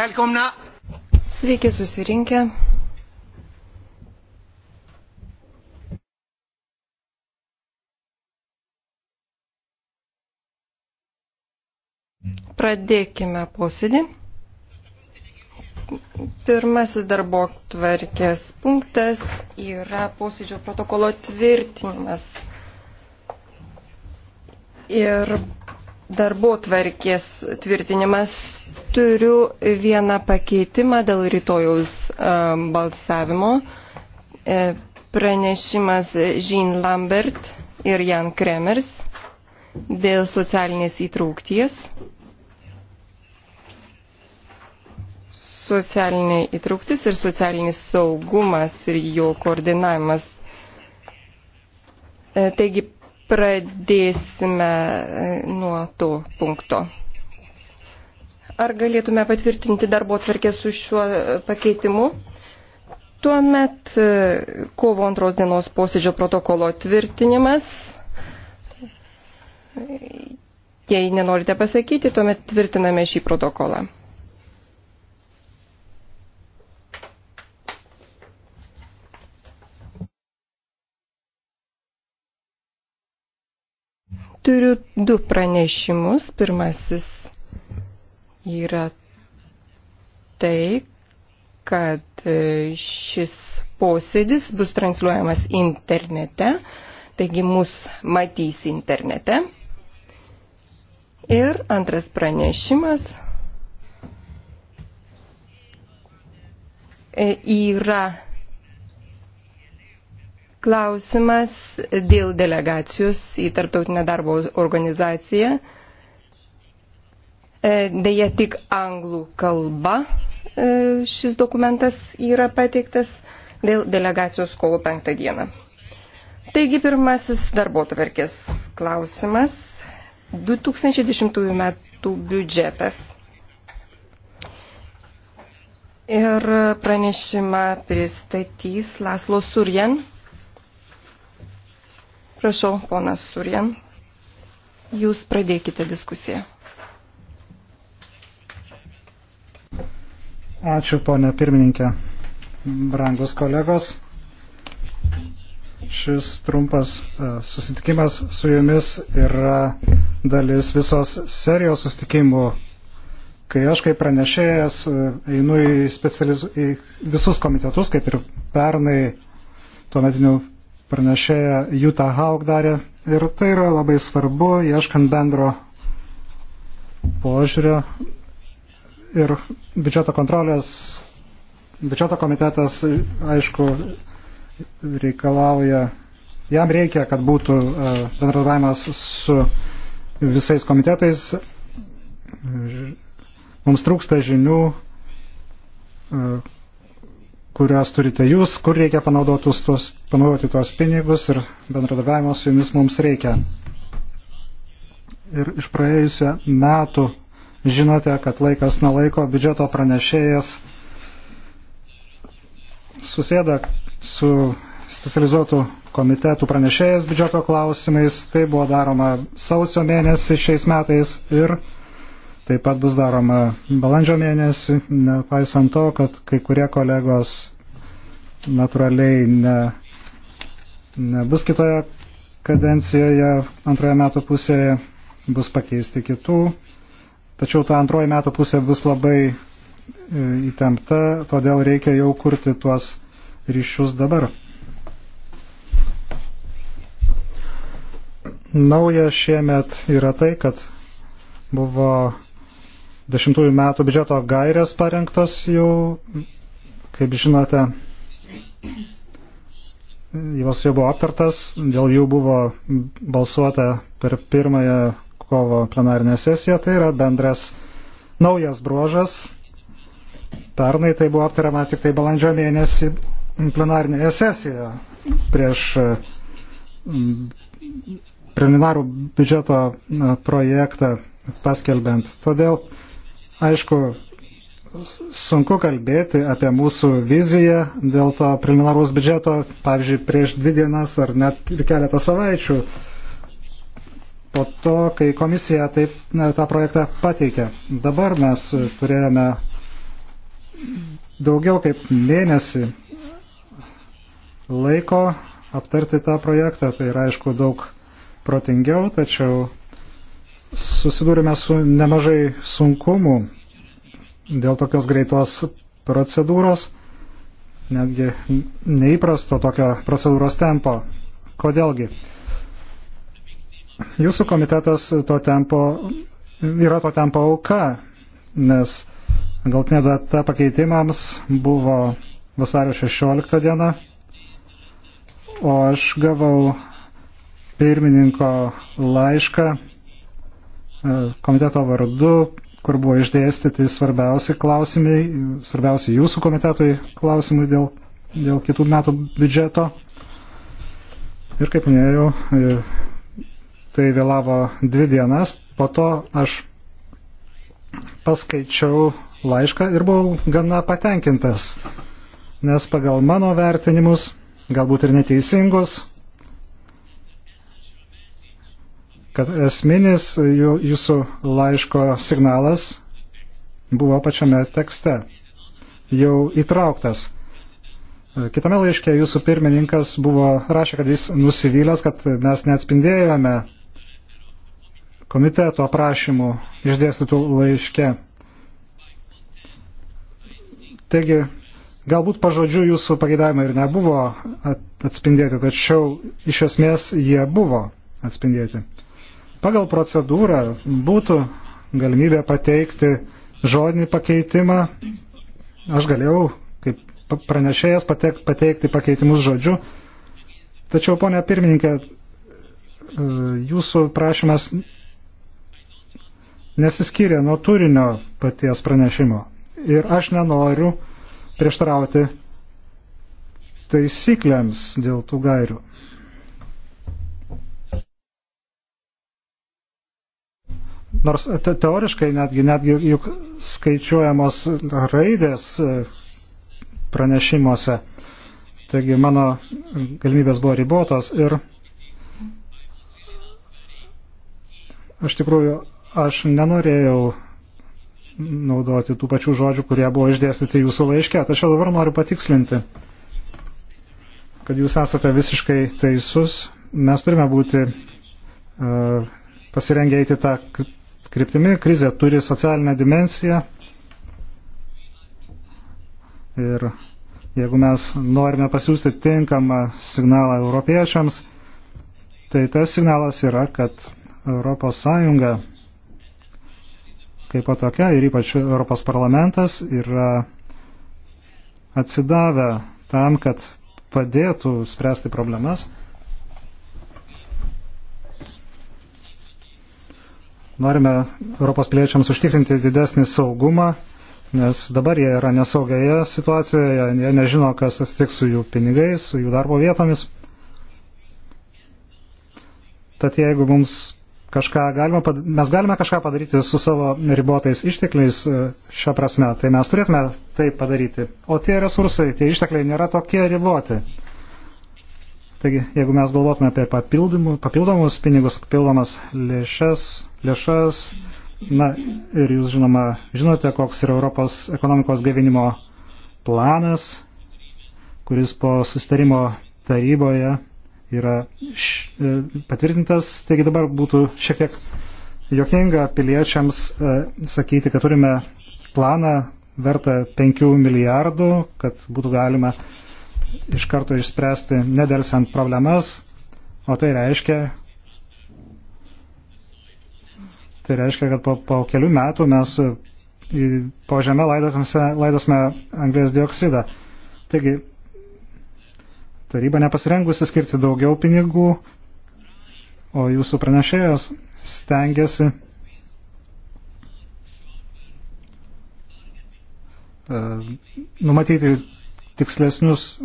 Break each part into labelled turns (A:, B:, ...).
A: Välkomna!
B: Sveiki susirinkę. Pradėkime posėdį. Pirmasis darbo tvarkės punktas yra posėdžio protokolo tvirtinimas. Ir darbo tvarkės tvirtinimas. Turiu vieną pakeitimą dėl rytojaus um, balsavimo. E, pranešimas Jean Lambert ir Jan Kremers dėl socialinės įtraukties. Socialinė įtrauktis ir socialinis saugumas ir jo koordinavimas. E, taigi Pradėsime e, nuo to punkto. Ar galėtume patvirtinti darbo atvarkę su šiuo e, pakeitimu? Tuomet e, kovo antros dienos posėdžio protokolo tvirtinimas. Jei nenorite pasakyti, tuomet tvirtiname šį protokolą. Turiu du pranešimus. Pirmasis yra tai, kad e, šis posėdis bus transliuojamas internete, taigi mus matys internete. Ir antras pranešimas e, yra Klausimas dėl delegacijos į Tartautinę darbo organizaciją. E, deja, tik anglų kalba e, šis dokumentas yra pateiktas dėl delegacijos kovo penktą dieną. Taigi pirmasis darbo tvarkės klausimas. 2010 metų biudžetas. Ir pranešimą pristatys Laslo Surjan. Prašau, ponas Surien, jūs pradėkite diskusiją.
A: Ačiū, ponė pirmininkė. Brangus kolegos, šis trumpas e, susitikimas su jumis yra dalis visos serijos susitikimų kai aš kaip pranešėjas e, einu į, specializu... į visus komitetus, kaip ir pernai tuometinių pranešėja Juta Haug darė. Ir tai yra labai svarbu, ieškant bendro požiūrio. Ir biudžeto kontrolės, biudžeto komitetas, aišku, reikalauja, jam reikia, kad būtų e, bendradavimas su visais komitetais. Mums trūksta žinių, e, kurias turite jūs, kur reikia panaudoti tuos, panaudoti tuos pinigus ir bendradarbiavimo su jumis mums reikia. Ir iš praėjusią metų žinote, kad laikas nelaiko biudžeto pranešėjas susėda su specializuotų komitetų pranešėjas biudžeto klausimais. Tai buvo daroma sausio mėnesį šiais metais ir taip pat bus daroma balandžio mėnesį, nepaisant to, kad kai kurie kolegos natūraliai ne, nebus kitoje kadencijoje, antroje metų pusėje bus pakeisti kitų. Tačiau ta antroji metų pusė bus labai e, įtempta, todėl reikia jau kurti tuos ryšius dabar. Nauja šiemet yra tai, kad buvo dešimtųjų metų biudžeto gairės parengtos jau, kaip žinote, jos jau buvo aptartas, dėl jų buvo balsuota per pirmąją kovo plenarinę sesiją, tai yra bendras naujas bruožas. Pernai tai buvo aptariama tik tai balandžio mėnesį plenarinėje sesijoje prieš mm, preliminarų biudžeto mm, projektą paskelbent. Todėl, aišku, sunku kalbėti apie mūsų viziją dėl to preliminaraus biudžeto, pavyzdžiui, prieš dvi dienas ar net keletą savaičių po to, kai komisija taip, ne, tą projektą pateikė. Dabar mes turėjome daugiau kaip mėnesį laiko aptarti tą projektą, tai yra aišku daug protingiau, tačiau susidūrėme su nemažai sunkumų dėl tokios greitos procedūros, netgi neįprasto tokio procedūros tempo. Kodėlgi? Jūsų komitetas to tempo yra to tempo auka, nes galtinė data pakeitimams buvo vasario 16 diena, o aš gavau pirmininko laišką e, komiteto vardu kur buvo išdėstyti svarbiausi klausimai, svarbiausi jūsų komitetui klausimai dėl, dėl kitų metų biudžeto. Ir kaip minėjau, e, tai vėlavo dvi dienas, po to aš paskaičiau laišką ir buvau gana patenkintas, nes pagal mano vertinimus, galbūt ir neteisingus, kad esminis jūsų laiško signalas buvo pačiame tekste, jau įtrauktas. Kitame laiške jūsų pirmininkas buvo rašė, kad jis nusivylęs, kad mes neatspindėjome komiteto aprašymų išdėstytų laiške. Taigi, galbūt pažodžių jūsų pageidavimai ir nebuvo atspindėti, tačiau iš esmės jie buvo atspindėti. Pagal procedūrą būtų galimybė pateikti žodinį pakeitimą. Aš galėjau, kaip pranešėjas, pateikti pakeitimus žodžiu. Tačiau, ponia pirmininkė, e, jūsų prašymas nesiskyrė nuo turinio paties pranešimo. Ir aš nenoriu prieštarauti taisyklėms dėl tų gairių. Nors te, teoriškai netgi, netgi juk skaičiuojamos raidės e, pranešimuose. Taigi mano galimybės buvo ribotos ir aš tikrųjų aš nenorėjau naudoti tų pačių žodžių, kurie buvo išdėstyti jūsų laiške. Tačiau dabar noriu patikslinti, kad jūs esate visiškai teisus. Mes turime būti uh, pasirengę eiti tą kryptimi. Krizė turi socialinę dimensiją. Ir jeigu mes norime pasiūsti tinkamą signalą europiečiams, tai tas signalas yra, kad Europos Sąjunga kaip tokia ir ypač Europos parlamentas yra atsidavę tam, kad padėtų spręsti problemas. Norime Europos piliečiams užtikrinti didesnį saugumą, nes dabar jie yra nesaugioje situacijoje, jie nežino, kas atsitiks su jų pinigais, su jų darbo vietomis. Tad jeigu mums kažką galima, mes galime kažką padaryti su savo ribotais ištekliais e, šią prasme, tai mes turėtume tai padaryti. O tie resursai, tie ištekliai nėra tokie riboti. Taigi, jeigu mes galvotume apie papildomus pinigus, papildomas lėšas, lėšas, na ir jūs žinoma, žinote, koks yra Europos ekonomikos gavinimo planas, kuris po sustarimo taryboje yra š, e, patvirtintas, taigi dabar būtų šiek tiek jokinga piliečiams e, sakyti, kad turime planą vertą 5 milijardų, kad būtų galima e, iš karto išspręsti nedelsiant problemas, o tai reiškia, tai reiškia, kad po, po kelių metų mes po žemę laidosime anglės dioksidą. Taigi, taryba nepasirengusi skirti daugiau pinigų, o jūsų pranešėjas stengiasi e, numatyti tikslesnius,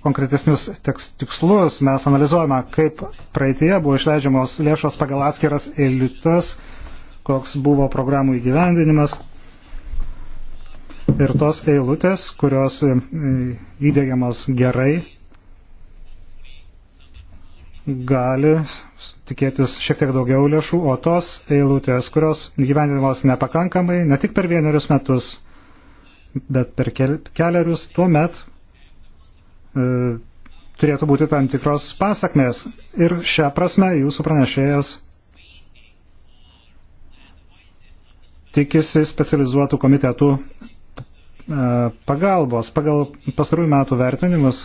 A: konkretesnius teks, tikslus, mes analizuojame, kaip praeitie buvo išleidžiamos lėšos pagal atskiras eilitas, koks buvo programų įgyvendinimas. Ir tos eilutės, kurios e, įdėgiamas gerai, gali tikėtis šiek tiek daugiau lėšų, o tos eilutės, kurios gyvenimas nepakankamai, ne tik per vienerius metus, bet per keliarius tuo met e, turėtų būti tam tikros pasakmės. Ir šią prasme jūsų pranešėjas tikisi specializuotų komitetų e, pagalbos. Pagal pastarųjų metų vertinimus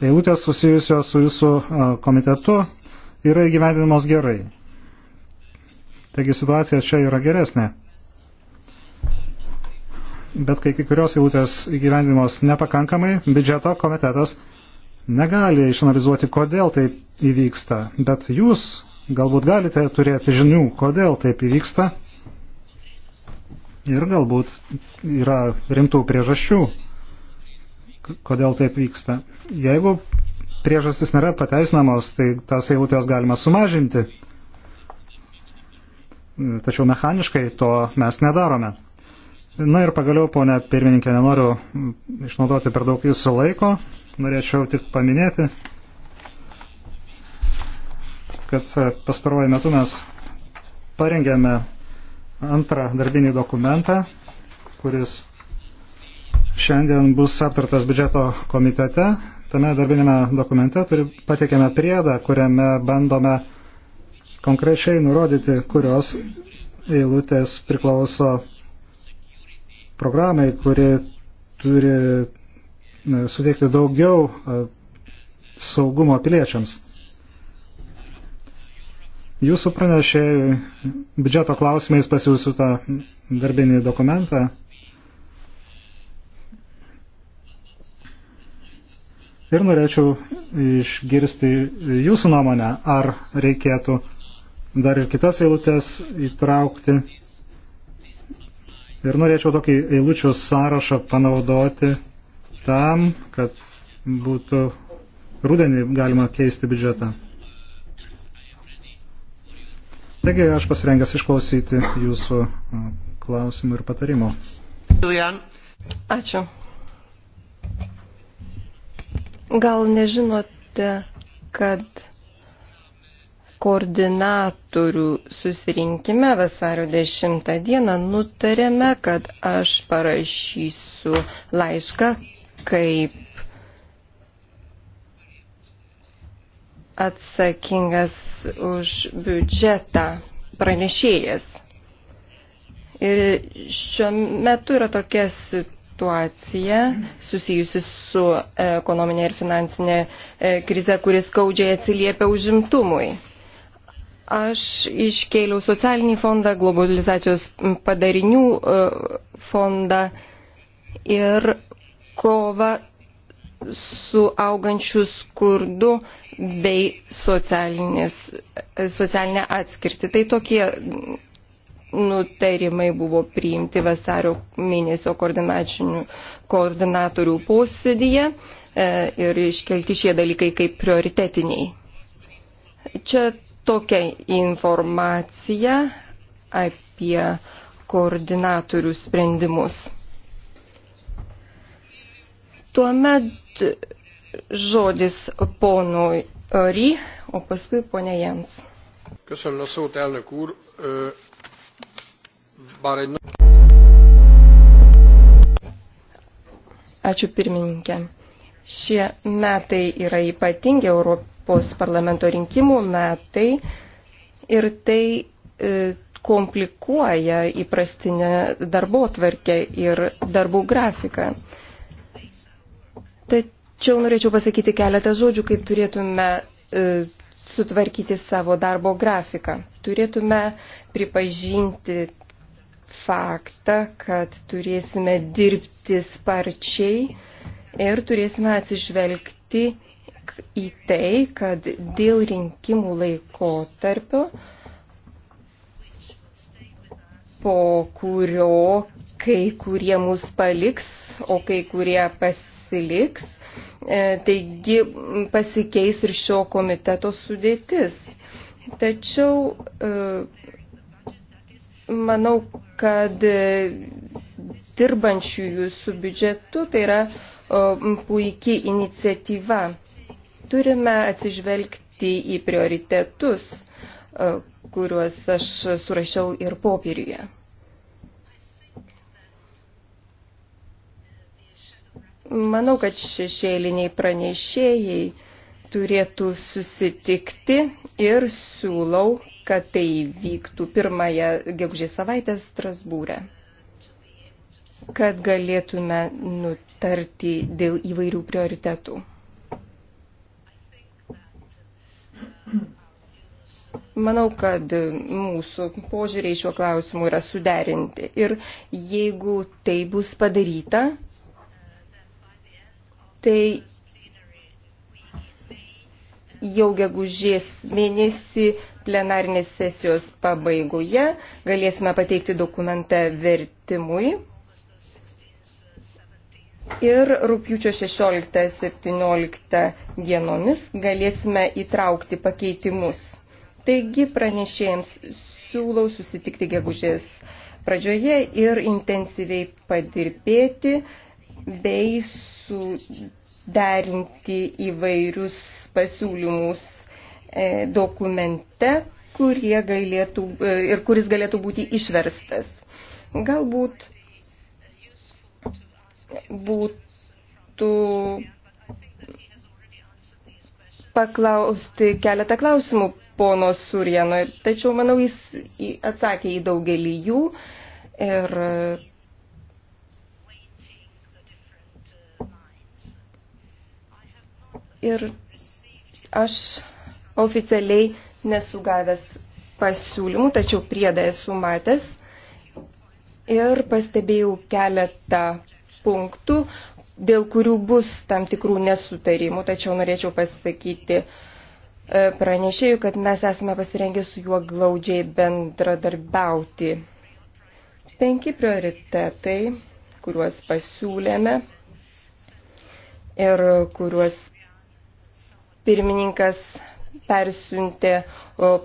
A: eilutės susijusios su jūsų e, komitetu yra įgyvendinamos gerai. Taigi situacija čia yra geresnė bet kai kai kurios eilutės įgyvendinimos nepakankamai, biudžeto komitetas negali išanalizuoti, kodėl taip įvyksta. Bet jūs galbūt galite turėti žinių, kodėl taip įvyksta. Ir galbūt yra rimtų priežasčių, kodėl taip vyksta. Jeigu priežastis nėra pateisinamos, tai tas eilutės galima sumažinti. Tačiau mechaniškai to mes nedarome. Na ir pagaliau, ponia pirmininkė, nenoriu mm, išnaudoti per daug jūsų laiko. Norėčiau tik paminėti, kad e, pastaruoju metu mes parengėme antrą darbinį dokumentą, kuris šiandien bus aptartas biudžeto komitete. Tame darbinėme dokumente pateikėme priedą, kuriame bandome konkrečiai nurodyti, kurios eilutės priklauso programai, kuri turi suteikti daugiau saugumo piliečiams. Jūsų pranešėjų biudžeto klausimais pasiūsiu tą darbinį dokumentą. Ir norėčiau išgirsti jūsų nuomonę, ar reikėtų dar ir kitas eilutės įtraukti Ir norėčiau tokį eilučių sąrašą panaudoti tam, kad būtų rudenį galima keisti biudžetą. Taigi aš pasirengęs išklausyti jūsų klausimų ir patarimų.
B: Ačiū. Gal nežinote, kad koordinatorių susirinkime vasario 10 dieną nutarėme, kad aš parašysiu laišką kaip atsakingas už biudžetą pranešėjas. Ir šiuo metu yra tokia situacija susijusi su ekonominė ir finansinė e, krize, kuris skaudžiai atsiliepia užimtumui. Aš iškėliau socialinį fondą, globalizacijos padarinių e, fondą ir kovą su augančiu skurdu bei e, socialinę atskirtį. Tai tokie nutarimai buvo priimti vasario mėnesio koordinatorių posėdyje e, ir iškelti šie dalykai kaip prioritetiniai. Čia tokią informaciją apie koordinatorių sprendimus. Tuomet žodis ponui Ri, o paskui ponė Jens.
A: Köszönöm a szót, elnök úr. Bár egy...
B: Ačiū pirmininkė. Šie metai yra ypatingi Europos parlamento rinkimų metai ir tai e, komplikuoja įprastinę darbo tvarkę ir darbų grafiką. Tačiau norėčiau pasakyti keletą žodžių, kaip turėtume e, sutvarkyti savo darbo grafiką. Turėtume pripažinti faktą, kad turėsime dirbti sparčiai ir turėsime atsižvelgti į tai, kad dėl rinkimų laikotarpio, po kurio kai kurie mus paliks, o kai kurie pasiliks, e, taigi pasikeis ir šio komiteto sudėtis. Tačiau e, manau, kad dirbančiųjų su biudžetu, tai yra puikiai iniciatyva. Turime atsižvelgti į prioritetus, kuriuos aš surašiau ir popieriuje. Manau, kad šešėliniai pranešėjai turėtų susitikti ir siūlau, kad tai vyktų pirmąją gegužės savaitę Strasbūrę kad galėtume nutarti dėl įvairių prioritetų. Manau, kad mūsų požiūriai šiuo klausimu yra suderinti. Ir jeigu tai bus padaryta, tai jau gegužės mėnesį plenarinės sesijos pabaigoje galėsime pateikti dokumentą vertimui ir rūpjūčio 16-17 dienomis galėsime įtraukti pakeitimus. Taigi pranešėjams siūlau susitikti gegužės pradžioje ir intensyviai padirbėti bei suderinti įvairius pasiūlymus e, dokumente, kurie galėtų, e, ir kuris galėtų būti išverstas. Galbūt būtų paklausti keletą klausimų pono Surieno, tačiau manau jis atsakė į daugelį jų ir ir aš oficialiai nesugavęs pasiūlymų, tačiau priedą esu matęs ir pastebėjau keletą punktų, dėl kurių bus tam tikrų nesutarimų, tačiau norėčiau pasakyti e, pranešėjų, kad mes esame pasirengę su juo glaudžiai bendradarbiauti. Penki prioritetai, kuriuos pasiūlėme ir kuriuos pirmininkas persiuntė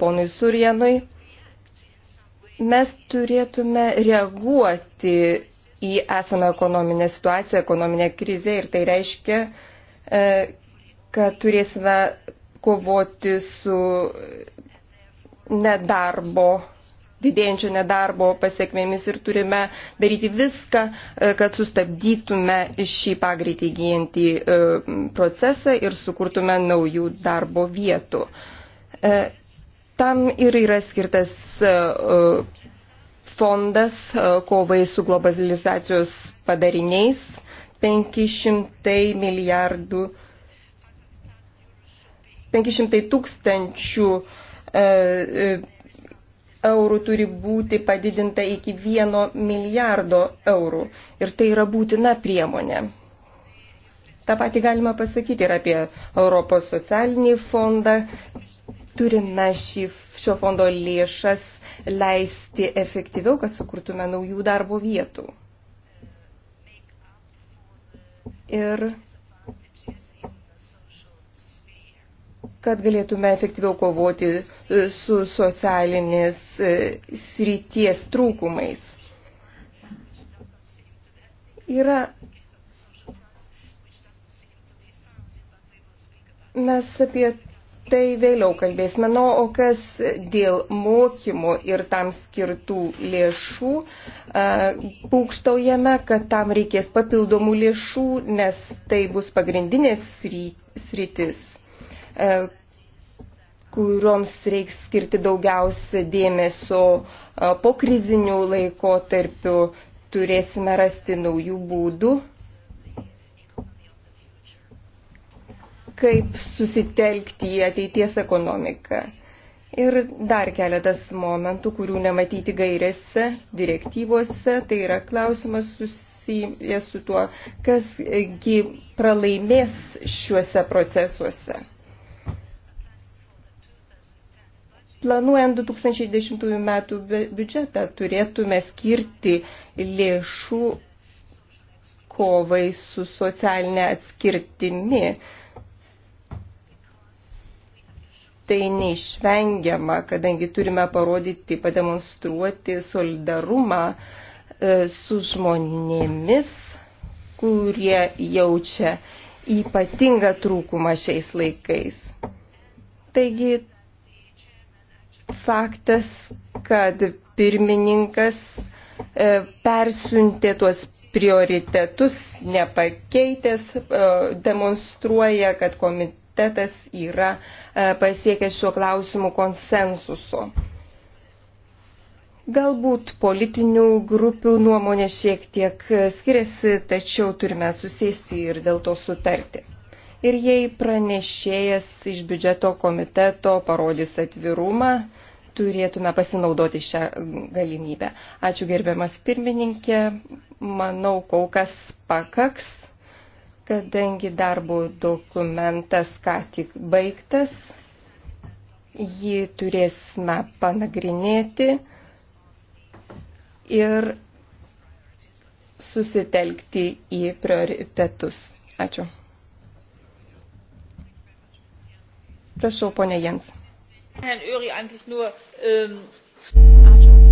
B: ponui Surjanui mes turėtume reaguoti į esamą ekonominę situaciją, ekonominę krizę ir tai reiškia, e, kad turėsime kovoti su nedarbo, didėjančio nedarbo pasiekmėmis ir turime daryti viską, e, kad sustabdytume šį pagreitį įgyjantį e, procesą ir sukurtume naujų darbo vietų. Tam ir yra skirtas fondas e, kovai su globalizacijos padariniais 500 milijardų 500 tūkstančių e, e, eurų turi būti padidinta iki 1 milijardo eurų. Ir tai yra būtina priemonė. Ta pati galima pasakyti ir apie Europos socialinį fondą. Turime šį, šio fondo lėšas leisti efektyviau, kad sukurtume naujų darbo vietų. Ir kad galėtume efektyviau kovoti su socialinės e, srities trūkumais. Yra mes apie tai vėliau kalbėsime. Na, o kas dėl mokymų ir tam skirtų lėšų, paukštaujame, kad tam reikės papildomų lėšų, nes tai bus pagrindinės sritis, kurioms reiks skirti daugiausia dėmesio po krizinių laikotarpių. Turėsime rasti naujų būdų kaip susitelkti į ateities ekonomiką. Ir dar keletas momentų, kurių nematyti gairėse, direktyvose, tai yra klausimas susijęs su tuo, kasgi pralaimės šiuose procesuose. Planuojant 2010 metų biudžetą turėtume skirti lėšų kovai su socialinė atskirtimi tai neišvengiama, kadangi turime parodyti, pademonstruoti solidarumą e, su žmonėmis, kurie jaučia ypatingą trūkumą šiais laikais. Taigi faktas, kad pirmininkas e, persiuntė tuos prioritetus, nepakeitęs, e, demonstruoja, kad komitetas komitetas yra e, pasiekęs šiuo klausimu konsensusu. Galbūt politinių grupių nuomonė šiek tiek skiriasi, tačiau turime susėsti ir dėl to sutarti. Ir jei pranešėjas iš biudžeto komiteto parodys atvirumą, turėtume pasinaudoti šią galimybę. Ačiū gerbiamas pirmininkė, manau, kol kas pakaks Kadangi darbo dokumentas ką tik baigtas, jį turėsime panagrinėti ir susitelkti į prioritetus. Ačiū. Prašau, ponė Jens.
C: Ähm, Ačiū.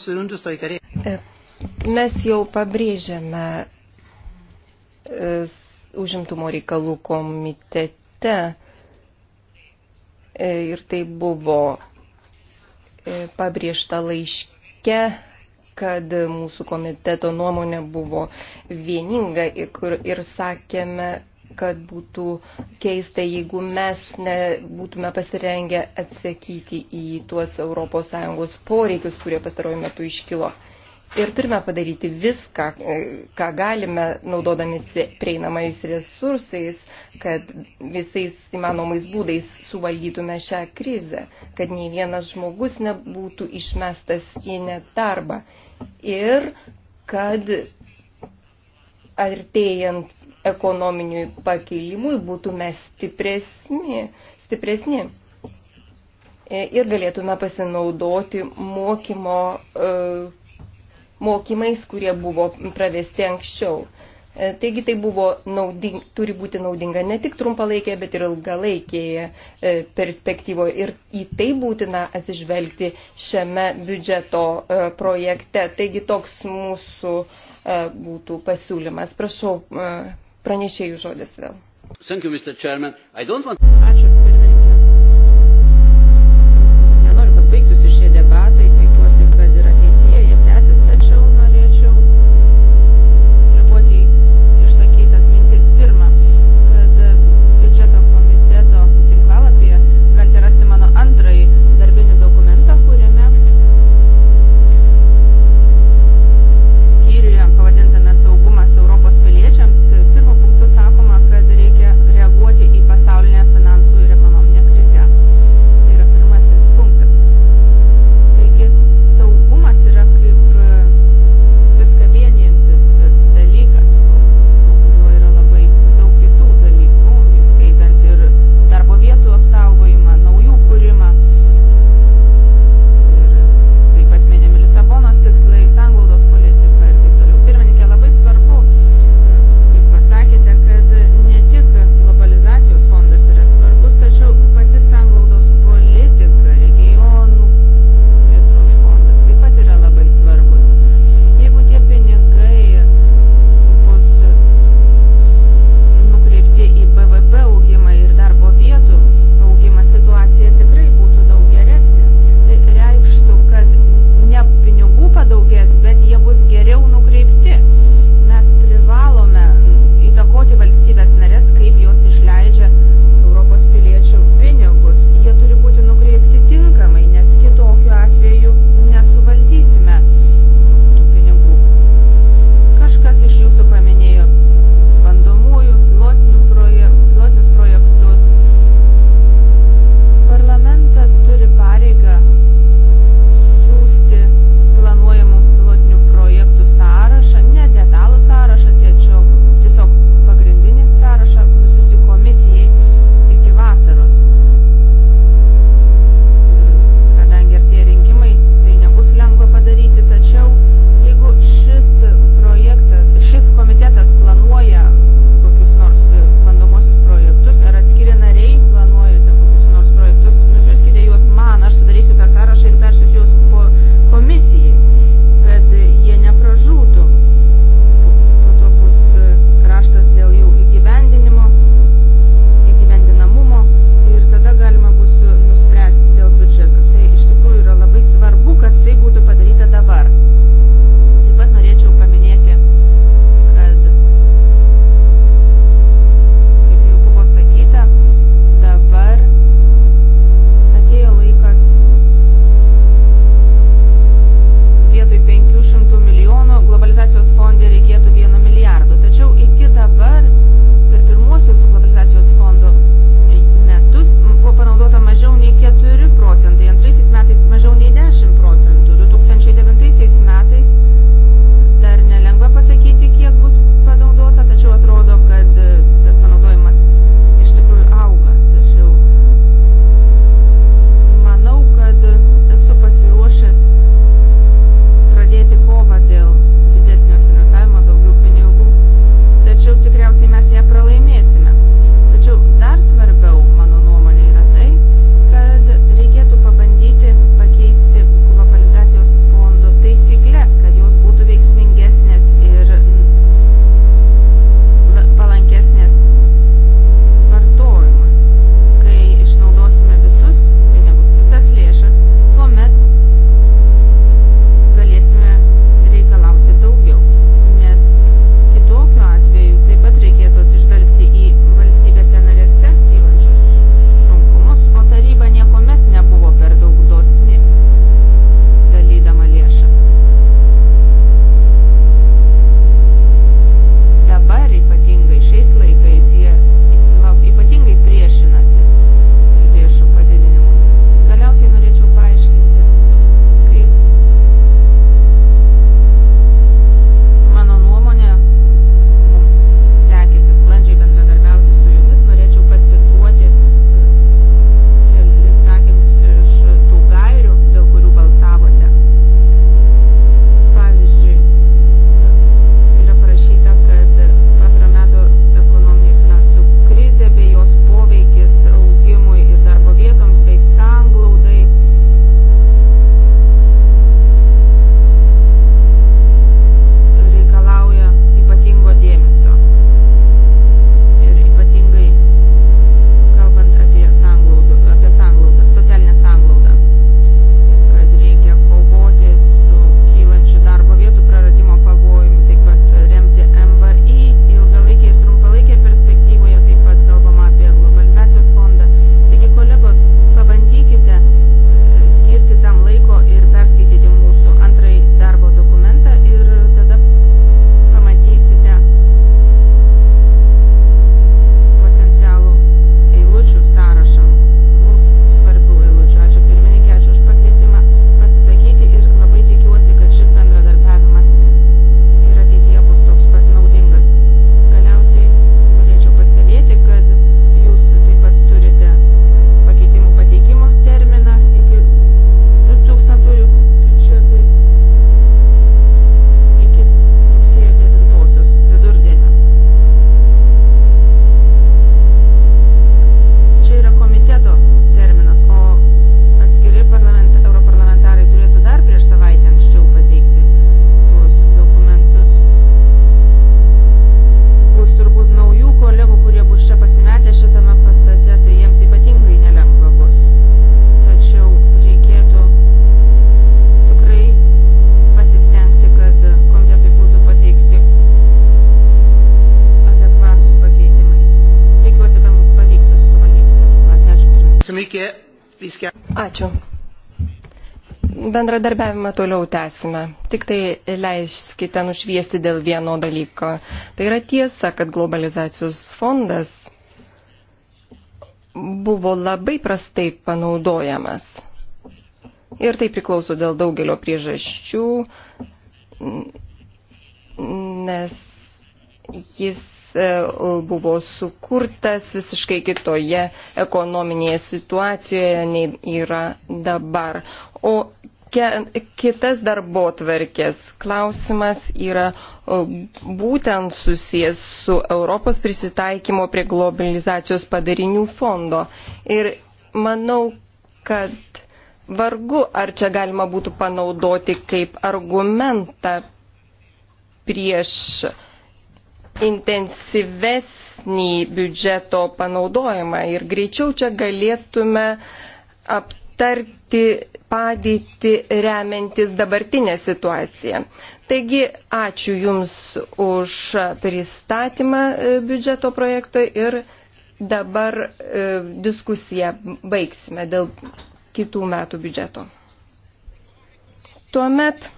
C: Tai
B: e, mes jau pabrėžėme e, užimtumo reikalų komitete e, ir tai buvo pabrėžta laiške, kad mūsų komiteto nuomonė buvo vieninga ir sakėme, kad būtų keista, jeigu mes nebūtume pasirengę atsakyti į tuos ES poreikius, kurie pastaruoju metu iškilo. Ir turime padaryti viską, ką galime, naudodamisi prieinamais resursais, kad visais įmanomais būdais suvaldytume šią krizę, kad nei vienas žmogus nebūtų išmestas į netarbą ir kad artėjant ekonominiui pakilimui būtume stipresni, stipresni ir galėtume pasinaudoti mokymo, e, mokymais, kurie buvo pravesti anksčiau. E, taigi tai buvo nauding, turi būti naudinga ne tik trumpalaikėje, bet ir ilgalaikėje e, perspektyvoje. Ir į tai būtina atsižvelgti šiame biudžeto projekte. Taigi toks mūsų uh, E, būtų pasiūlymas. Prašau, e, pranešėjų žodis vėl.
C: Thank you, Mr. Chairman. I don't want... Ačiū.
B: bendradarbiavimą toliau tęsime. Tik tai leiskite nušviesti dėl vieno dalyko. Tai yra tiesa, kad globalizacijos fondas buvo labai prastai panaudojamas. Ir tai priklauso dėl daugelio priežasčių, nes jis e, buvo sukurtas visiškai kitoje ekonominėje situacijoje nei yra dabar. O kitas darbo tvarkės klausimas yra būtent susijęs su Europos prisitaikymo prie globalizacijos padarinių fondo. Ir manau, kad vargu ar čia galima būtų panaudoti kaip argumentą prieš intensyvesnį biudžeto panaudojimą ir greičiau čia galėtume aptarti vertinti padėtį remiantis dabartinę situaciją. Taigi, ačiū Jums už pristatymą e, biudžeto projekto ir dabar e, diskusiją baigsime dėl kitų metų biudžeto. Tuomet,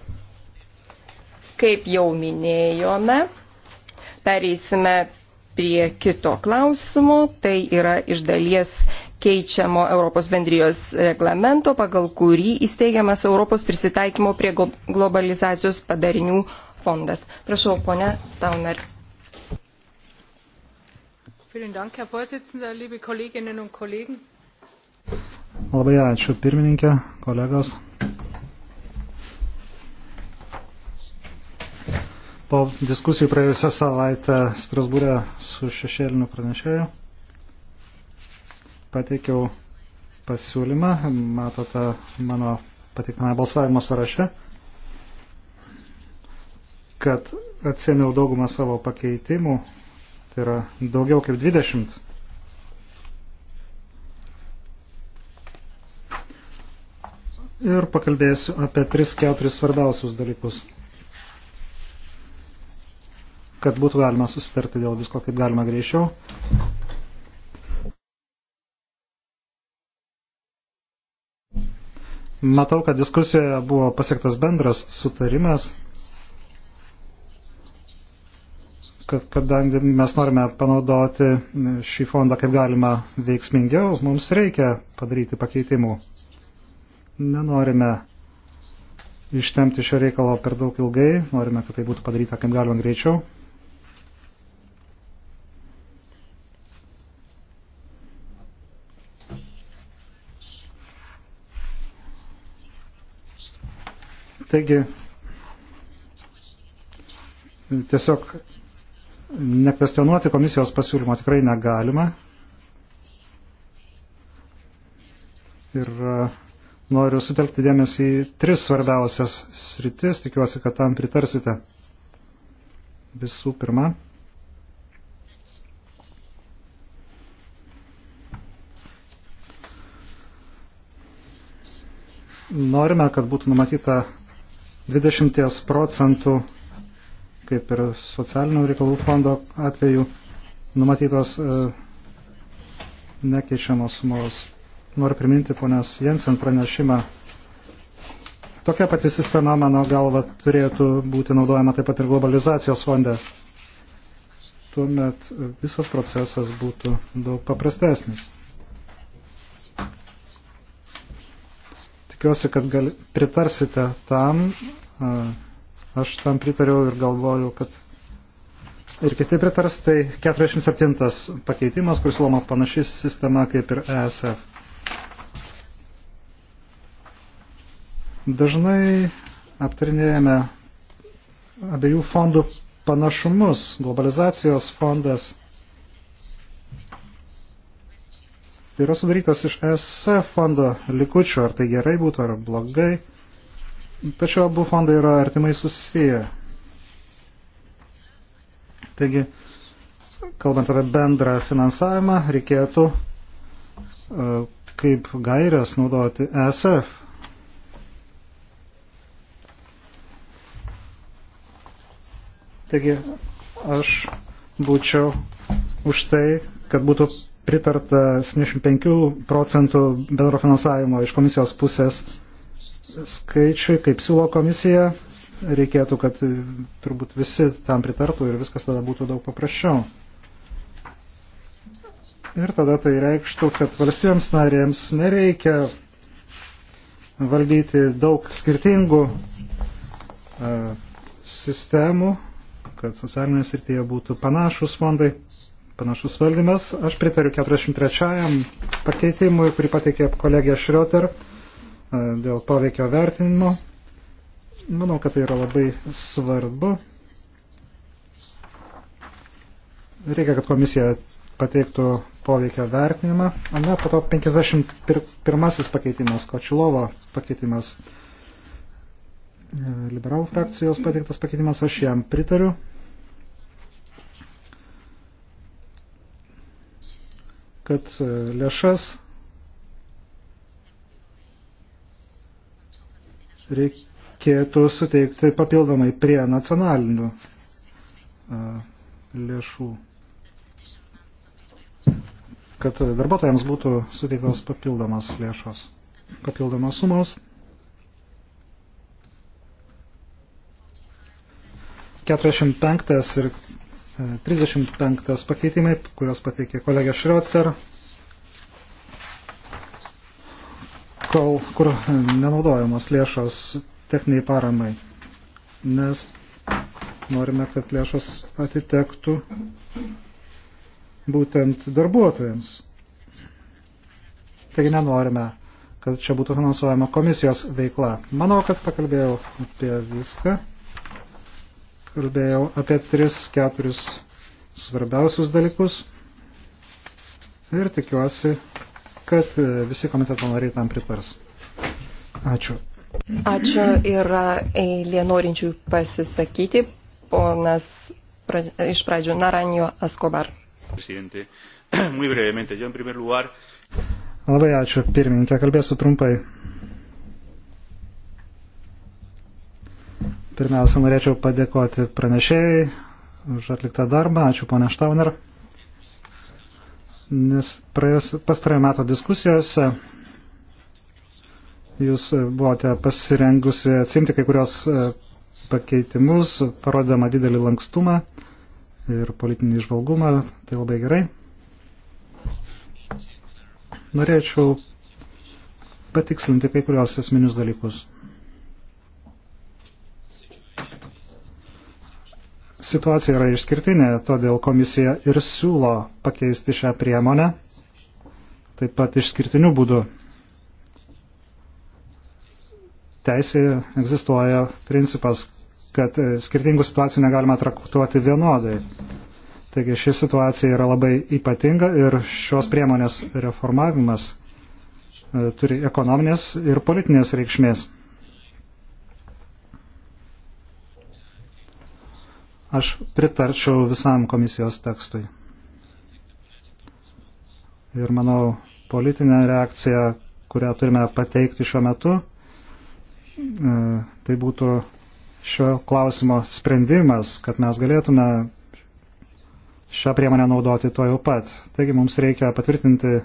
B: kaip jau minėjome, pereisime prie kito klausimo, tai yra iš dalies keičiamo Europos bendrijos reglamento, pagal kurį įsteigiamas Europos prisitaikymo prie globalizacijos padarinių fondas. Prašau, ponia Stauner.
A: Labai ačiū pirmininkė, kolegos. Po diskusijų praėjusią savaitę Strasbūrė su šešėliniu pranešėju pateikiau pasiūlymą, matote mano pateiktame balsavimo sąraše, kad atsėmiau daugumą savo pakeitimų, tai yra daugiau kaip 20. Ir pakalbėsiu apie 3-4 svarbiausius dalykus, kad būtų galima susitarti dėl visko kaip galima greičiau. Matau, kad diskusijoje buvo pasiektas bendras sutarimas, kad kadangi mes norime panaudoti šį fondą kaip galima veiksmingiau, mums reikia padaryti pakeitimų. Nenorime ištemti šio reikalo per daug ilgai, norime, kad tai būtų padaryta kaip galima greičiau. Taigi, tiesiog nekvestionuoti komisijos pasiūlymo tikrai negalima. Ir e, noriu sutelkti dėmesį į tris svarbiausias sritis, tikiuosi, kad tam pritarsite. Visų pirma, norime, kad būtų numatyta 20 procentų, kaip ir socialinių reikalų fondo atveju, numatytos e, nekeičiamos sumos. Noriu priminti ponios Jensen pranešimą. Tokia pati sistema, mano galva, turėtų būti naudojama taip pat ir globalizacijos fonde. Tuomet visas procesas būtų daug paprastesnis. tikiuosi, kad gal, pritarsite tam. Aš tam pritariau ir galvoju, kad ir kiti pritars. Tai 47 pakeitimas, kuris loma panaši sistema kaip ir ESF. Dažnai aptarinėjame abiejų fondų panašumus. Globalizacijos fondas yra sudarytas iš ES fondo likučių, ar tai gerai būtų, ar blogai. Tačiau abu fondai yra artimai susiję. Taigi, kalbant apie bendrą finansavimą, reikėtų e, kaip gairias naudoti ESF. Taigi, aš būčiau už tai, kad būtų pritarta 75 procentų bendro finansavimo iš komisijos pusės skaičiui, kaip siūlo komisija, reikėtų, kad turbūt visi tam pritartų ir viskas tada būtų daug paprasčiau. Ir tada tai reikštų, kad valstybėms narėms nereikia valdyti daug skirtingų uh, sistemų, kad socialinės srityje būtų panašus fondai. Uh, panašus valdymas. Aš pritariu 43-ajam pakeitimui, kurį pateikė kolegija Šrioter e, dėl poveikio vertinimo. Manau, kad tai yra labai svarbu. Reikia, kad komisija pateiktų poveikio vertinimą. Na, po to 51 pakeitimas, Kočilovo pakeitimas, e, liberalų frakcijos pateiktas pakeitimas, aš jam pritariu. kad e, lėšas reikėtų suteikti papildomai prie nacionalinių e, lėšų, kad darbuotojams būtų suteiktos papildomas lėšos, papildomas sumos. 45 ir 35 pakeitimai, kurios pateikė kolegė Šrioter, kol, kur nenaudojamos lėšos techniniai paramai, nes norime, kad lėšos atitektų būtent darbuotojams. Taigi nenorime, kad čia būtų finansuojama komisijos veikla. Manau, kad pakalbėjau apie viską kalbėjau apie 3-4 svarbiausius dalykus ir tikiuosi, kad visi komiteto nariai tam pritars. Ačiū.
B: Ačiū ir eilė norinčių pasisakyti. Ponas iš pradžių Naranjo Askobar.
A: Presidente, muy brevemente, yo en primer lugar. Labai ačiū, pirmininkė, kalbėsiu trumpai. Pirmiausia, norėčiau padėkoti pranešėjai už atliktą darbą. Ačiū, ponia Štauner. Nes pastarojo meto diskusijose jūs buvote pasirengusi atsimti kai kurios e, pakeitimus, parodama didelį lankstumą ir politinį išvalgumą. Tai labai gerai. Norėčiau patikslinti kai kurios esminius dalykus. situacija yra išskirtinė, todėl komisija ir siūlo pakeisti šią priemonę, taip pat išskirtiniu būdu. Teisėje egzistuoja principas, kad skirtingų situacijų negalima traktuoti vienodai. Taigi ši situacija yra labai ypatinga ir šios priemonės reformavimas e, turi ekonominės ir politinės reikšmės. Aš pritarčiau visam komisijos tekstui. Ir manau, politinė reakcija, kurią turime pateikti šiuo metu, e, tai būtų šio klausimo sprendimas, kad mes galėtume šią priemonę naudoti to jau pat. Taigi mums reikia patvirtinti e,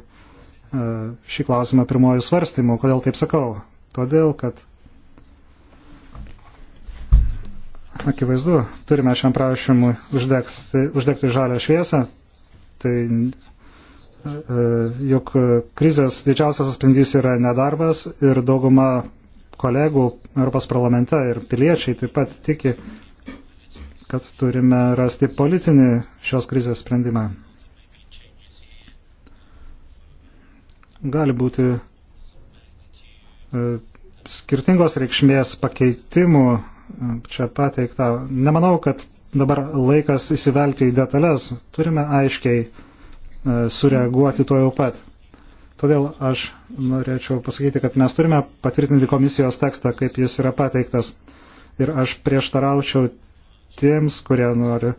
A: šį klausimą pirmojų svarstymų. Kodėl taip sakau? Todėl, kad akivaizdu, turime šiam prašymui uždegti, uždegti žalę šviesą, tai e, juk krizės didžiausias atspindys yra nedarbas ir dauguma kolegų Europos parlamente ir piliečiai taip pat tiki, kad turime rasti politinį šios krizės sprendimą. Gali būti e, skirtingos reikšmės pakeitimų čia pateikta. Nemanau, kad dabar laikas įsivelti į detalės. Turime aiškiai e, sureaguoti to jau pat. Todėl aš norėčiau pasakyti, kad mes turime patvirtinti komisijos tekstą, kaip jis yra pateiktas. Ir aš prieštaraučiau tiems, kurie nori,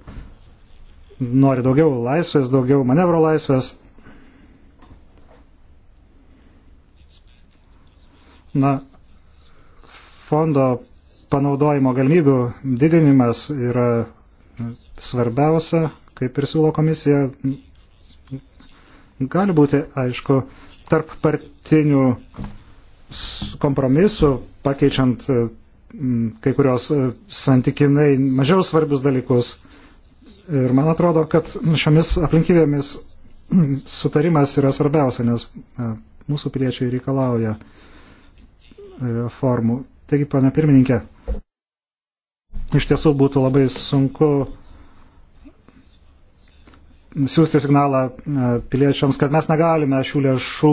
A: nori daugiau laisvės, daugiau manevro laisvės. Na, fondo panaudojimo galimybių didinimas yra svarbiausia, kaip ir siūlo komisija. Gali būti, aišku, tarp partinių kompromisų, pakeičiant e, kai kurios e, santykinai mažiau svarbius dalykus. Ir man atrodo, kad šiomis aplinkybėmis sutarimas yra svarbiausia, nes e, mūsų piliečiai reikalauja formų. Taigi, pana pirmininkė, iš tiesų būtų labai sunku siūsti signalą piliečiams, kad mes negalime šių lėšų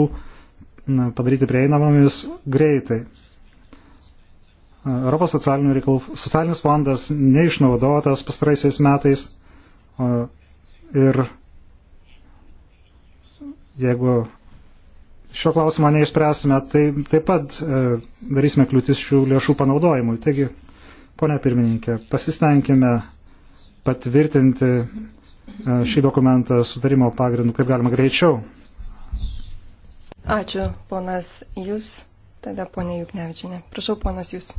A: padaryti prieinamomis greitai. Europos socialinių reikalų socialinis fondas neišnaudotas pastaraisiais metais ir jeigu šio klausimo neišspręsime, tai taip pat e, darysime kliūtis šių lėšų panaudojimui. Taigi, ponia pirmininkė, pasistengime patvirtinti e, šį dokumentą sutarimo pagrindu, kaip galima greičiau.
B: Ačiū, ponas Jūs. Tada ponia Juknevičinė. Prašau, ponas Jūs.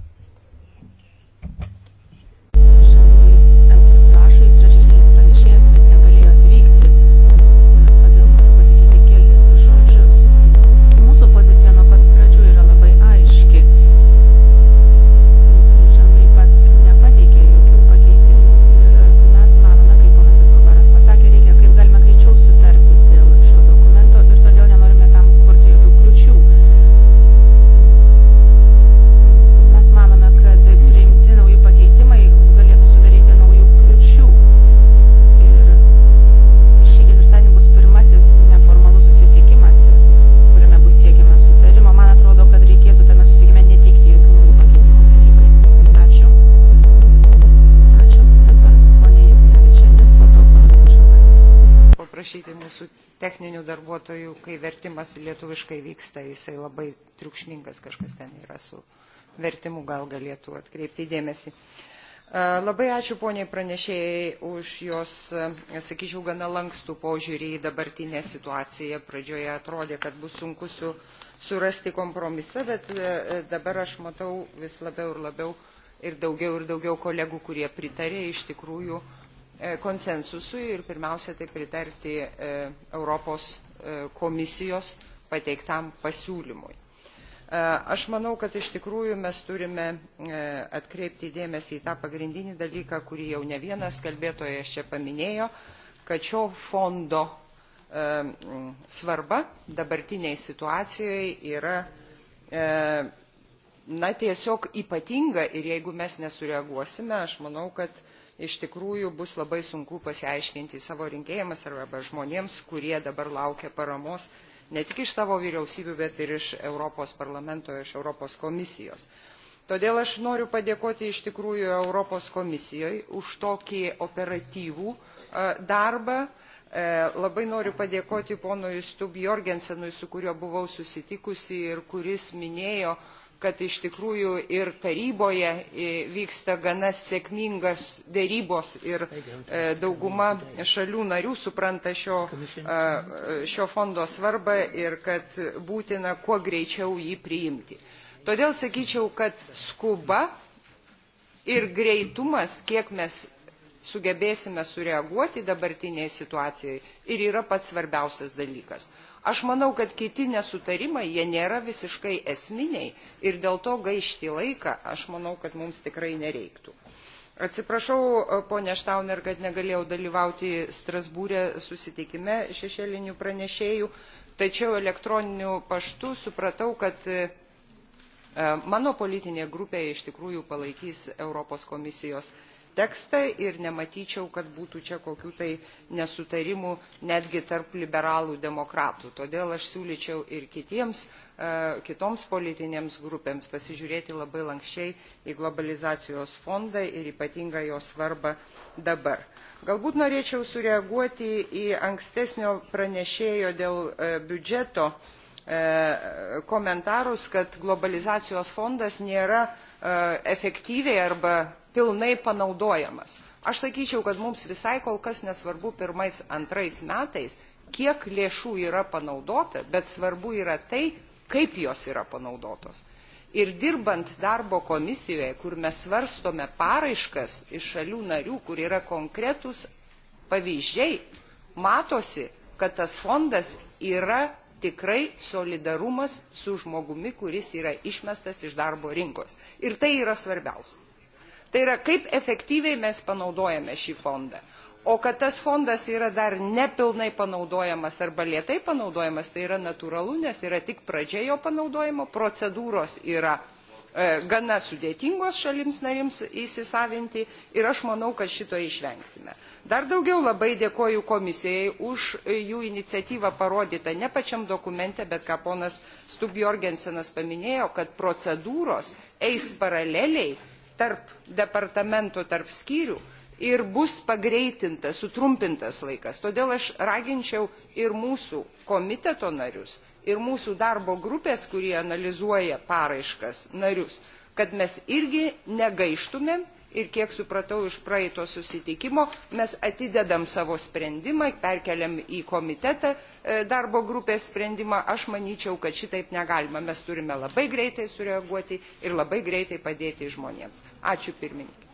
D: vartotojų, kai vertimas lietuviškai vyksta, jisai labai triukšmingas kažkas ten yra su vertimu, gal galėtų atkreipti dėmesį. Labai ačiū poniai pranešėjai už jos, sakyčiau, gana lankstų požiūrį į dabartinę situaciją. Pradžioje atrodė, kad bus sunku su, surasti kompromisą, bet dabar aš matau vis labiau ir labiau ir daugiau ir daugiau kolegų, kurie pritarė iš tikrųjų E, konsensusui ir pirmiausia tai pritarti e, Europos e, komisijos pateiktam pasiūlymui. Aš manau, kad iš tikrųjų mes turime atkreipti dėmesį į tą pagrindinį dalyką, kurį jau ne vienas kalbėtojas čia paminėjo, kad šio fondo svarba dabartiniai situacijoje yra na, tiesiog ypatinga ir jeigu mes nesureaguosime, aš manau, kad iš tikrųjų bus labai sunku pasiaiškinti savo rinkėjams arba žmonėms, kurie dabar laukia paramos ne tik iš savo vyriausybių, bet ir iš Europos parlamento, iš Europos komisijos. Todėl aš noriu padėkoti iš tikrųjų Europos komisijoje už tokį operatyvų e, darbą. E, labai noriu padėkoti ponui Stub Jorgensenui, su kuriuo buvau susitikusi ir kuris minėjo, kad iš tikrųjų ir taryboje e, vyksta gana sėkmingas dėrybos ir e, dauguma šalių narių supranta šio, e, šio fondo svarbą ir kad būtina kuo greičiau jį priimti. Todėl sakyčiau, kad skuba ir greitumas, kiek mes sugebėsime sureaguoti dabartinėje situacijoje ir yra pats svarbiausias dalykas. Aš manau, kad kiti nesutarimai, jie nėra visiškai esminiai ir dėl to gaišti laiką, aš manau, kad mums tikrai nereiktų. Atsiprašau, e, ponė Štauner, kad negalėjau dalyvauti Strasbūrė susitikime šešėlinių pranešėjų, tačiau elektroniniu paštu supratau, kad e, mano politinė grupė iš tikrųjų palaikys Europos komisijos tekstą ir nematyčiau, kad būtų čia kokių tai nesutarimų netgi tarp liberalų demokratų. Todėl aš siūlyčiau ir kitiems, e, kitoms politinėms grupėms pasižiūrėti labai lankščiai į globalizacijos fondą ir ypatingą jo svarbą dabar. Galbūt norėčiau sureaguoti į ankstesnio pranešėjo dėl e, biudžeto e, komentarus, kad globalizacijos fondas nėra efektyviai arba pilnai panaudojamas. Aš sakyčiau, kad mums visai kol kas nesvarbu pirmais, antrais metais, kiek lėšų yra panaudota, bet svarbu yra tai, kaip jos yra panaudotos. Ir dirbant darbo komisijoje, kur mes svarstome paraiškas iš šalių narių, kur yra konkretus pavyzdžiai, matosi, kad tas fondas yra tikrai solidarumas su žmogumi, kuris yra išmestas iš darbo rinkos. Ir tai yra svarbiausia tai yra kaip efektyviai mes panaudojame šį fondą o kad tas fondas yra dar nepilnai panaudojamas arba lėtai panaudojamas tai yra natūralu nes yra tik pradžia jo panaudojimo procedūros yra e, gana sudėtingos šalims narims įsisavinti ir aš manau kad šito išvengsime. dar daugiau labai dėkoju komisijai už jų iniciatyvą parodytą ne pačiam dokumente bet ką ponas stubb jorgensenas paminėjo kad procedūros eis paraleliai tarp departamentų, tarp skyrių ir bus pagreitintas, sutrumpintas laikas. Todėl aš raginčiau ir mūsų komiteto narius, ir mūsų darbo grupės, kurie analizuoja paraiškas narius, kad mes irgi negaištumėm ir kiek supratau iš praeito susitikimo mes atidedam savo sprendimą perkeliam į komitetą e, darbo grupės sprendimą aš manyčiau kad šitaip negalima mes turime labai greitai sureaguoti ir labai greitai padėti žmonėms ačiū pirmininke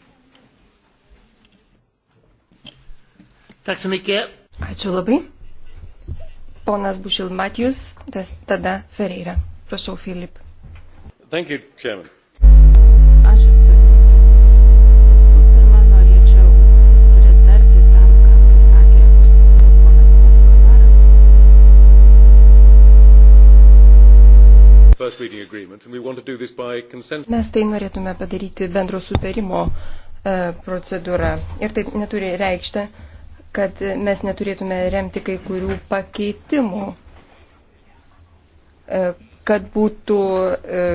B: Ačiū labai. Ponas Bušil Matijus, tada Ferreira. Prašau, Filip. Thank you, Chairman.
C: Ačiū.
A: Mes
B: tai norėtume padaryti bendro sutarimo e, procedūra. Ir tai neturi reikšti, kad mes neturėtume remti kai kurių pakeitimų, e, kad būtų e,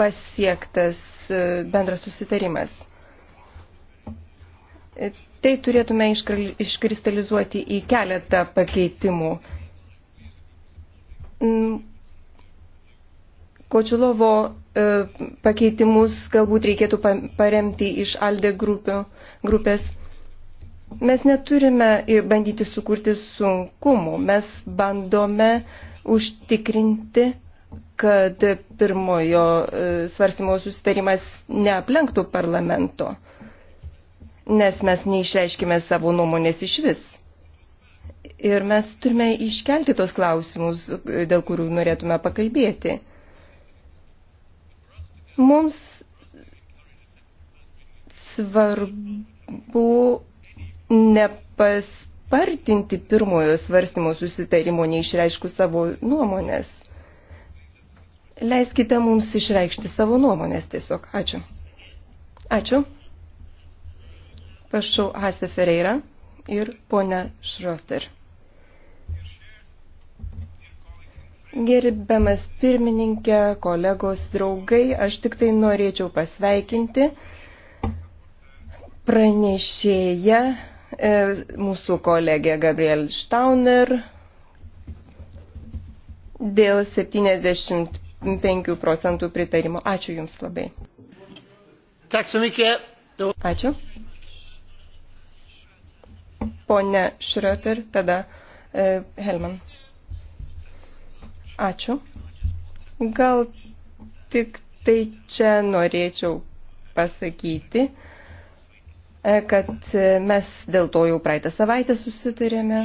B: pasiektas bendras susitarimas. Tai turėtume iškristalizuoti į keletą pakeitimų. Mm, Kočiulovo e, pakeitimus galbūt reikėtų paremti iš Alde grupio, grupės. Mes neturime bandyti sukurti sunkumų, mes bandome užtikrinti, kad pirmojo e, svarstymo susitarimas neaplenktų parlamento, nes mes neišreiškime savo nuomonės iš vis. Ir mes turime iškelti tos klausimus, dėl kurių norėtume pakalbėti. Mums svarbu nepaspartinti pirmojo svarstymo susitarimo, neišreiškus savo nuomonės. Leiskite mums išreikšti savo nuomonės tiesiog. Ačiū. Ačiū. Prašau Hase Ferreira ir ponia Šroter. Gerbiamas pirmininkė, kolegos, draugai, aš tik tai norėčiau pasveikinti pranešėją, e, mūsų kolegė Gabriel Štauner dėl 75 procentų pritarimo. Ačiū Jums labai. Ačiū. Pone Šrioter, tada e, Helman. Ačiū. Gal tik tai čia norėčiau pasakyti, e, kad mes dėl to jau praeitą savaitę susitarėme,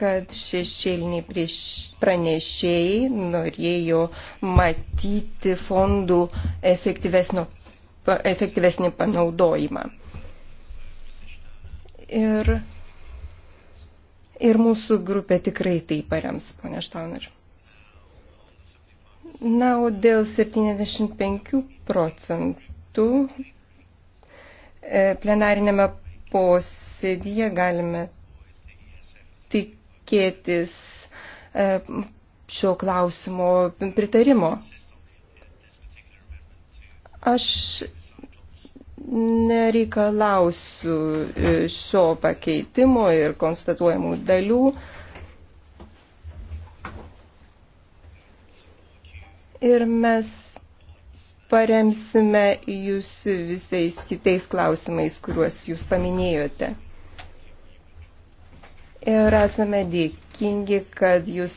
B: kad šešėliniai pranešėjai norėjo matyti fondų efektyvesnį panaudojimą. Ir, ir mūsų grupė tikrai tai parems, ponia Štauner. Na, o dėl 75 procentų e, plenarinėme posėdyje galime tikėtis e, šio klausimo pritarimo. Aš nereikalausiu e, šio pakeitimo ir konstatuojamų dalių. ir mes paremsime jūs visais kitais klausimais, kuriuos jūs paminėjote. Ir esame dėkingi, kad jūs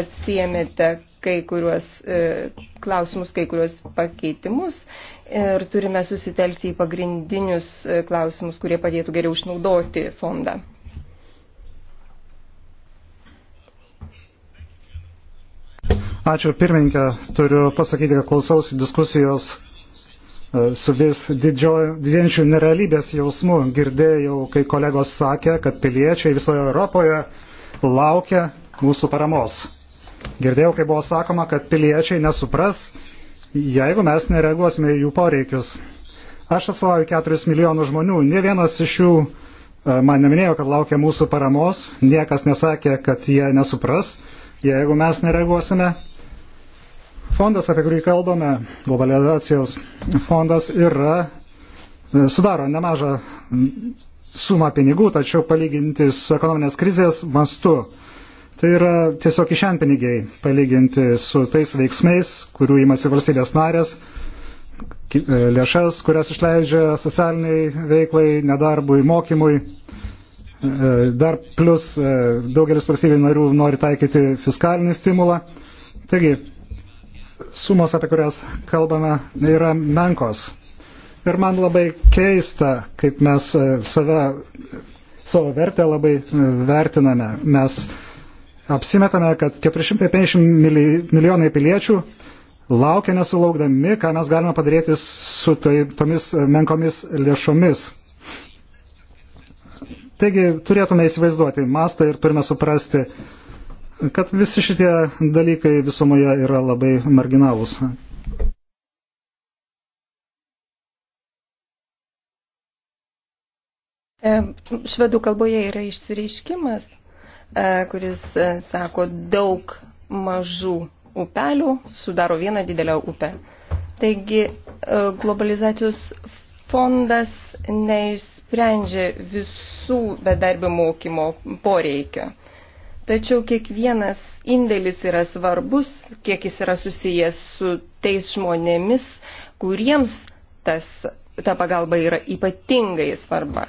B: atsiemėte kai kuriuos e, klausimus, kai kuriuos pakeitimus ir turime susitelkti į pagrindinius e, klausimus, kurie padėtų geriau išnaudoti fondą.
A: Ačiū pirmininkė, turiu pasakyti, kad klausausi diskusijos e, su vis didėjančiu nerealybės jausmu. Girdėjau, kai kolegos sakė, kad piliečiai visoje Europoje laukia mūsų paramos. Girdėjau, kai buvo sakoma, kad piliečiai nesupras, jeigu mes nereaguosime į jų poreikius. Aš atstovauju 4 milijonų žmonių, ne vienas iš jų e, man neminėjo, kad laukia mūsų paramos, niekas nesakė, kad jie nesupras, jeigu mes nereaguosime. Fondas, apie kurį kalbame, globalizacijos fondas, yra, e, sudaro nemažą sumą pinigų, tačiau palyginti su ekonominės krizės mastu. Tai yra tiesiog kišenpinigiai palyginti su tais veiksmais, kurių įmasi valstybės narės, e, lėšas, kurias išleidžia socialiniai veiklai, nedarbui, mokymui. E, dar plus daugelis valstybių narių nori taikyti fiskalinį stimulą. Taigi, sumos, apie kurias kalbame, yra menkos. Ir man labai keista, kaip mes e, save, savo vertę labai e, vertiname. Mes apsimetame, kad 450 milijonai piliečių laukia nesulaukdami, ką mes galime padaryti su tai, tomis e, menkomis lėšomis. Taigi turėtume įsivaizduoti mastą ir turime suprasti, kad visi šitie dalykai visumoje yra labai marginalūs.
B: E, švedų kalboje yra išsireiškimas, e, kuris e, sako daug mažų upelių sudaro vieną didelę upę. Taigi globalizacijos fondas neišsprendžia visų bedarbių mokymo poreikio. Tačiau kiekvienas indėlis yra svarbus, kiek jis yra susijęs su tais žmonėmis, kuriems tas, ta pagalba yra ypatingai svarba.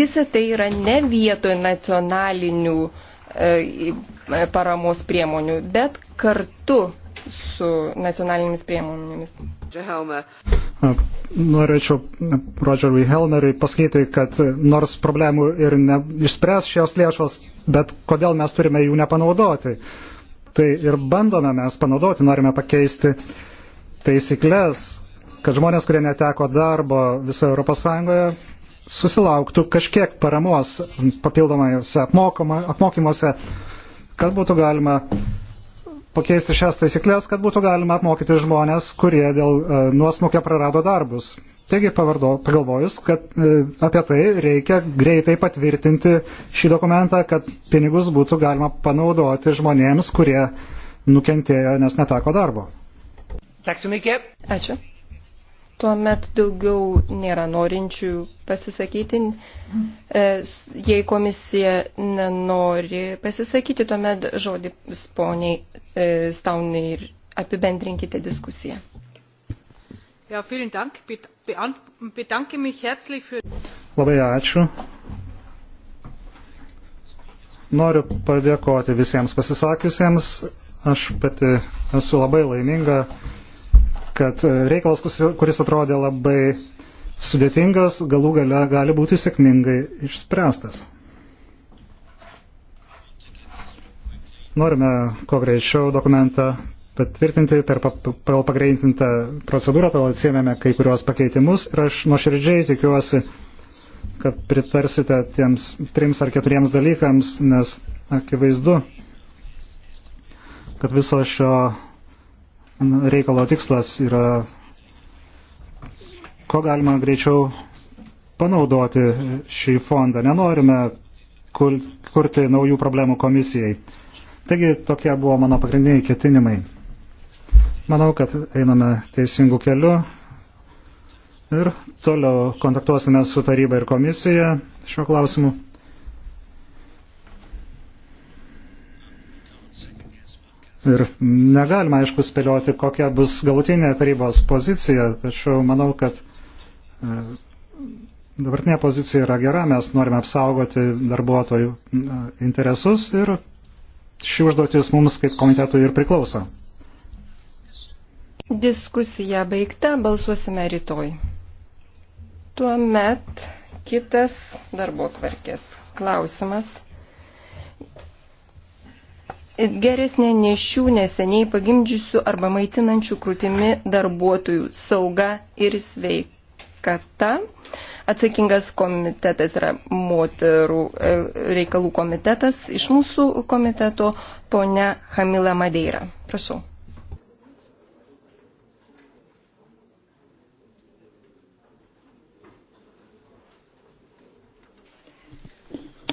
B: Visa tai yra ne vietoj nacionalinių e, paramos priemonių, bet kartu su nacionalinėmis priemonėmis.
A: Norėčiau Rogerui Helmeriui pasakyti, kad nors problemų ir neišspręs šios lėšos, bet kodėl mes turime jų nepanaudoti. Tai ir bandome mes panaudoti, norime pakeisti taisyklės, kad žmonės, kurie neteko darbo visoje Europos Sąjungoje, susilauktų kažkiek paramos papildomai apmokymuose, kad būtų galima pakeisti šias taisyklės, kad būtų galima apmokyti žmonės, kurie dėl e, nuosmukio prarado darbus. Taigi pavardo, pagalvojus, kad e, apie tai reikia greitai patvirtinti šį dokumentą, kad pinigus būtų galima panaudoti žmonėms, kurie nukentėjo, nes neteko darbo.
B: Ačiū. Tuomet daugiau nėra norinčių pasisakyti. E, jei komisija nenori pasisakyti, tuomet žodį poniai e, Staunai ir apibendrinkite diskusiją.
C: Ja, dank. Bedanke mich herzlich für...
A: Labai ačiū. Noriu padėkoti visiems pasisakiusiems. Aš pati esu labai laiminga kad e, reikalas, kuris atrodė labai sudėtingas, galų gale gali būti sėkmingai išspręstas. Norime kuo greičiau dokumentą patvirtinti per pagal pagreitintą procedūrą, todėl atsiemėme kai kuriuos pakeitimus ir aš nuoširdžiai tikiuosi, kad pritarsite tiems trims ar keturiems dalykams, nes akivaizdu, kad viso šio reikalo tikslas yra, ko galima greičiau panaudoti šį fondą. Nenorime kurti naujų problemų komisijai. Taigi tokie buvo mano pagrindiniai ketinimai. Manau, kad einame teisingų kelių ir toliau kontaktuosime su taryba ir komisija šiuo klausimu. Ir negalima, aišku, spėlioti, kokia bus galutinė tarybos pozicija, tačiau manau, kad e, dabartinė pozicija yra gera, mes norime apsaugoti darbuotojų e, interesus ir ši užduotis mums kaip komitetui ir priklauso.
B: Diskusija baigta, balsuosime rytoj. Tuomet kitas darbo tvarkės klausimas geresnė nešių neseniai pagimdžiusių arba maitinančių krūtimi darbuotojų sauga ir sveikata. Atsakingas komitetas yra moterų e, reikalų komitetas. Iš mūsų komiteto ponia Hamila Madeira. Prašau.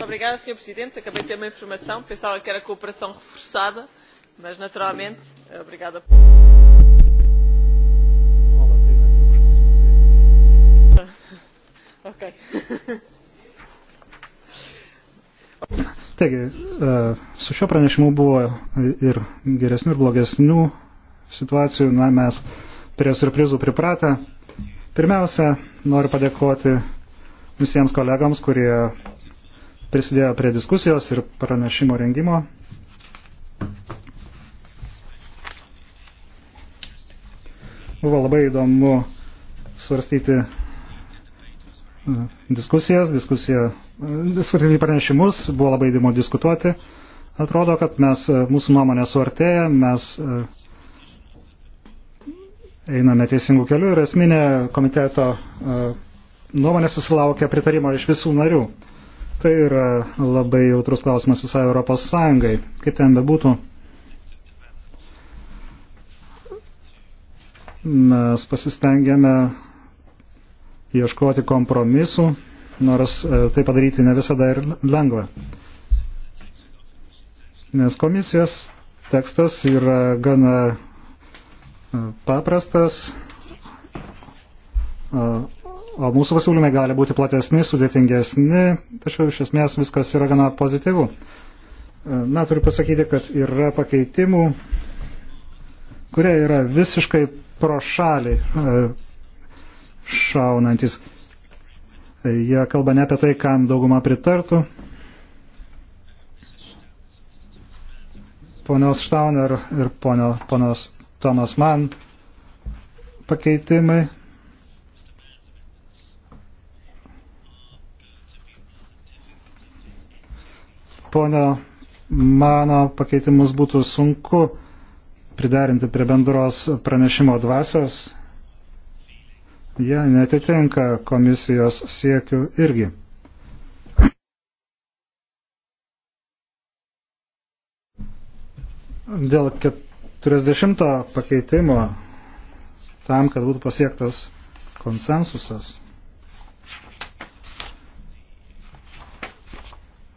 B: Obrigada, Sr. Presidente. Acabei de ter uma informação. Pensava que era cooperação reforçada, mas naturalmente, obrigada.
A: Okay. Taigi, e, su šio pranešimu buvo ir geresnių, ir blogesnių situacijų. Na, mes prie surprizų pripratę. Pirmiausia, noriu padėkoti visiems kolegams, kurie prisidėjo prie diskusijos ir pranešimo rengimo. Buvo labai įdomu svarstyti e, diskusijas, diskusiją, diskutyti e, pranešimus, buvo labai įdomu diskutuoti. Atrodo, kad mes, e, mūsų nuomonė suartėja, mes einame teisingų kelių ir esminė komiteto nuomonė susilaukia pritarimo iš visų narių. Tai yra labai jautrus klausimas visai Europos Sąjungai. Kaip ten bebūtų, mes pasistengėme ieškoti kompromisų, nors e, tai padaryti ne visada ir lengva. Nes komisijos tekstas yra gana e, paprastas, e, O mūsų pasiūlymai gali būti platesni, sudėtingesni, tačiau iš esmės viskas yra gana pozityvu. Na, turiu pasakyti, kad yra pakeitimų, kurie yra visiškai pro šalį e, šaunantis. Jie kalba ne apie tai, kam dauguma pritartų. Ponios Štauner ir ponio, ponios Tomas Man pakeitimai pono mano pakeitimus būtų sunku pridarinti prie bendros pranešimo dvasios. Jie netitinka komisijos siekių irgi. Dėl 40 pakeitimo tam, kad būtų pasiektas konsensusas.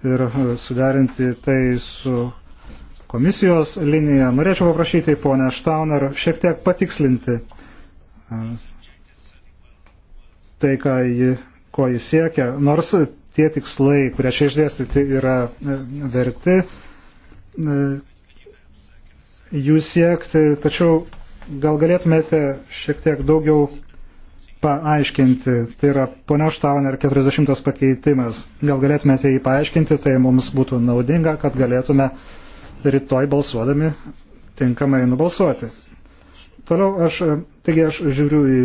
A: ir e, suderinti tai su komisijos linija. Norėčiau paprašyti ponę Štauner šiek tiek patikslinti e, tai, ką ji, ko jis siekia, nors tie tikslai, kurie čia išdėstyti, yra e, verti jų siekti, tačiau gal galėtumėte šiek tiek daugiau paaiškinti. Tai yra ponia Štauner 40 pakeitimas. Gal galėtumėte jį paaiškinti, tai mums būtų naudinga, kad galėtume rytoj balsuodami tinkamai nubalsuoti. Toliau aš, taigi aš žiūriu į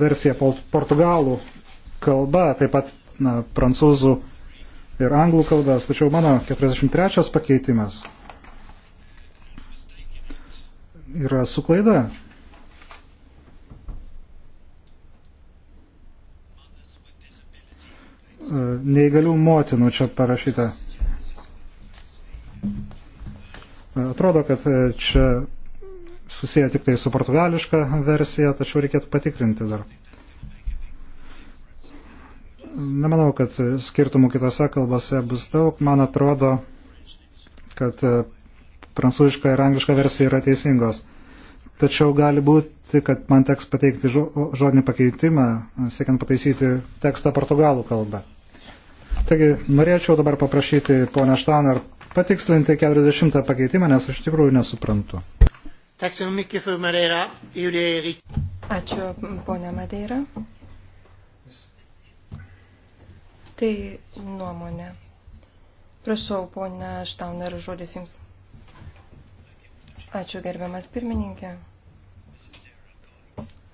A: versiją portugalų kalba, taip pat na, prancūzų ir anglų kalbas, tačiau mano 43 pakeitimas yra suklaida. klaida neįgalių motinų čia parašyta. Atrodo, kad čia susiję tik tai su portugališka versija, tačiau reikėtų patikrinti dar. Nemanau, kad skirtumų kitose kalbose bus daug. Man atrodo, kad prancūziška ir angliška versija yra teisingos. Tačiau gali būti, kad man teks pateikti žodinį pakeitimą, siekiant pataisyti tekstą portugalų kalbą. Taigi, norėčiau dabar paprašyti ponę Štaner patikslinti 40 pakeitimą, nes aš tikrųjų nesuprantu.
B: Ačiū, ponė Madeira. Tai nuomonė. Prašau, ponė Štauner, žodis jums. Ačiū, gerbiamas pirmininkė.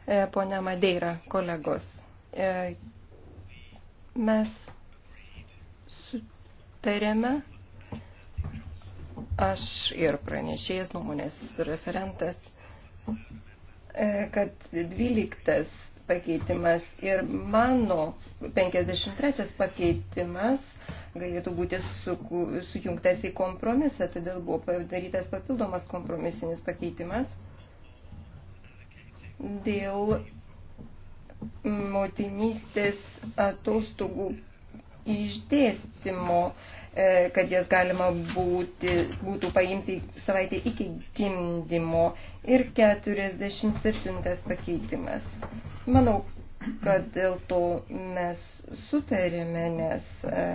B: E, Pone Madeira, kolegos. E, mes aptarėme. Aš ir pranešėjas nuomonės referentas, e, kad 12 pakeitimas ir mano 53 pakeitimas galėtų būti su, sujungtas į kompromisą, todėl buvo padarytas papildomas kompromisinis pakeitimas dėl motinystės atostogų išdėstymo E, kad jas galima būti, būtų paimti savaitę iki gimdymo. Ir 47 pakeitimas. Manau, kad dėl to mes sutarėme, nes e,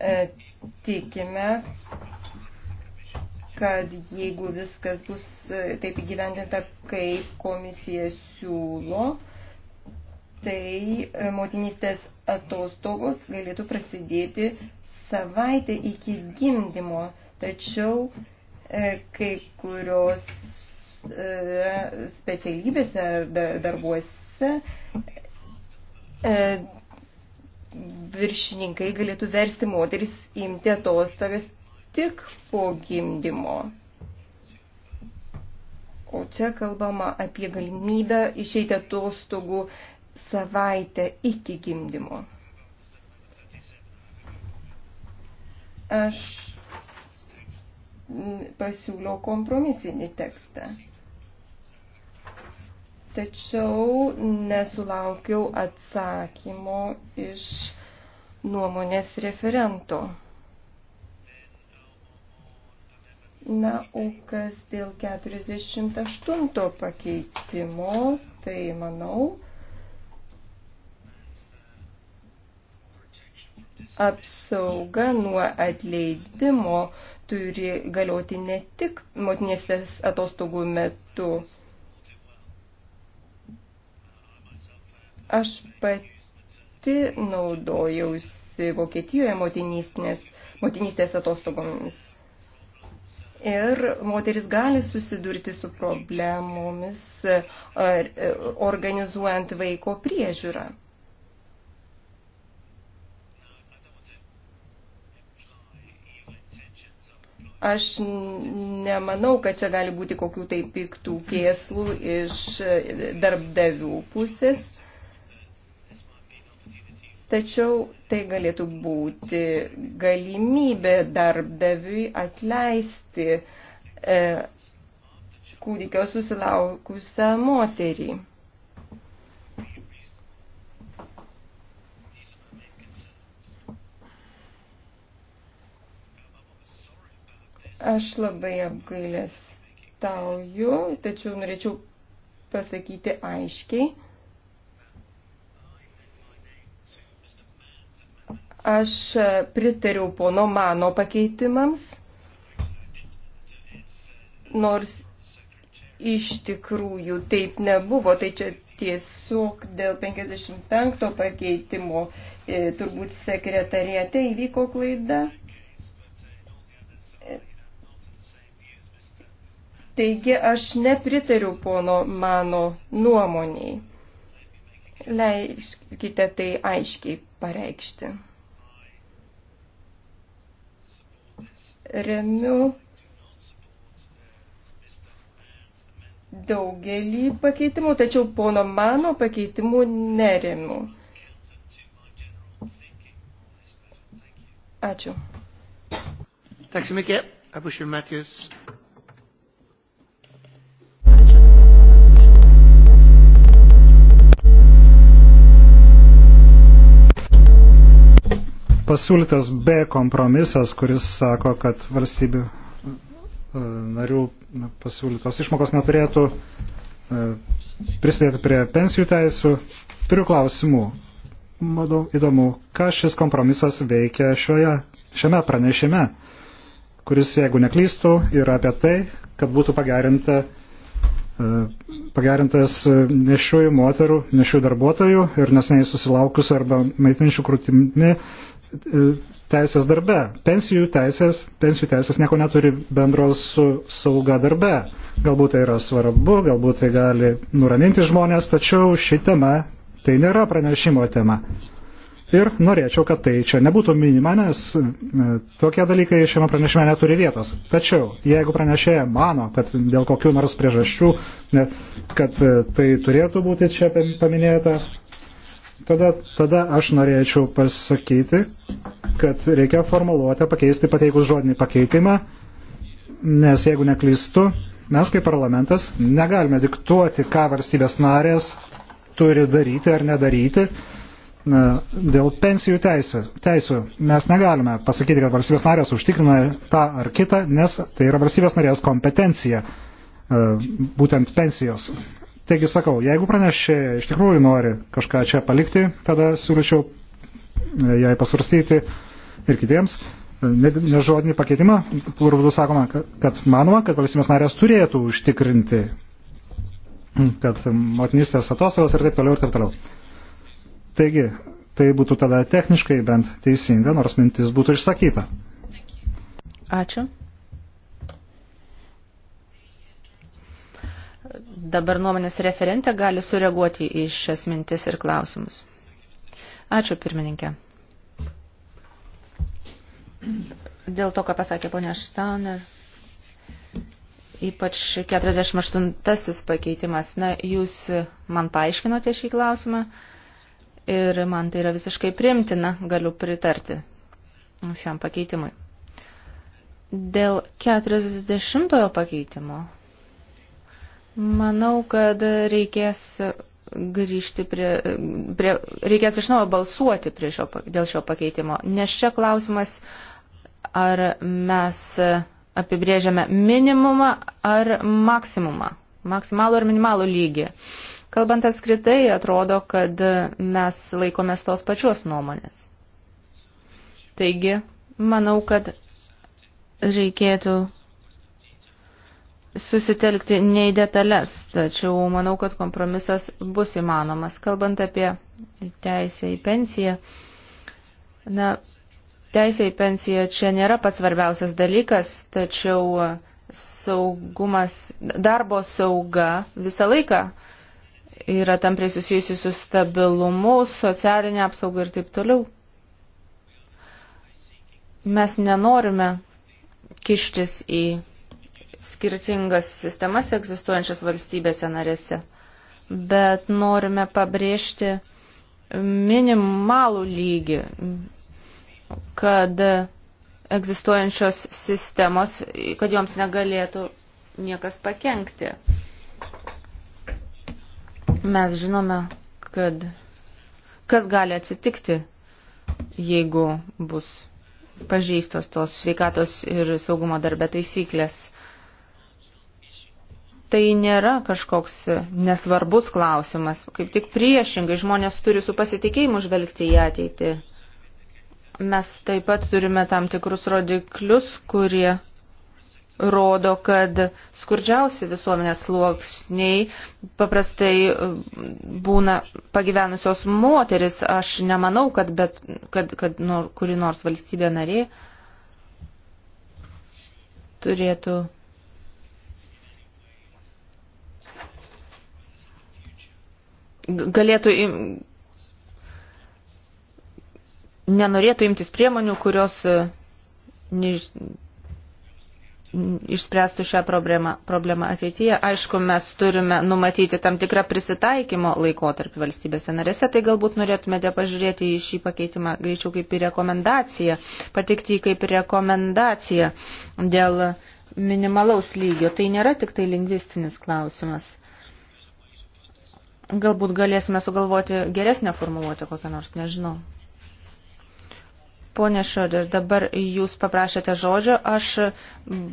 B: e, tikime, kad jeigu viskas bus e, taip įgyvendinta, kaip komisija siūlo, tai e, motinystės atostogos galėtų prasidėti savaitę iki gimdymo, tačiau e, kai kurios e, specialybėse ar darbuose e, viršininkai galėtų versti moteris imti atostogas tik po gimdymo. O čia kalbama apie galimybę išeiti atostogų savaitę iki gimdymo. aš pasiūliau kompromisinį tekstą. Tačiau nesulaukiau atsakymo iš nuomonės referento. Na, o kas dėl 48 pakeitimo, tai manau, apsauga nuo atleidimo turi galioti ne tik motinėsės atostogų metu. Aš pati naudojausi Vokietijoje motinystės, motinystės atostogomis. Ir moteris gali susidurti su problemomis e, organizuojant vaiko priežiūrą. Aš nemanau, kad čia gali būti kokių tai piktų kėslų iš darbdavių pusės. Tačiau tai galėtų būti galimybė darbdaviui atleisti e, kūdikio susilaukusią moterį. Aš labai apgailės tauju, tačiau norėčiau pasakyti aiškiai. Aš pritariau pono mano pakeitimams, nors iš tikrųjų taip nebuvo, tai čia tiesiog dėl 55 pakeitimo e, turbūt sekretariate įvyko klaida. Taigi aš nepritariu pono mano nuomoniai. Leiskite tai aiškiai pareikšti. Remiu daugelį pakeitimų, tačiau pono mano pakeitimų neremiu. Ačiū.
C: Tack så mycket. Abushir Matthews.
A: pasiūlytas B kompromisas, kuris sako, kad valstybių e, narių pasiūlytos išmokos neturėtų e, prisidėti prie pensijų teisų. Turiu klausimų. Madau, įdomu, ką šis kompromisas veikia šioje, šiame pranešime, kuris, jeigu neklystų, yra apie tai, kad būtų pagerinta, e, pagerintas nešiųjų moterų, nešiųjų darbuotojų ir nesnei susilaukusių arba maitinčių krūtimi teisės darbe. Pensijų teisės, pensijų teisės nieko neturi bendros su sauga darbe. Galbūt tai yra svarbu, galbūt tai gali nuraminti žmonės, tačiau ši tema tai nėra pranešimo tema. Ir norėčiau, kad tai čia nebūtų minima, nes e, tokie dalykai šiame pranešime neturi vietos. Tačiau, jeigu pranešėja mano, kad dėl kokių nors priežasčių, kad e, tai turėtų būti čia paminėta, Tada, tada aš norėčiau pasakyti, kad reikia formuluotę pakeisti pateikus žodinį pakeitimą, nes jeigu neklystu, mes kaip parlamentas negalime diktuoti, ką valstybės narės turi daryti ar nedaryti na, dėl pensijų teisė, teisų. Mes negalime pasakyti, kad valstybės narės užtikrina tą ar kitą, nes tai yra valstybės narės kompetencija e, būtent pensijos. Taigi sakau, jeigu pranešė iš tikrųjų nori kažką čia palikti, tada siūlyčiau e, jai pasvarstyti ir kitiems e, nežodinį pakeitimą, kur būtų sakoma, kad manoma, kad valstybės narės turėtų užtikrinti, hm, kad motinystės atostogos ir taip toliau ir taip toliau. Taigi, tai būtų tada techniškai bent teisinga, nors mintis būtų išsakyta.
C: Ačiū. dabar nuomonės referentė gali sureaguoti į šias mintis ir klausimus. Ačiū pirmininkė. Dėl to, ką pasakė ponia Štauner, ypač 48 pakeitimas, na, jūs man paaiškinote šį klausimą ir man tai yra visiškai primtina, galiu pritarti šiam pakeitimui. Dėl 40 pakeitimo Manau, kad reikės grįžti prie, prie reikės iš naujo balsuoti prie šio, dėl šio pakeitimo, nes čia klausimas, ar mes apibrėžiame minimumą ar maksimumą, maksimalų ar minimalų lygį. Kalbant apskritai, atrodo, kad mes laikomės tos pačios nuomonės. Taigi, manau, kad reikėtų susitelkti ne į detalės, tačiau manau, kad kompromisas bus įmanomas. Kalbant apie teisę į pensiją, na, teisė į pensiją čia nėra pats svarbiausias dalykas, tačiau saugumas, darbo sauga visą laiką yra tampriai susijusi su stabilumu, socialinė apsauga ir taip toliau. Mes nenorime kištis į skirtingas sistemas egzistuojančias valstybėse narėse, bet norime pabrėžti minimalų lygį, kad egzistuojančios sistemos, kad joms negalėtų niekas pakenkti. Mes žinome, kad kas gali atsitikti, jeigu bus pažeistos tos sveikatos ir saugumo darbe taisyklės tai nėra kažkoks nesvarbus klausimas. Kaip tik priešingai žmonės turi su pasitikėjimu žvelgti į ateitį. Mes taip pat turime tam tikrus rodiklius, kurie rodo, kad skurdžiausi visuomenės sluoksniai paprastai mm, būna pagyvenusios moteris. Aš nemanau, kad, bet, kad, kad nor, kuri nors valstybė narė turėtų galėtų im, nenorėtų imtis priemonių, kurios e, neiš, išspręstų šią problemą, problemą ateityje. Aišku, mes turime numatyti tam tikrą prisitaikymo laikotarpį valstybėse narėse, tai galbūt norėtumėte pažiūrėti į šį pakeitimą greičiau kaip į rekomendaciją, patikti jį kaip rekomendaciją dėl minimalaus lygio. Tai nėra tik tai lingvistinis klausimas. Galbūt galėsime sugalvoti geresnę formuluotę kokią nors, nežinau. Pone Šoder, dabar jūs paprašėte žodžio, aš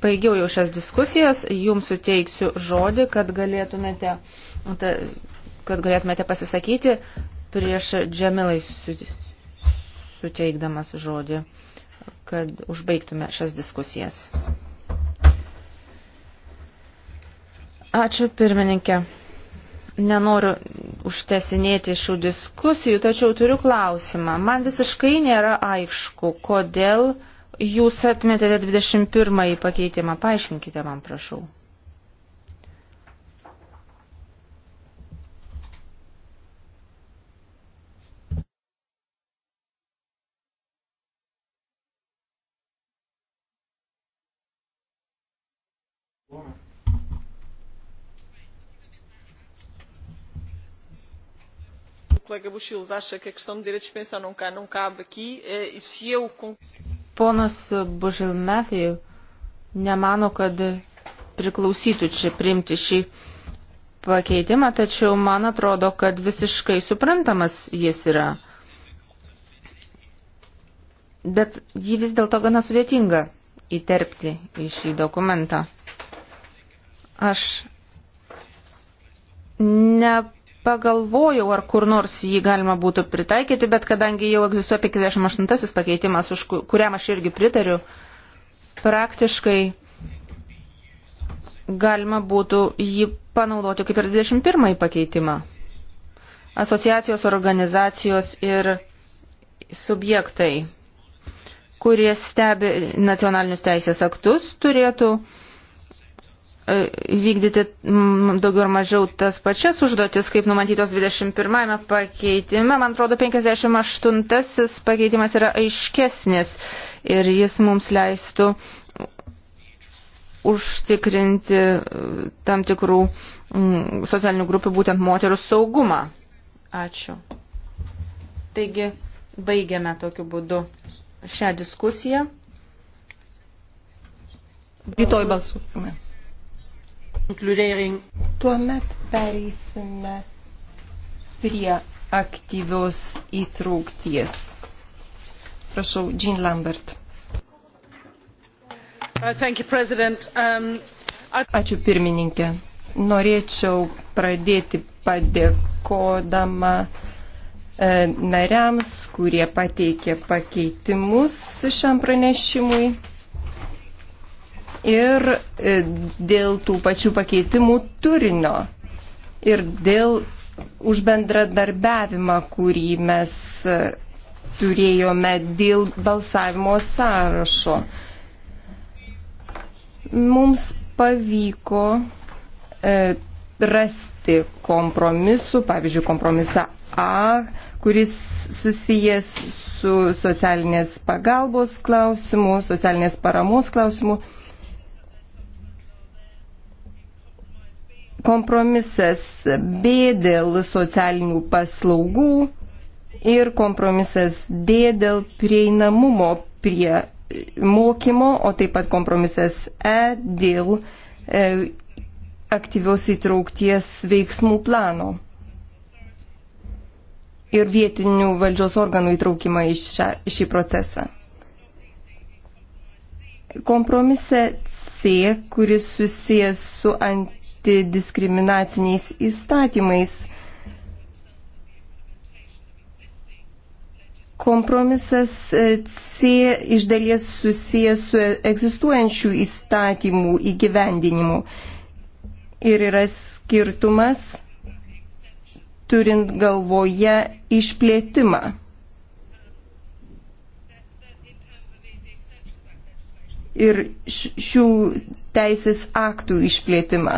C: baigiau jau šias diskusijas, jums suteiksiu žodį, kad galėtumėte, kad galėtumėte pasisakyti prieš džemilai suteikdamas žodį, kad užbaigtume šias diskusijas. Ačiū pirmininkė. Nenoriu užtesinėti šių diskusijų, tačiau turiu klausimą. Man visiškai nėra aišku, kodėl jūs atmetėte 21 pakeitimą. Paaiškinkite man, prašau.
B: Wow. colega Buxilos acha que a questão de direitos de pensão não, não cabe aqui, eh, e se eu...
C: Ponas Buxil Matthew nemano, kad priklausytų čia priimti šį pakeitimą, tačiau man atrodo, kad visiškai suprantamas jis yra. Bet jį vis dėlto gana sudėtinga įterpti į šį dokumentą. Aš ne pagalvojau, ar kur nors jį galima būtų pritaikyti, bet kadangi jau egzistuoja 58 pakeitimas, už kuriam aš irgi pritariu, praktiškai galima būtų jį panaudoti kaip ir 21 pakeitimą. Asociacijos, organizacijos ir subjektai, kurie stebi nacionalinius teisės aktus, turėtų uh, vykdyti mm, daugiau ar mažiau tas pačias užduotis, kaip numatytos 21 pakeitime. Man atrodo, 58 pakeitimas yra aiškesnis ir jis mums leistų užtikrinti e, tam tikrų mm, socialinių grupių, būtent moterų saugumą. Ačiū. Taigi, baigiame tokiu būdu šią diskusiją.
B: Rytoj balsuosime. Tuomet pereisime prie aktyvios įtraukties. Prašau, Jean Lambert. Uh, um, Ačiū pirmininkė. Norėčiau pradėti padėkodama e, nariams, kurie pateikė pakeitimus šiam pranešimui ir e, dėl tų pačių pakeitimų turinio ir dėl už bendradarbiavimą, kurį mes e, turėjome dėl balsavimo sąrašo. Mums pavyko e, rasti kompromisų, pavyzdžiui, kompromisą A, kuris susijęs su socialinės pagalbos klausimu, socialinės paramos klausimu. E, kompromisas B dėl socialinių paslaugų ir kompromisas D dėl prieinamumo prie mokymo, o taip pat kompromisas E dėl e, aktyvios įtraukties veiksmų plano ir vietinių valdžios organų įtraukimą į šią, šį procesą. Kompromise C, kuris susijęs su ant paversti diskriminaciniais įstatymais. Kompromisas e, C iš dalies susijęs su egzistuojančių įstatymų įgyvendinimu ir yra skirtumas turint galvoje išplėtimą. Ir šių teisės aktų išplėtimą.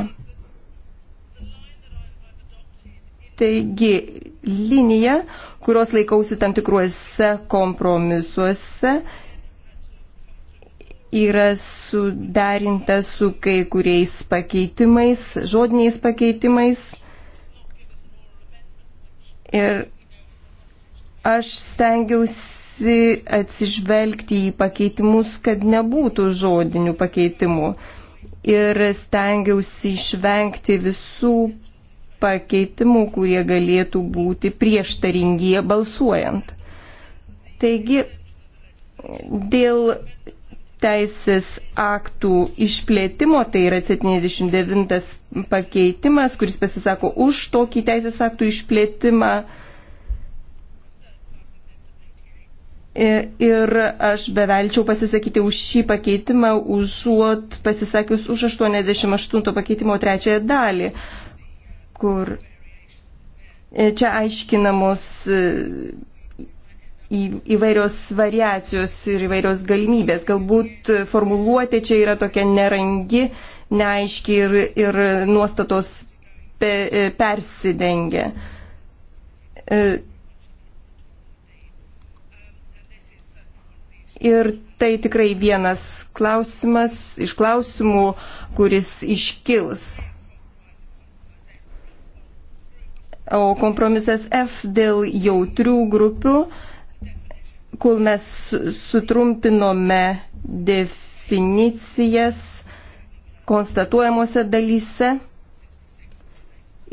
B: Taigi, linija, kurios laikausi tam tikruose kompromisuose, yra sudarinta su kai kuriais pakeitimais, žodiniais pakeitimais. Ir aš stengiausi atsižvelgti į pakeitimus, kad nebūtų žodinių pakeitimų. Ir stengiausi išvengti visų pakeitimų, kurie galėtų būti prieštaringie balsuojant. Taigi, dėl teisės aktų išplėtimo, tai yra 79 pakeitimas, kuris pasisako už tokį teisės aktų išplėtimą. E, ir aš bevelčiau pasisakyti už šį pakeitimą, užuot pasisakius už 88 pakeitimo trečiąją dalį kur e, čia aiškinamos e, įvairios variacijos ir įvairios galimybės. Galbūt formuluotė čia yra tokia nerangi, neaiški ir, ir nuostatos pe, e, persidengia. Ir tai tikrai vienas klausimas iš klausimų, kuris iškils O kompromisas F dėl jautrių grupių, kol mes sutrumpinome definicijas konstatuojamuose dalyse.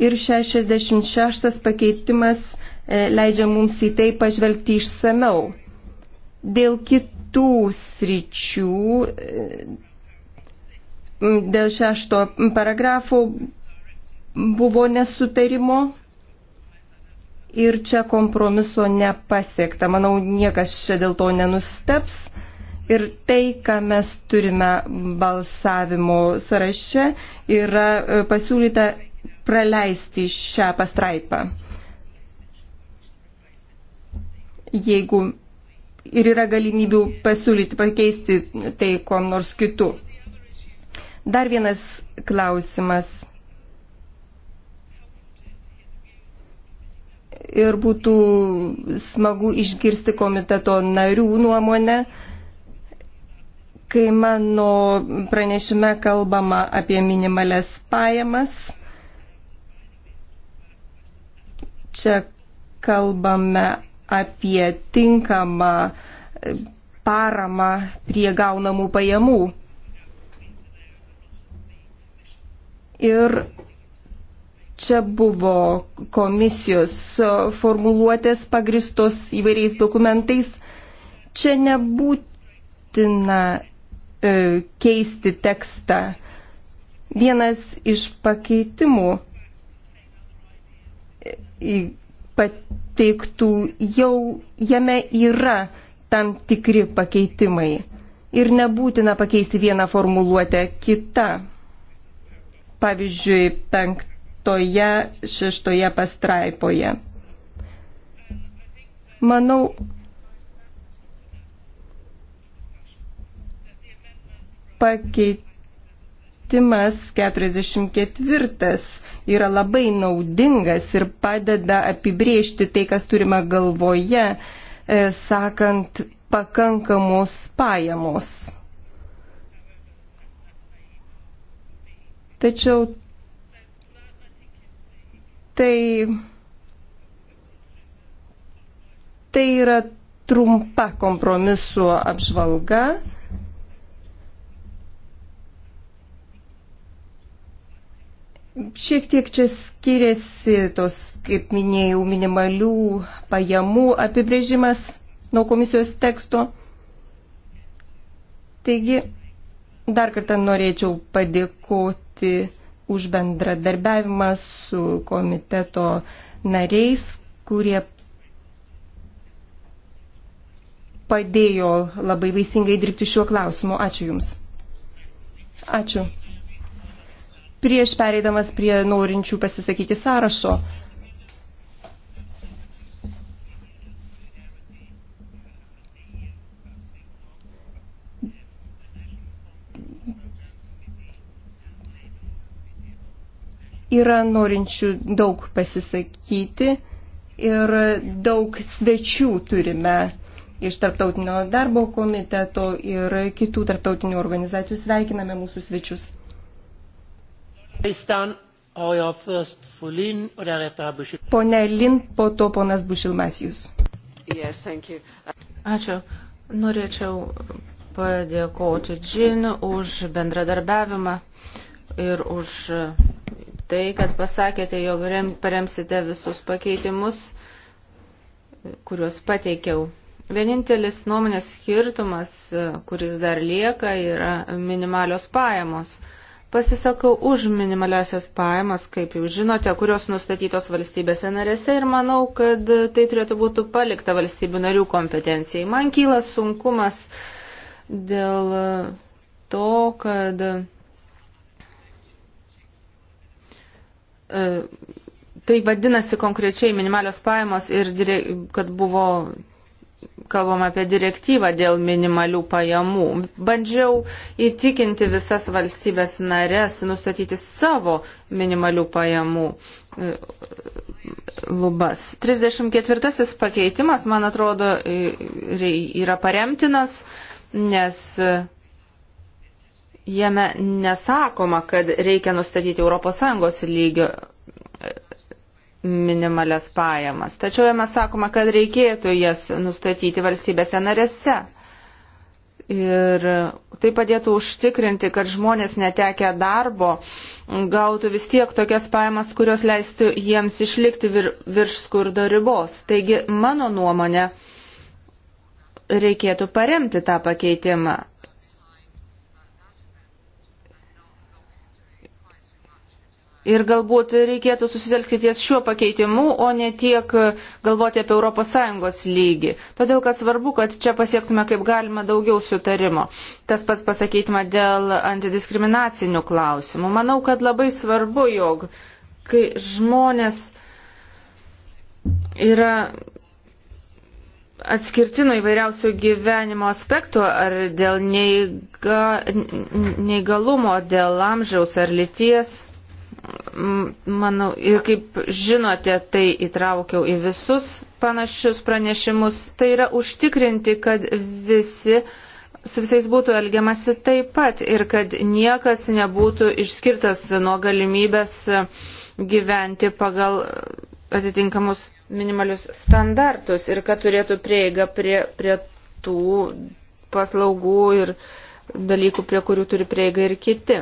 B: Ir 66 pakeitimas e, leidžia mums į tai pažvelgti išsameu. Dėl kitų sričių, e, dėl šešto paragrafo buvo nesutarimo ir čia kompromiso nepasiekta. Manau, niekas čia dėl to nenusteps. Ir tai, ką mes turime balsavimo sąraše, yra e, pasiūlyta praleisti šią pastraipą. Jeigu ir yra galimybių pasiūlyti pakeisti tai kom nors kitu. Dar vienas klausimas ir būtų smagu išgirsti komiteto narių nuomonę, kai mano pranešime kalbama apie minimales pajamas. Čia kalbame apie tinkamą e, paramą prie gaunamų pajamų. Ir Čia buvo komisijos formuluotės pagristos įvairiais dokumentais. Čia nebūtina e, keisti tekstą. Vienas iš pakeitimų e, pateiktų jau jame yra tam tikri pakeitimai ir nebūtina pakeisti vieną formuluotę kitą. Pavyzdžiui, penkt penktoje, šeštoje pastraipoje. Manau, pakeitimas 44 yra labai naudingas ir padeda apibriežti tai, kas turima galvoje, e, sakant, pakankamos pajamos. Tačiau tai tai yra trumpa kompromisų apžvalga. Šiek tiek čia skiriasi tos, kaip minėjau, minimalių pajamų apibrėžimas nuo komisijos teksto. Taigi, dar kartą norėčiau padėkoti už bendradarbiavimą su komiteto nariais, kurie padėjo labai vaisingai dirbti šiuo klausimu. Ačiū Jums. Ačiū. Prieš pereidamas prie norinčių pasisakyti sąrašo, Yra norinčių daug pasisakyti ir daug svečių turime iš Tarptautinio darbo komiteto ir kitų tarptautinių organizacijų. Sveikiname mūsų svečius. Pone Lin, po to ponas Bušilmasijus. Yes,
C: Ačiū. Norėčiau padėkoti Džin už bendradarbiavimą ir už tai, kad pasakėte, jog paremsite visus pakeitimus, kuriuos pateikiau. Vienintelis nuomonės skirtumas, kuris dar lieka, yra minimalios pajamos. Pasisakau už minimaliasias pajamas, kaip jau žinote, kurios nustatytos valstybėse narėse ir manau, kad tai turėtų būti palikta valstybių narių kompetencijai. Man kyla sunkumas dėl to, kad E, tai vadinasi konkrečiai minimalios pajamos ir kad buvo kalbam apie direktyvą dėl minimalių pajamų. Bandžiau įtikinti visas valstybės narės nustatyti savo minimalių pajamų e, lubas. 34 pakeitimas, man atrodo, e, yra paremtinas, nes jame nesakoma, kad reikia nustatyti ES lygio e, minimales pajamas. Tačiau jame sakoma, kad reikėtų jas nustatyti valstybėse narėse. Ir tai padėtų užtikrinti, kad žmonės netekę darbo gautų vis tiek tokias pajamas, kurios leistų jiems išlikti vir, virš skurdo ribos. Taigi, mano nuomonė, reikėtų paremti tą pakeitimą. Ir galbūt reikėtų susitelkti ties šiuo pakeitimu, o ne tiek galvoti apie ES lygį. Todėl, kad svarbu, kad čia pasiektume kaip galima daugiau sutarimo. Tas pats pasakytume dėl antidiskriminacinių klausimų. Manau, kad labai svarbu, jog kai žmonės yra atskirti nuo įvairiausių gyvenimo aspektų, ar dėl neįga, neįgalumo, dėl amžiaus ar lyties manau, ir kaip žinote, tai įtraukiau į visus panašius pranešimus, tai yra užtikrinti, kad visi su visais būtų elgiamasi taip pat ir kad niekas nebūtų išskirtas nuo galimybės gyventi pagal atitinkamus minimalius standartus ir kad turėtų prieigą prie, prie tų paslaugų ir dalykų, prie kurių turi prieigą ir kiti.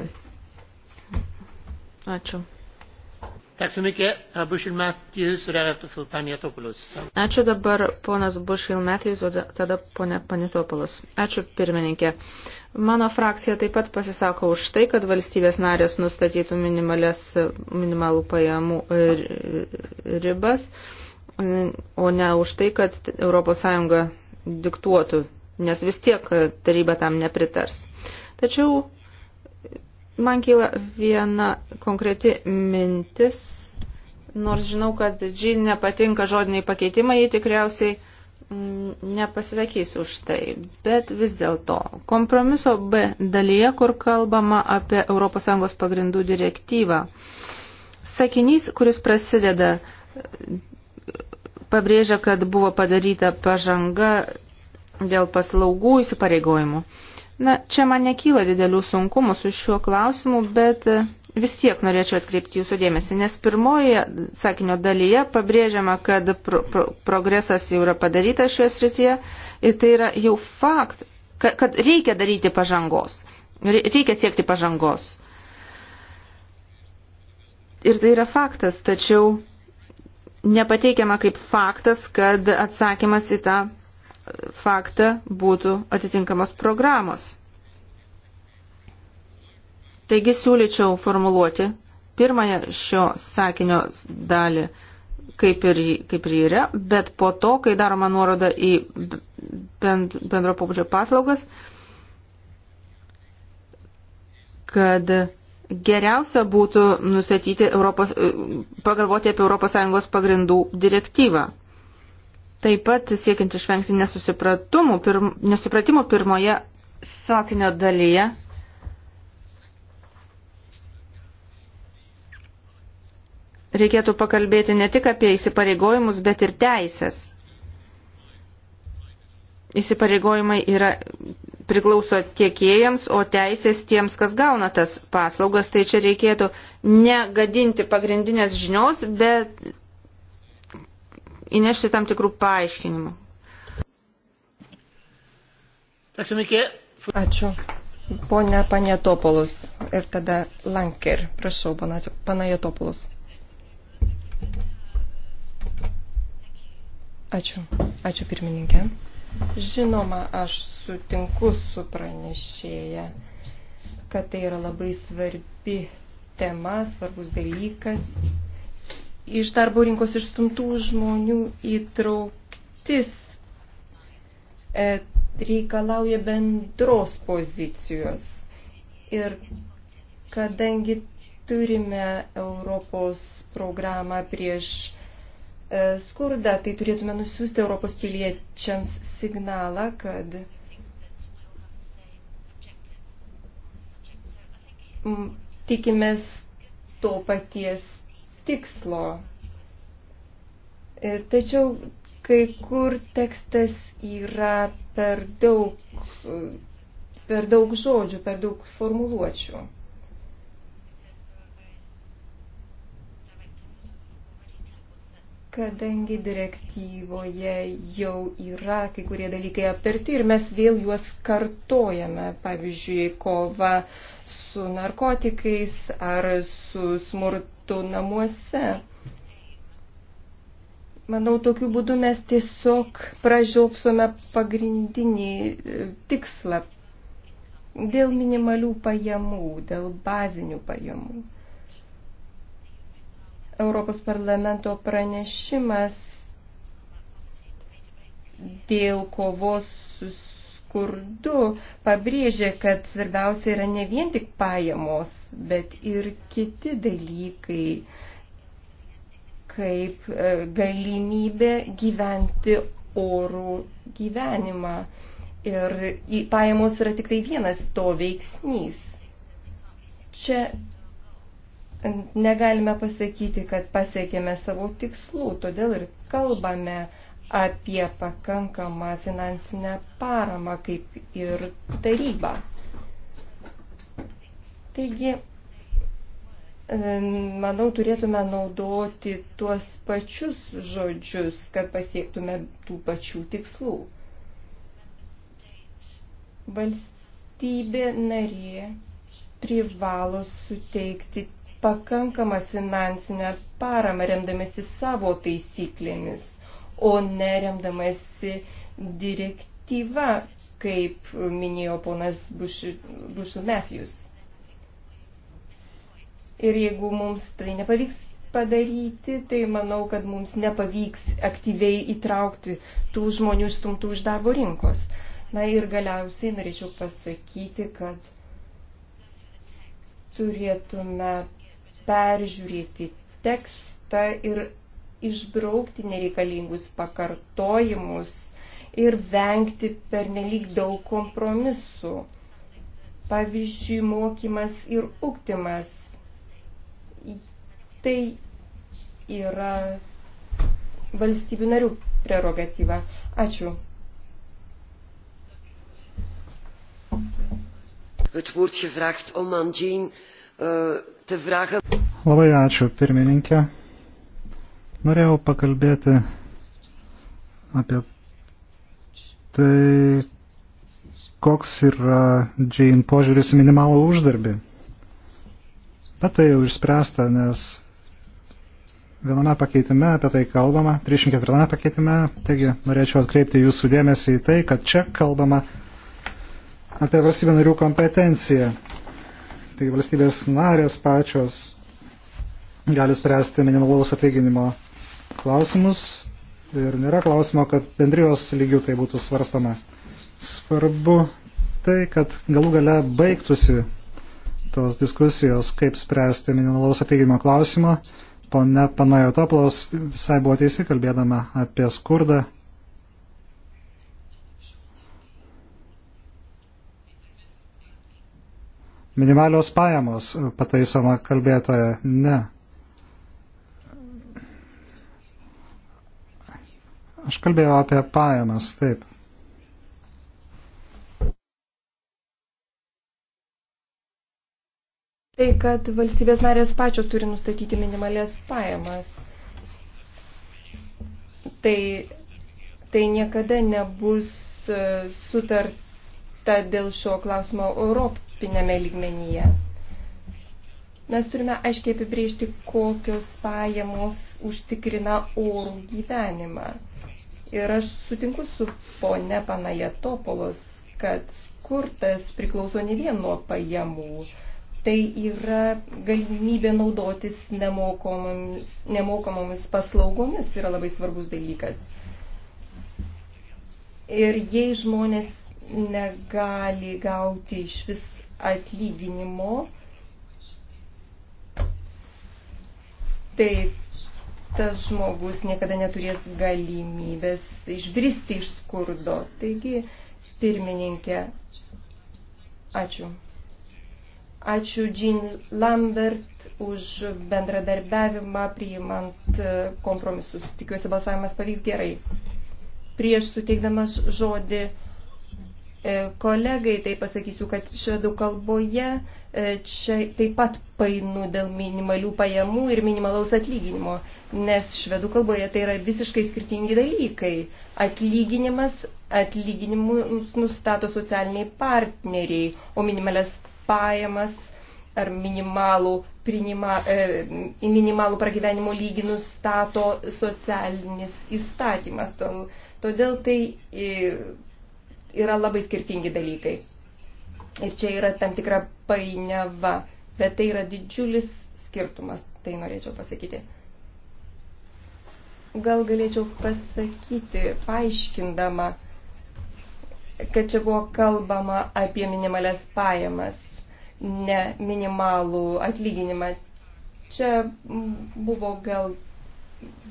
C: Ačiū. Ačiū dabar ponas Bushil Matthews, o tada ponė Panitopolas. Ačiū pirmininkė. Mano frakcija taip pat pasisako už tai, kad valstybės narės nustatytų minimalų pajamų e, ribas, o ne už tai, kad ES diktuotų, nes vis tiek taryba tam nepritars. Tačiau Man kyla viena konkreti mintis, nors žinau, kad džin nepatinka žodiniai pakeitimai, jie tikriausiai mm, nepasisakys už tai. Bet vis dėlto, kompromiso B dalyje, kur kalbama apie ES pagrindų direktyvą, sakinys, kuris prasideda, pabrėžia, kad buvo padaryta pažanga dėl paslaugų įsipareigojimų. Na, čia man nekyla didelių sunkumų su šiuo klausimu, bet e, vis tiek norėčiau atkreipti jūsų dėmesį, nes pirmoje sakinio dalyje pabrėžiama, kad pro, pro, progresas jau yra padarytas šioje srityje ir tai yra jau fakt, kad, kad reikia daryti pažangos, reikia siekti pažangos. Ir tai yra faktas, tačiau nepateikiama kaip faktas, kad atsakymas į tą faktą būtų atitinkamos programos. Taigi siūlyčiau formuluoti pirmąją šio sakinio dalį kaip ir, kaip ir yra, bet po to, kai daroma nuoroda į bend, bendro pobūdžio paslaugas, kad geriausia būtų nustatyti Europos, pagalvoti apie ES pagrindų direktyvą. Taip pat siekiant išvengti pirm, nesupratimų pirmoje sakinio dalyje. Reikėtų pakalbėti ne tik apie įsipareigojimus, bet ir teisės. Įsipareigojimai yra, priklauso tiekėjams, o teisės tiems, kas gauna tas paslaugas, tai čia reikėtų negadinti pagrindinės žinios, bet įnešti tam tikrų paaiškinimų.
B: Ačiū. Pone Panietopolus ir tada Lanker. Prašau, Panietopolus. Ačiū. Ačiū pirmininkė. Žinoma, aš sutinku su pranešėja, kad tai yra labai svarbi tema, svarbus dalykas iš darbo rinkos išstumtų žmonių įtrauktis e, reikalauja bendros pozicijos. Ir kadangi turime Europos programą prieš e, skurdą, tai turėtume nusiųsti Europos piliečiams signalą, kad tikimės to paties tikslo. E, tačiau kai kur tekstas yra per daug, e, per daug žodžių, per daug formuluočių. Kadangi direktyvoje jau yra kai kurie dalykai aptarti ir mes vėl juos kartojame, pavyzdžiui, kova su narkotikais ar su smurtu vietų namuose. Manau, tokiu būdu mes tiesiog pražiopsome pagrindinį e, tikslą dėl minimalių pajamų, dėl bazinių pajamų. Europos parlamento pranešimas dėl kovos skurdu, pabrėžė, kad svarbiausia yra ne vien tik pajamos, bet ir kiti dalykai kaip e, galimybė gyventi orų gyvenimą. Ir pajamos yra tik tai vienas to veiksnys. Čia negalime pasakyti, kad pasiekėme savo tikslų, todėl ir kalbame apie pakankamą finansinę paramą, kaip ir taryba. Taigi, manau, turėtume naudoti tuos pačius žodžius, kad pasiektume tų pačių tikslų. Valstybė narė privalo suteikti pakankamą finansinę paramą remdamėsi savo taisyklėmis o neremdamasi direktyva, kaip minėjo ponas Bushų Matthews. Ir jeigu mums tai nepavyks padaryti, tai manau, kad mums nepavyks aktyviai įtraukti tų žmonių išstumtų iš darbo rinkos. Na ir galiausiai norėčiau pasakyti, kad turėtume peržiūrėti tekstą ir išbraukti nereikalingus pakartojimus ir vengti pernelyg daug kompromisų. Pavyzdžiui, mokymas ir ūktimas. Tai yra valstybių narių prerogatyva. Ačiū. Het woord gevraagd om aan Jean uh, te vragen.
A: Labai ačiū, pirmininkė. Norėjau pakalbėti apie tai, koks yra Jane požiūris į minimalų uždarbį. Bet tai jau išspręsta, nes viename pakeitime apie tai kalbama, 34 pakeitime, taigi norėčiau atkreipti jūsų dėmesį į tai, kad čia kalbama apie valstybę narių kompetenciją. Taigi valstybės narės pačios gali spręsti minimalaus atlyginimo klausimus ir nėra klausimo, kad bendrijos lygių tai būtų svarstama. Svarbu tai, kad galų gale baigtųsi tos diskusijos, kaip spręsti minimalaus atlyginimo klausimą. Pone Panajotoplos visai buvo teisi kalbėdama apie skurdą. Minimalios pajamos pataisoma kalbėtoja ne. Aš kalbėjau apie pajamas, taip.
B: Tai, kad valstybės narės pačios turi nustatyti minimalės pajamas. Tai, tai niekada nebus e, sutarta dėl šio klausimo europinėme lygmenyje. Mes turime aiškiai apibrėžti, kokios pajamos užtikrina orų gyvenimą. Ir aš sutinku su pone Panajatopolos, kad skurtas priklauso ne vien nuo pajamų. Tai yra galimybė naudotis nemokamomis, nemokamomis paslaugomis yra labai svarbus dalykas. Ir jei žmonės negali gauti iš vis atlyginimo, tai tas žmogus niekada neturės galimybės išbristi iš skurdo. Taigi, pirmininkė, ačiū. Ačiū Jean Lambert už bendradarbiavimą priimant kompromisus. Tikiuosi balsavimas pavyks gerai. Prieš suteikdamas žodį E, kolegai, tai pasakysiu, kad švedų kalboje e, čia taip pat painu dėl minimalių pajamų ir minimalaus atlyginimo, nes švedų kalboje tai yra visiškai skirtingi dalykai. Atlyginimas, atlyginimus nustato socialiniai partneriai, o minimalias pajamas ar minimalų, prinima, e, minimalų pragyvenimo lygį nustato socialinis įstatymas. Todėl tai e, yra labai skirtingi dalykai. Ir čia yra tam tikra painiava, bet tai yra didžiulis skirtumas, tai norėčiau pasakyti. Gal galėčiau pasakyti, paaiškindama, kad čia buvo kalbama apie minimales pajamas, ne minimalų atlyginimą. Čia buvo gal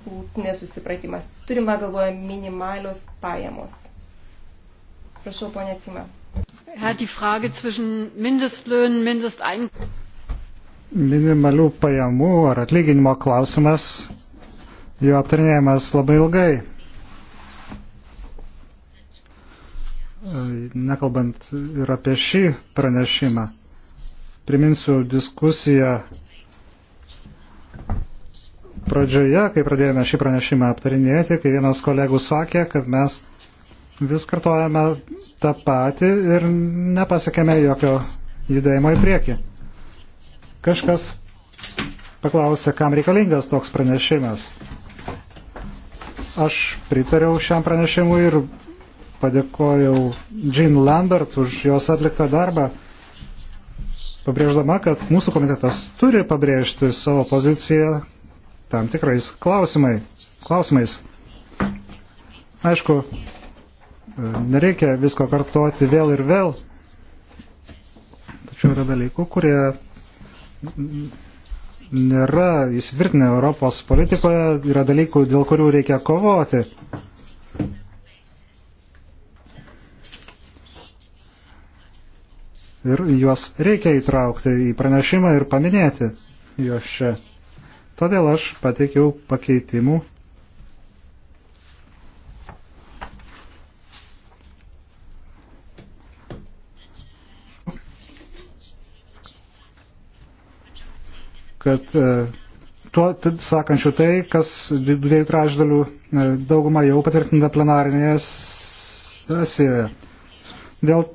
B: būt nesusipratimas. Turime galvoje minimalios pajamos. Prašau, ponė Cima.
A: Minimalių pajamų ar atlyginimo klausimas, jo aptarinėjimas labai ilgai. Nekalbant ir apie šį pranešimą, priminsiu diskusiją pradžioje, kai pradėjome šį pranešimą aptarinėti, kai vienas kolegų sakė, kad mes vis kartojame tą patį ir nepasiekėme jokio judėjimo į priekį. Kažkas paklausė, kam reikalingas toks pranešimas. Aš pritariau šiam pranešimui ir padėkojau Jean Lambert už jos atliktą darbą, pabrėždama, kad mūsų komitetas turi pabrėžti savo poziciją tam tikrais klausimai, klausimais. Aišku, Nereikia visko kartuoti vėl ir vėl. Tačiau yra dalykų, kurie nėra įsitvirtinę Europos politikoje, yra dalykų, dėl kurių reikia kovoti. Ir juos reikia įtraukti į pranešimą ir paminėti juos čia. Todėl aš pateikiau pakeitimų kad e, tuo sakančių tai, kas dviejų trečdalių e, dauguma jau patvirtinta plenarinėje sesijoje. Dėl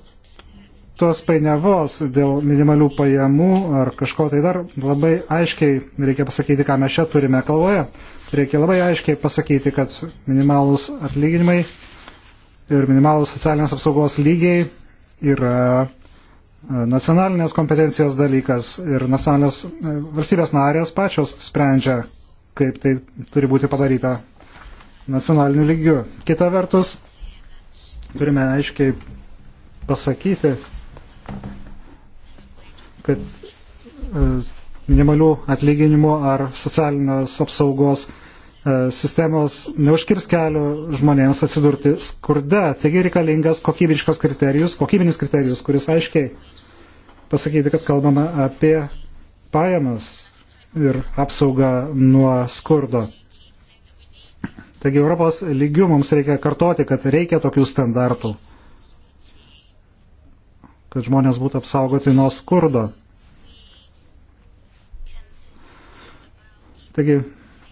A: tos painiavos, dėl minimalių pajamų ar kažko tai dar labai aiškiai reikia pasakyti, ką mes čia turime kalboje. Reikia labai aiškiai pasakyti, kad minimalus atlyginimai ir minimalus socialinės apsaugos lygiai yra nacionalinės kompetencijos dalykas ir nacionalinės e, valstybės narės pačios sprendžia, kaip tai turi būti padaryta nacionaliniu lygiu. Kita vertus, turime aiškiai pasakyti, kad e, minimalių atlyginimų ar socialinės apsaugos E, sistemos neužkirs kelio žmonėms atsidurti skurde. Taigi reikalingas kokybiškas kriterijus, kokybinis kriterijus, kuris aiškiai pasakyti, kad kalbame apie pajamas ir apsaugą nuo skurdo. Taigi Europos lygių mums reikia kartoti, kad reikia tokių standartų, kad žmonės būtų apsaugoti nuo skurdo. Taigi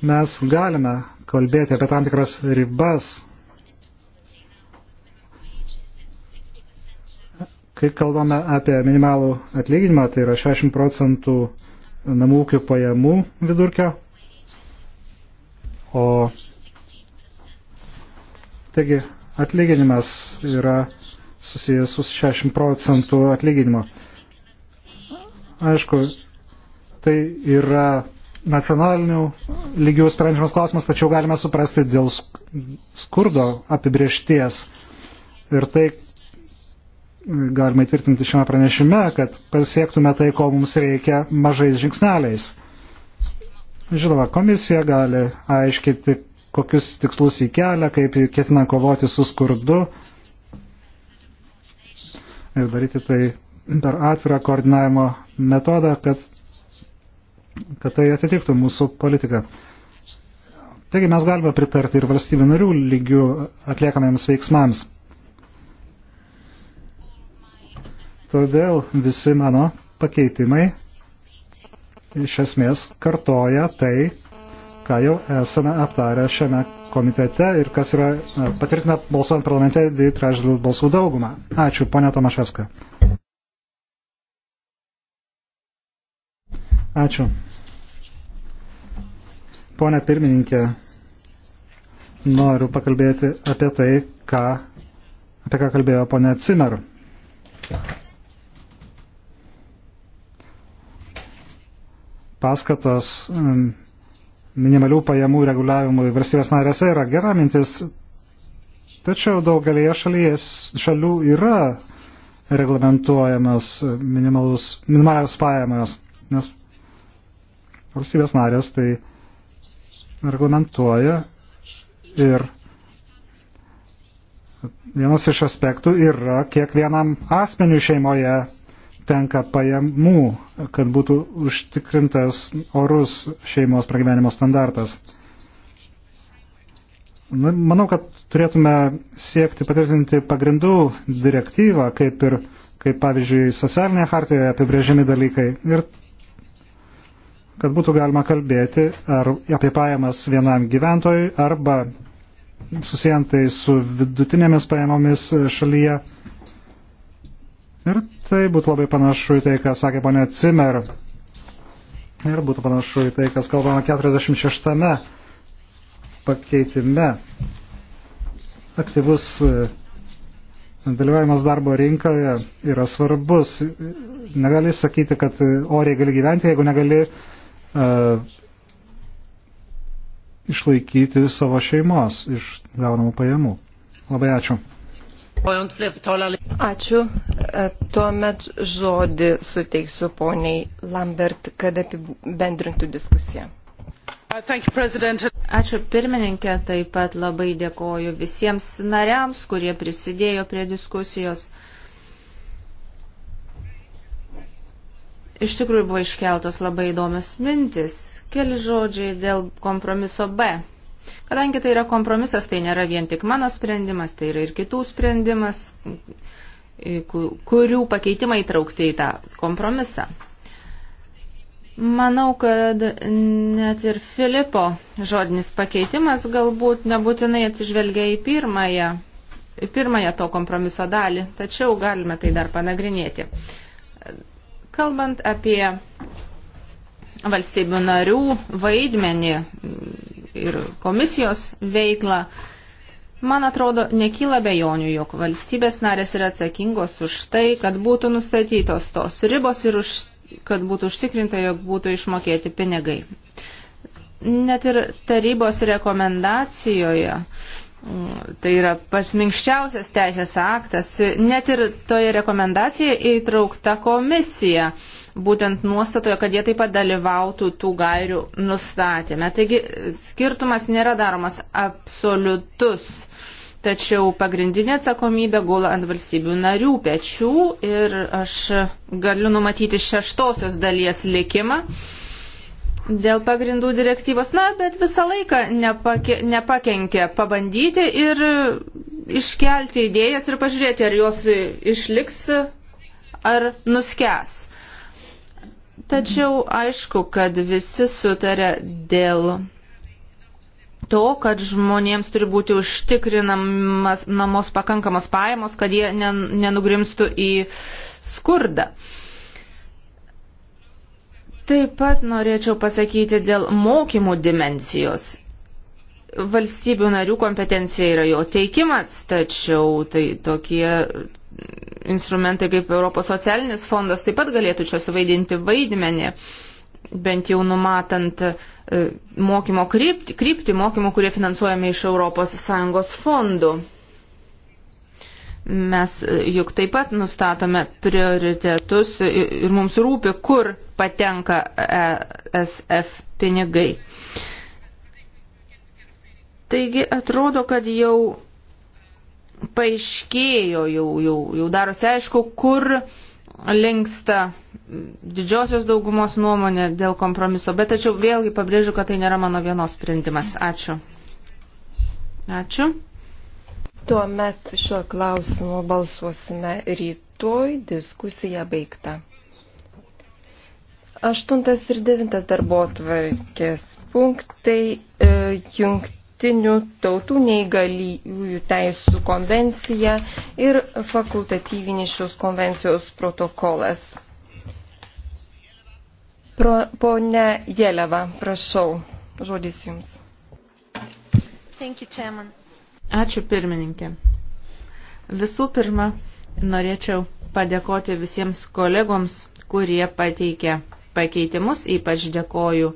A: mes galime kalbėti apie tam tikras ribas, kai kalbame apie minimalų atlyginimą, tai yra 60 procentų namų ūkių pajamų vidurkio, o taigi atlyginimas yra susijęs su 60 procentų atlyginimo. Aišku, tai yra nacionalinių lygių sprendžiamas klausimas, tačiau galime suprasti dėl skurdo apibriešties. Ir tai galima įtvirtinti šiame pranešime, kad pasiektume tai, ko mums reikia mažais žingsneliais. Žinoma, komisija gali aiškinti, kokius tikslus į kelią, kaip ketina kovoti su skurdu ir daryti tai per atvirą koordinavimo metodą, kad kad tai atitiktų mūsų politiką. Taigi mes galime pritarti ir valstybių narių lygių atliekamiems veiksmams. Todėl visi mano pakeitimai iš esmės kartoja tai, ką jau esame aptarę šiame komitete ir kas yra e, patvirtina balsuojant parlamente dviejų trečdalių balsų daugumą. Ačiū, ponia Tomaševska. Ačiū. Pone pirmininkė, noriu pakalbėti apie tai, ką, apie ką kalbėjo ponė Cimer. Paskatos mm, minimalių pajamų reguliavimui valstybės narėse yra gera mintis, tačiau daugelėje šalies, šalių yra reglamentuojamas minimalus, minimalios pajamos, nes valstybės narės tai reglamentuoja ir vienas iš aspektų yra, kiek vienam asmeniu šeimoje tenka pajamų, kad būtų užtikrintas orus šeimos pragyvenimo standartas. Na, manau, kad turėtume siekti patvirtinti pagrindų direktyvą, kaip ir, kaip pavyzdžiui, socialinėje hartijoje apibrėžiami dalykai. Ir kad būtų galima kalbėti ar apie pajamas vienam gyventojui arba susijantai su vidutinėmis pajamomis šalyje. Ir tai būtų labai panašu į tai, ką sakė ponė Cimer. Ir būtų panašu į tai, kas kalbama 46 pakeitime. Aktyvus e, dalyvavimas darbo rinkoje yra svarbus. Negali sakyti, kad oriai gali gyventi, jeigu negali uh, E, išlaikyti savo šeimos iš gaunamų pajamų. Labai ačiū.
B: Ačiū. E, tuomet žodį suteiksiu poniai Lambert, kad apibendrintų diskusiją.
C: Uh, ačiū pirmininkė, taip pat labai dėkoju visiems nariams, kurie prisidėjo prie diskusijos. Iš tikrųjų buvo iškeltos labai įdomios mintis. Keli žodžiai dėl kompromiso B. Kadangi tai yra kompromisas, tai nėra vien tik mano sprendimas, tai yra ir kitų sprendimas, kurių pakeitimai įtraukti į tą kompromisą. Manau, kad net ir Filipo žodinis pakeitimas galbūt nebūtinai atsižvelgia į pirmąją, į pirmąją to kompromiso dalį, tačiau galime tai dar panagrinėti. Kalbant apie valstybių narių vaidmenį ir komisijos veiklą, man atrodo, nekyla bejonių, jog valstybės narės yra atsakingos už tai, kad būtų nustatytos tos ribos ir už, kad būtų užtikrinta, jog būtų išmokėti pinigai. Net ir tarybos rekomendacijoje Tai yra pasminkščiausias teisės aktas. Net ir toje rekomendacijoje įtraukta komisija, būtent nuostatoje, kad jie taip pat dalyvautų tų gairių nustatėme. Taigi skirtumas nėra daromas absoliutus, tačiau pagrindinė atsakomybė gula ant valstybių narių pečių ir aš galiu numatyti šeštosios dalies likimą dėl pagrindų direktyvos, na, bet visą laiką nepake, nepakenkė pabandyti ir iškelti idėjas ir pažiūrėti, ar jos išliks ar nuskęs. Tačiau aišku, kad visi sutarė dėl to, kad žmonėms turi būti užtikrinamas namos pakankamos pajamos, kad jie nenugrimstų į skurdą. Uh, Taip pat norėčiau pasakyti dėl mokymų dimensijos. Valstybių narių kompetencija yra jo teikimas, tačiau tai tokie instrumentai kaip Europos socialinis fondas taip pat galėtų čia suvaidinti vaidmenį, bent jau numatant e, mokymo kryptį, kryptį mokymų, kurie finansuojami iš ES fondų. Mes juk taip pat nustatome prioritetus ir mums rūpi, kur patenka ESF pinigai. Taigi atrodo, kad jau paaiškėjo, jau, jau, jau darosi aišku, kur linksta didžiosios daugumos nuomonė dėl kompromiso, bet tačiau vėlgi pabrėžiu, kad tai nėra mano vienos sprendimas. Ačiū.
B: Ačiū. Tuomet šiuo klausimu balsuosime rytoj, diskusija baigta. Aštuntas ir devintas darbo tvarkės punktai e, jungtinių tautų neįgaliųjų teisų konvencija ir fakultatyvinis šios konvencijos protokolas. Pro, pone Jeleva, prašau, žodis jums.
C: Thank you, Chairman.
B: Ačiū pirmininkė. Visų
C: pirma, norėčiau padėkoti visiems kolegoms, kurie pateikė pakeitimus, ypač dėkoju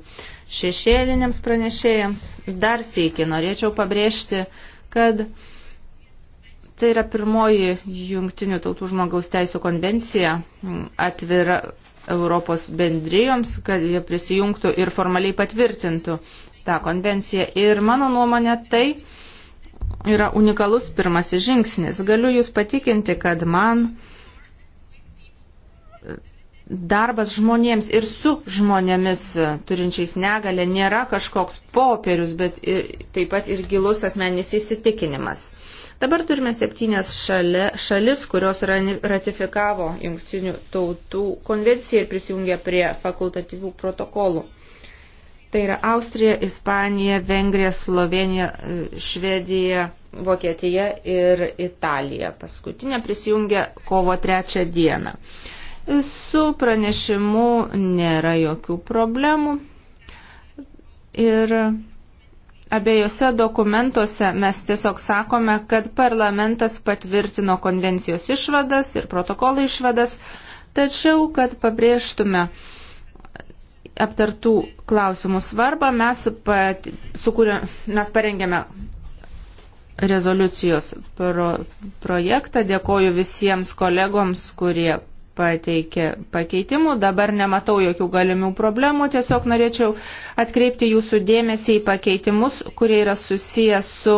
C: šešėliniams pranešėjams. Dar sėki norėčiau pabrėžti, kad tai yra pirmoji Jungtinių tautų žmogaus teisų konvencija atvira Europos bendrijoms, kad jie prisijungtų ir formaliai patvirtintų tą konvenciją. Ir mano nuomonė tai, yra unikalus pirmasis žingsnis. Galiu Jūs patikinti, kad man darbas žmonėms ir su žmonėmis turinčiais negalę nėra kažkoks popierius, bet ir, taip pat ir gilus asmeninis įsitikinimas. Dabar turime septynės šali, šalis, kurios ratifikavo Junktinių tautų konvenciją ir prisijungė prie fakultatyvių protokolų. Tai yra Austrija, Ispanija, Vengrija, Slovenija, e, Švedija, Vokietija ir Italija. Paskutinė prisijungia kovo trečią dieną. Su pranešimu nėra jokių problemų. Ir abiejose dokumentuose mes tiesiog sakome, kad parlamentas patvirtino konvencijos išvadas ir protokolo išvadas, tačiau, kad pabrėžtume, aptartų klausimų svarbą. Mes, pat, sukūrė, mes parengėme rezoliucijos pro, projektą. Dėkoju visiems kolegoms, kurie pateikė pakeitimų. Dabar nematau jokių galimų problemų. Tiesiog norėčiau atkreipti jūsų dėmesį į pakeitimus, kurie yra susiję su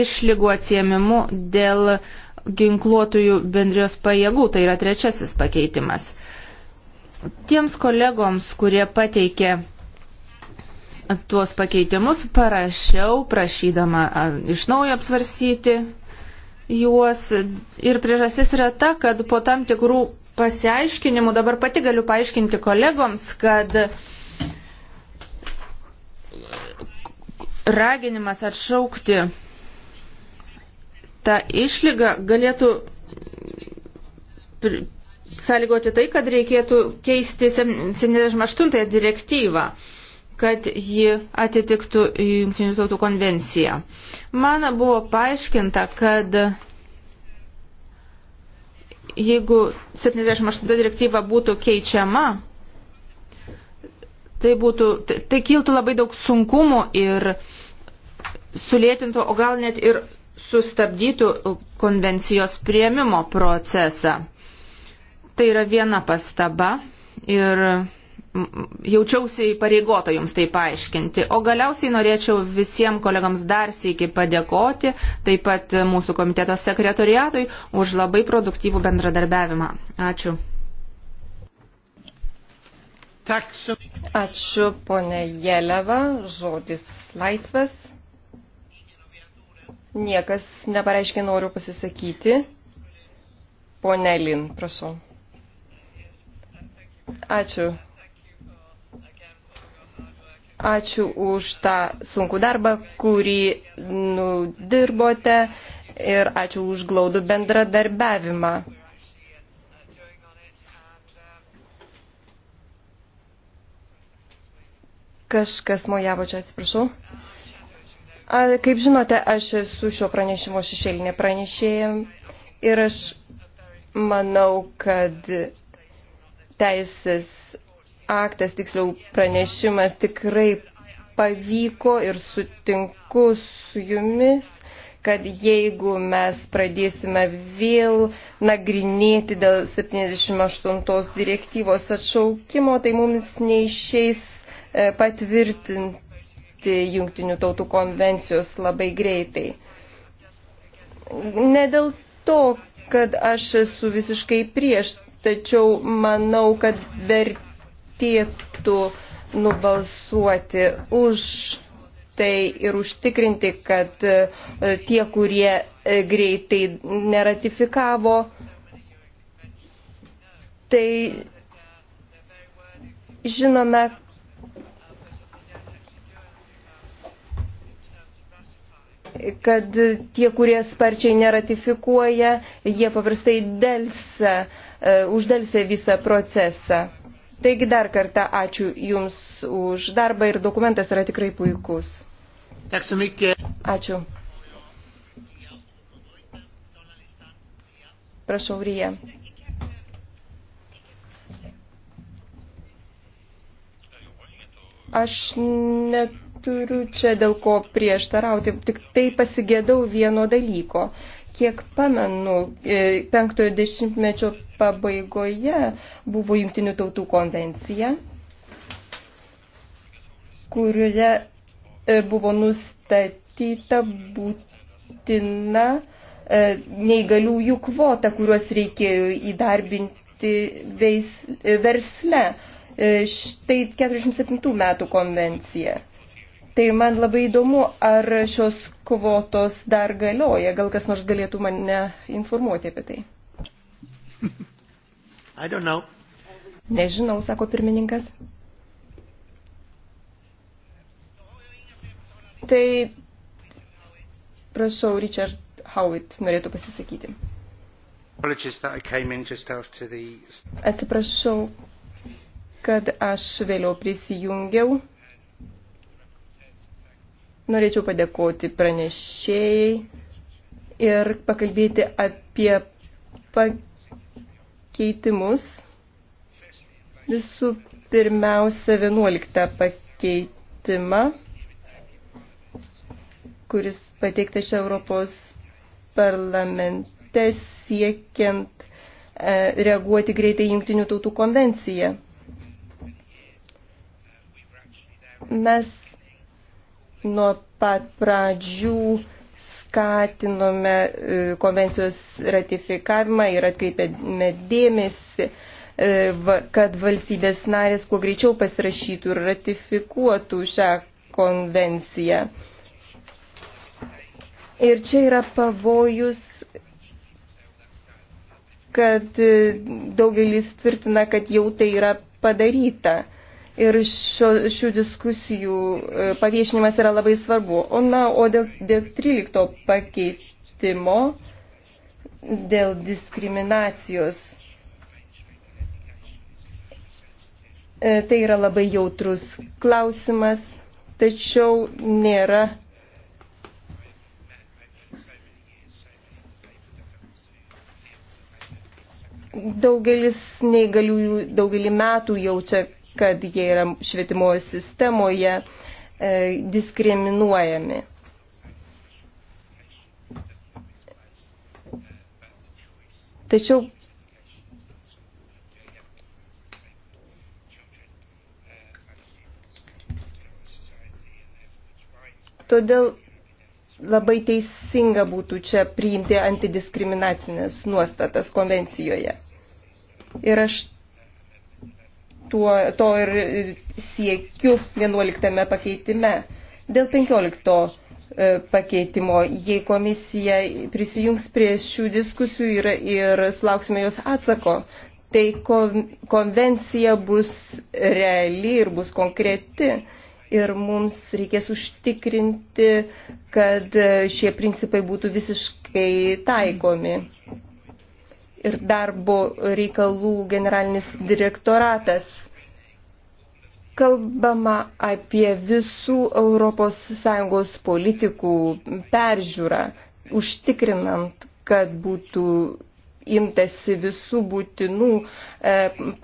C: išlygų atsiemimu dėl ginkluotųjų bendrijos pajėgų. Tai yra trečiasis pakeitimas. Tiems kolegoms, kurie pateikė tuos pakeitimus, parašiau, prašydama iš naujo apsvarstyti juos. Ir priežasis yra ta, kad po tam tikrų pasiaiškinimų dabar pati galiu paaiškinti kolegoms, kad raginimas atšaukti tą išlygą galėtų sąlygoti tai, kad reikėtų keisti 78 direktyvą kad ji atitiktų Junktinių tautų konvenciją. Man buvo paaiškinta, kad jeigu 78 direktyva būtų keičiama, tai, būtų, tai kiltų labai daug sunkumų ir sulėtintų, o gal net ir sustabdytų konvencijos prieimimo procesą. Tai yra viena pastaba ir jaučiausi pareigota jums tai paaiškinti. O galiausiai norėčiau visiems kolegams dar sėki padėkoti, taip pat mūsų komiteto sekretoriatui, už labai produktyvų bendradarbiavimą. Ačiū.
B: Ačiū, ponė Jeleva, žodis laisvas. Niekas nepareiškia noriu pasisakyti. Pone Lin, prašau. Ačiū. Ačiū už tą sunkų darbą, kurį nudirbote ir ačiū už glaudų bendradarbiavimą. Kažkas mojavo čia, atsiprašau. A, kaip žinote, aš esu šio pranešimo šešėlinė pranešėja ir aš manau, kad teisės aktas, tiksliau pranešimas tikrai pavyko ir sutinku su jumis, kad jeigu mes pradėsime vėl nagrinėti dėl 78 direktyvos atšaukimo, tai mums neišeis e, patvirtinti jungtinių tautų konvencijos labai greitai. Ne dėl to, kad aš esu visiškai prieš tačiau manau, kad vertėtų nubalsuoti už tai ir užtikrinti, kad e, tie, kurie e, greitai neratifikavo, tai žinome, kad tie, kurie sparčiai neratifikuoja, jie paprastai dėlse E, uždelsė visą procesą. Taigi dar kartą ačiū Jums už darbą ir dokumentas yra tikrai puikus. Ačiū. Prašau, Ryja. Aš neturiu čia dėl ko prieštarauti, tik tai pasigėdau vieno dalyko. Kiek pamenu, e, penktojo dešimtmečio pabaigoje buvo Junktinių tautų konvencija, kurioje e, buvo nustatyta būtina e, neįgaliųjų kvota, kuriuos reikėjo įdarbinti veis, versle. Štai 47 metų konvencija. Tai man labai įdomu, ar šios kvotos dar galioja. Gal kas nors galėtų mane informuoti apie tai. Nežinau, sako pirmininkas. Tai prašau, Richard Howitt norėtų pasisakyti. Atsiprašau, kad aš vėliau prisijungiau Norėčiau padėkoti pranešėjai ir pakalbėti apie pakeitimus. Visų pirmiausia, 11 pakeitimą, kuris pateiktas čia Europos parlamente siekiant e, reaguoti greitai jungtinių tautų konvenciją. Mes nuo pat pradžių skatinome e, konvencijos ratifikavimą ir atkreipėme dėmesį, e, kad valstybės narės kuo greičiau pasirašytų ir ratifikuotų šią konvenciją. Ir čia yra pavojus, kad e, daugelis tvirtina, kad jau tai yra padaryta. Ir šio, šių diskusijų e, paviešinimas yra labai svarbu. O, na, o dėl, dėl 13 pakeitimo, dėl diskriminacijos, e, tai yra labai jautrus klausimas, tačiau nėra daugelis neįgaliųjų daugelį metų jaučia, kad jie yra švietimo sistemoje e, diskriminuojami. Tačiau todėl labai teisinga būtų čia priimti antidiskriminacinės nuostatas konvencijoje. Ir aš tuo, to ir siekiu 11 pakeitime. Dėl 15 e, pakeitimo, jei komisija prisijungs prie šių diskusijų ir, ir sulauksime jos atsako, tai konvencija bus reali ir bus konkreti ir mums reikės užtikrinti, kad e, šie principai būtų visiškai taikomi ir darbo reikalų generalinis direktoratas. Kalbama apie visų ES politikų peržiūrą, užtikrinant, kad būtų imtasi visų būtinų e,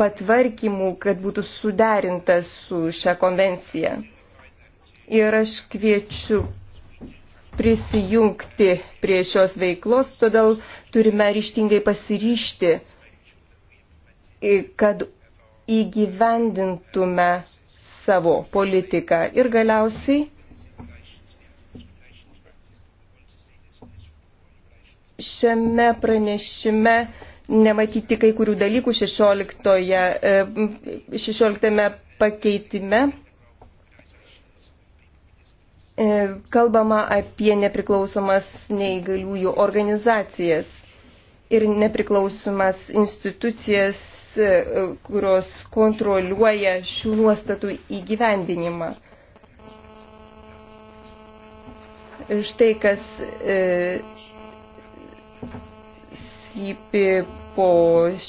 B: patvarkymų, kad būtų suderinta su šią konvenciją. Ir aš kviečiu prisijungti prie šios veiklos, todėl turime ryštingai pasiryšti, kad įgyvendintume savo politiką ir galiausiai šiame pranešime nematyti kai kurių dalykų 16, 16 e, pakeitime E, kalbama apie nepriklausomas neįgaliųjų organizacijas ir nepriklausomas institucijas, e, kurios kontroliuoja šių nuostatų įgyvendinimą. Štai kas e, slypi po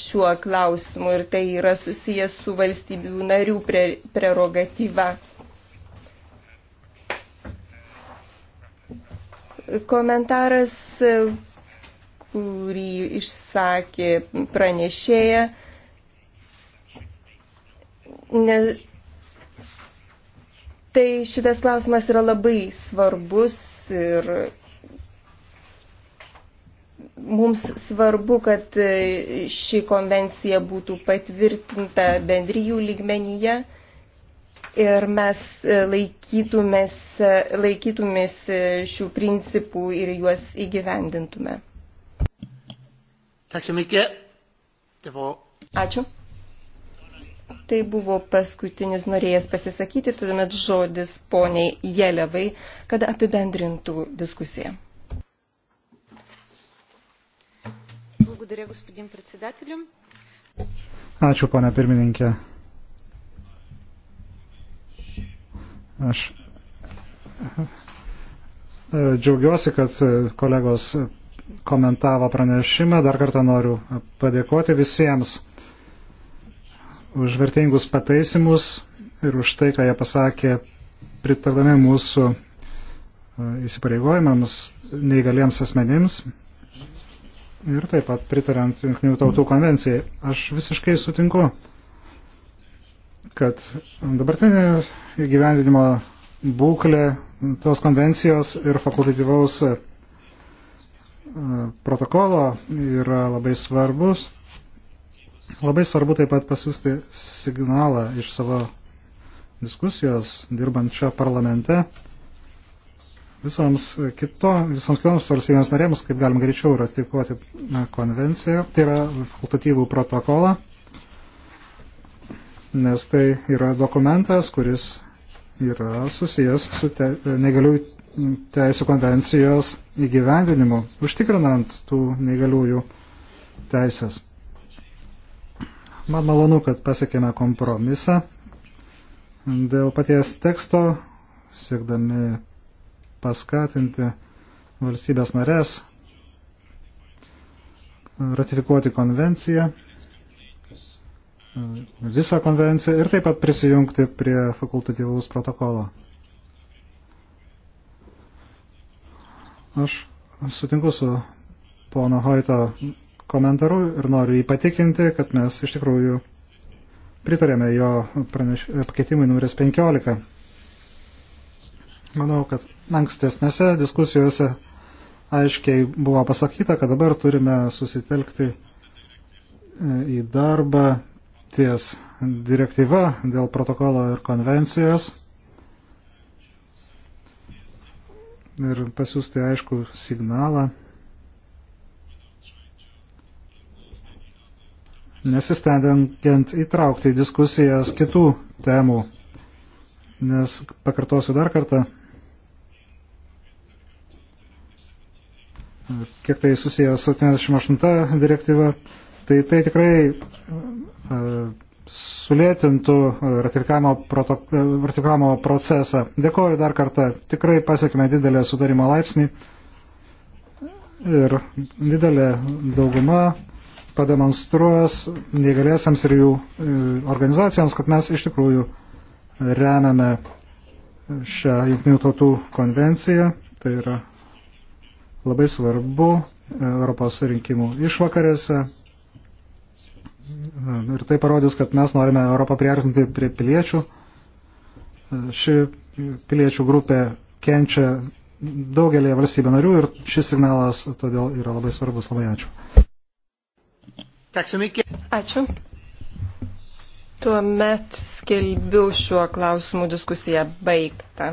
B: šiuo klausimu ir tai yra susijęs su valstybių narių prerogatyva. Pre komentaras, kurį išsakė pranešėja. Ne, tai šitas klausimas yra labai svarbus ir mums svarbu, kad ši konvencija būtų patvirtinta bendrijų lygmenyje ir mes e, laikytumės, e, laikytumės e, šių principų ir juos įgyvendintume. Ačiū. Tai buvo paskutinis norėjęs pasisakyti, tuomet žodis poniai Jelevai, kad apibendrintų diskusiją.
A: Ačiū, ponia pirmininkė. Aš e, džiaugiuosi, kad e, kolegos komentavo pranešimą. Dar kartą noriu padėkoti visiems už vertingus pataisimus ir už tai, ką jie pasakė, pritardami mūsų e, įsipareigojimams neįgaliems asmenims ir taip pat pritariant Junktinių tautų konvencijai. Aš visiškai sutinku kad dabartinė įgyvendinimo būklė tos konvencijos ir fakultatyvaus e, protokolo yra labai svarbus. Labai svarbu taip pat pasiūsti signalą iš savo diskusijos, dirbant čia parlamente, visoms, kito, visoms kitoms valstybėms narėms, kaip galim greičiau ratifikuoti konvenciją, tai yra fakultatyvų protokolą nes tai yra dokumentas, kuris yra susijęs su te, negaliųjų teisų konvencijos įgyvendinimu, užtikrinant tų negaliųjų teisės. Man malonu, kad pasiekėme kompromisą dėl paties teksto, siekdami paskatinti valstybės narės ratifikuoti konvenciją visą konvenciją ir taip pat prisijungti prie fakultatyvaus protokolo. Aš sutinku su pono Hoito komentaru ir noriu jį patikinti, kad mes iš tikrųjų pritarėme jo praneš... pakeitimui numeris 15. Manau, kad ankstesnėse diskusijose aiškiai buvo pasakyta, kad dabar turime susitelkti e, į darbą ties direktyva dėl protokolo ir konvencijos ir pasiūsti aišku signalą. nesistengiant įtraukti į diskusijas kitų temų, nes pakartosiu dar kartą, kiek tai susijęs su 78 direktyva, Tai tai tikrai e, sulėtintų e, ratifikavimo, protok... E, ratifikavimo procesą. Dėkoju dar kartą. Tikrai pasiekime didelę sudarimo laipsnį ir didelė dauguma pademonstruos neįgalėsiams ir jų organizacijoms, kad mes iš tikrųjų remiame šią jungtinių tautų konvenciją. Tai yra labai svarbu Europos rinkimų išvakarėse. Ir tai parodys, kad mes norime Europą priartinti prie piliečių. Ši piliečių grupė kenčia daugelį valstybių narių ir šis signalas todėl yra labai svarbus. Labai ačiū.
B: Ačiū. Tuomet skelbiu šiuo klausimu diskusiją baigtą.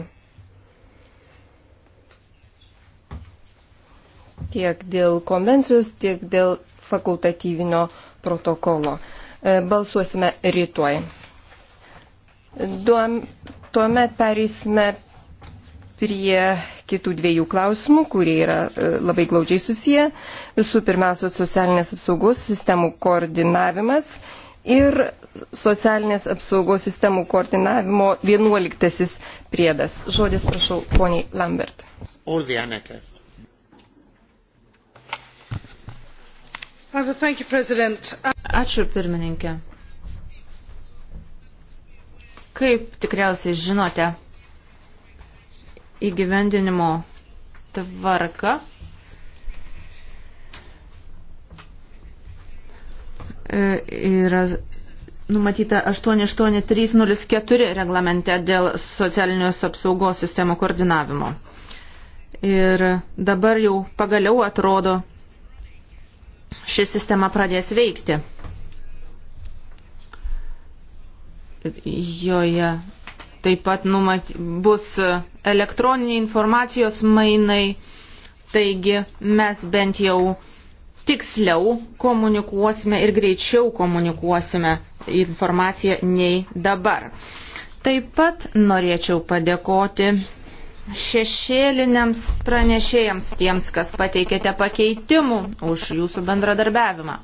B: Tiek dėl konvencijos, tiek dėl fakultatyvinio protokolo. E, balsuosime rytoj. Tuomet perėsime prie kitų dviejų klausimų, kurie yra e, labai glaudžiai susiję. Visų pirmiausia, socialinės apsaugos sistemų koordinavimas ir socialinės apsaugos sistemų koordinavimo vienuoliktasis priedas. Žodis prašau poniai Lambert.
A: Ulvi Anekės.
C: Ačiū pirmininkė. Kaip tikriausiai žinote, įgyvendinimo tvarka e, yra numatyta 88304 reglamente dėl socialinios apsaugos sistemų koordinavimo. Ir dabar jau pagaliau atrodo, ši sistema pradės veikti. Joje taip pat numat, bus elektroniniai informacijos mainai, taigi mes bent jau tiksliau komunikuosime ir greičiau komunikuosime informaciją nei dabar. Taip pat norėčiau padėkoti šešėliniams pranešėjams, tiems, kas pateikėte pakeitimų už jūsų bendradarbiavimą.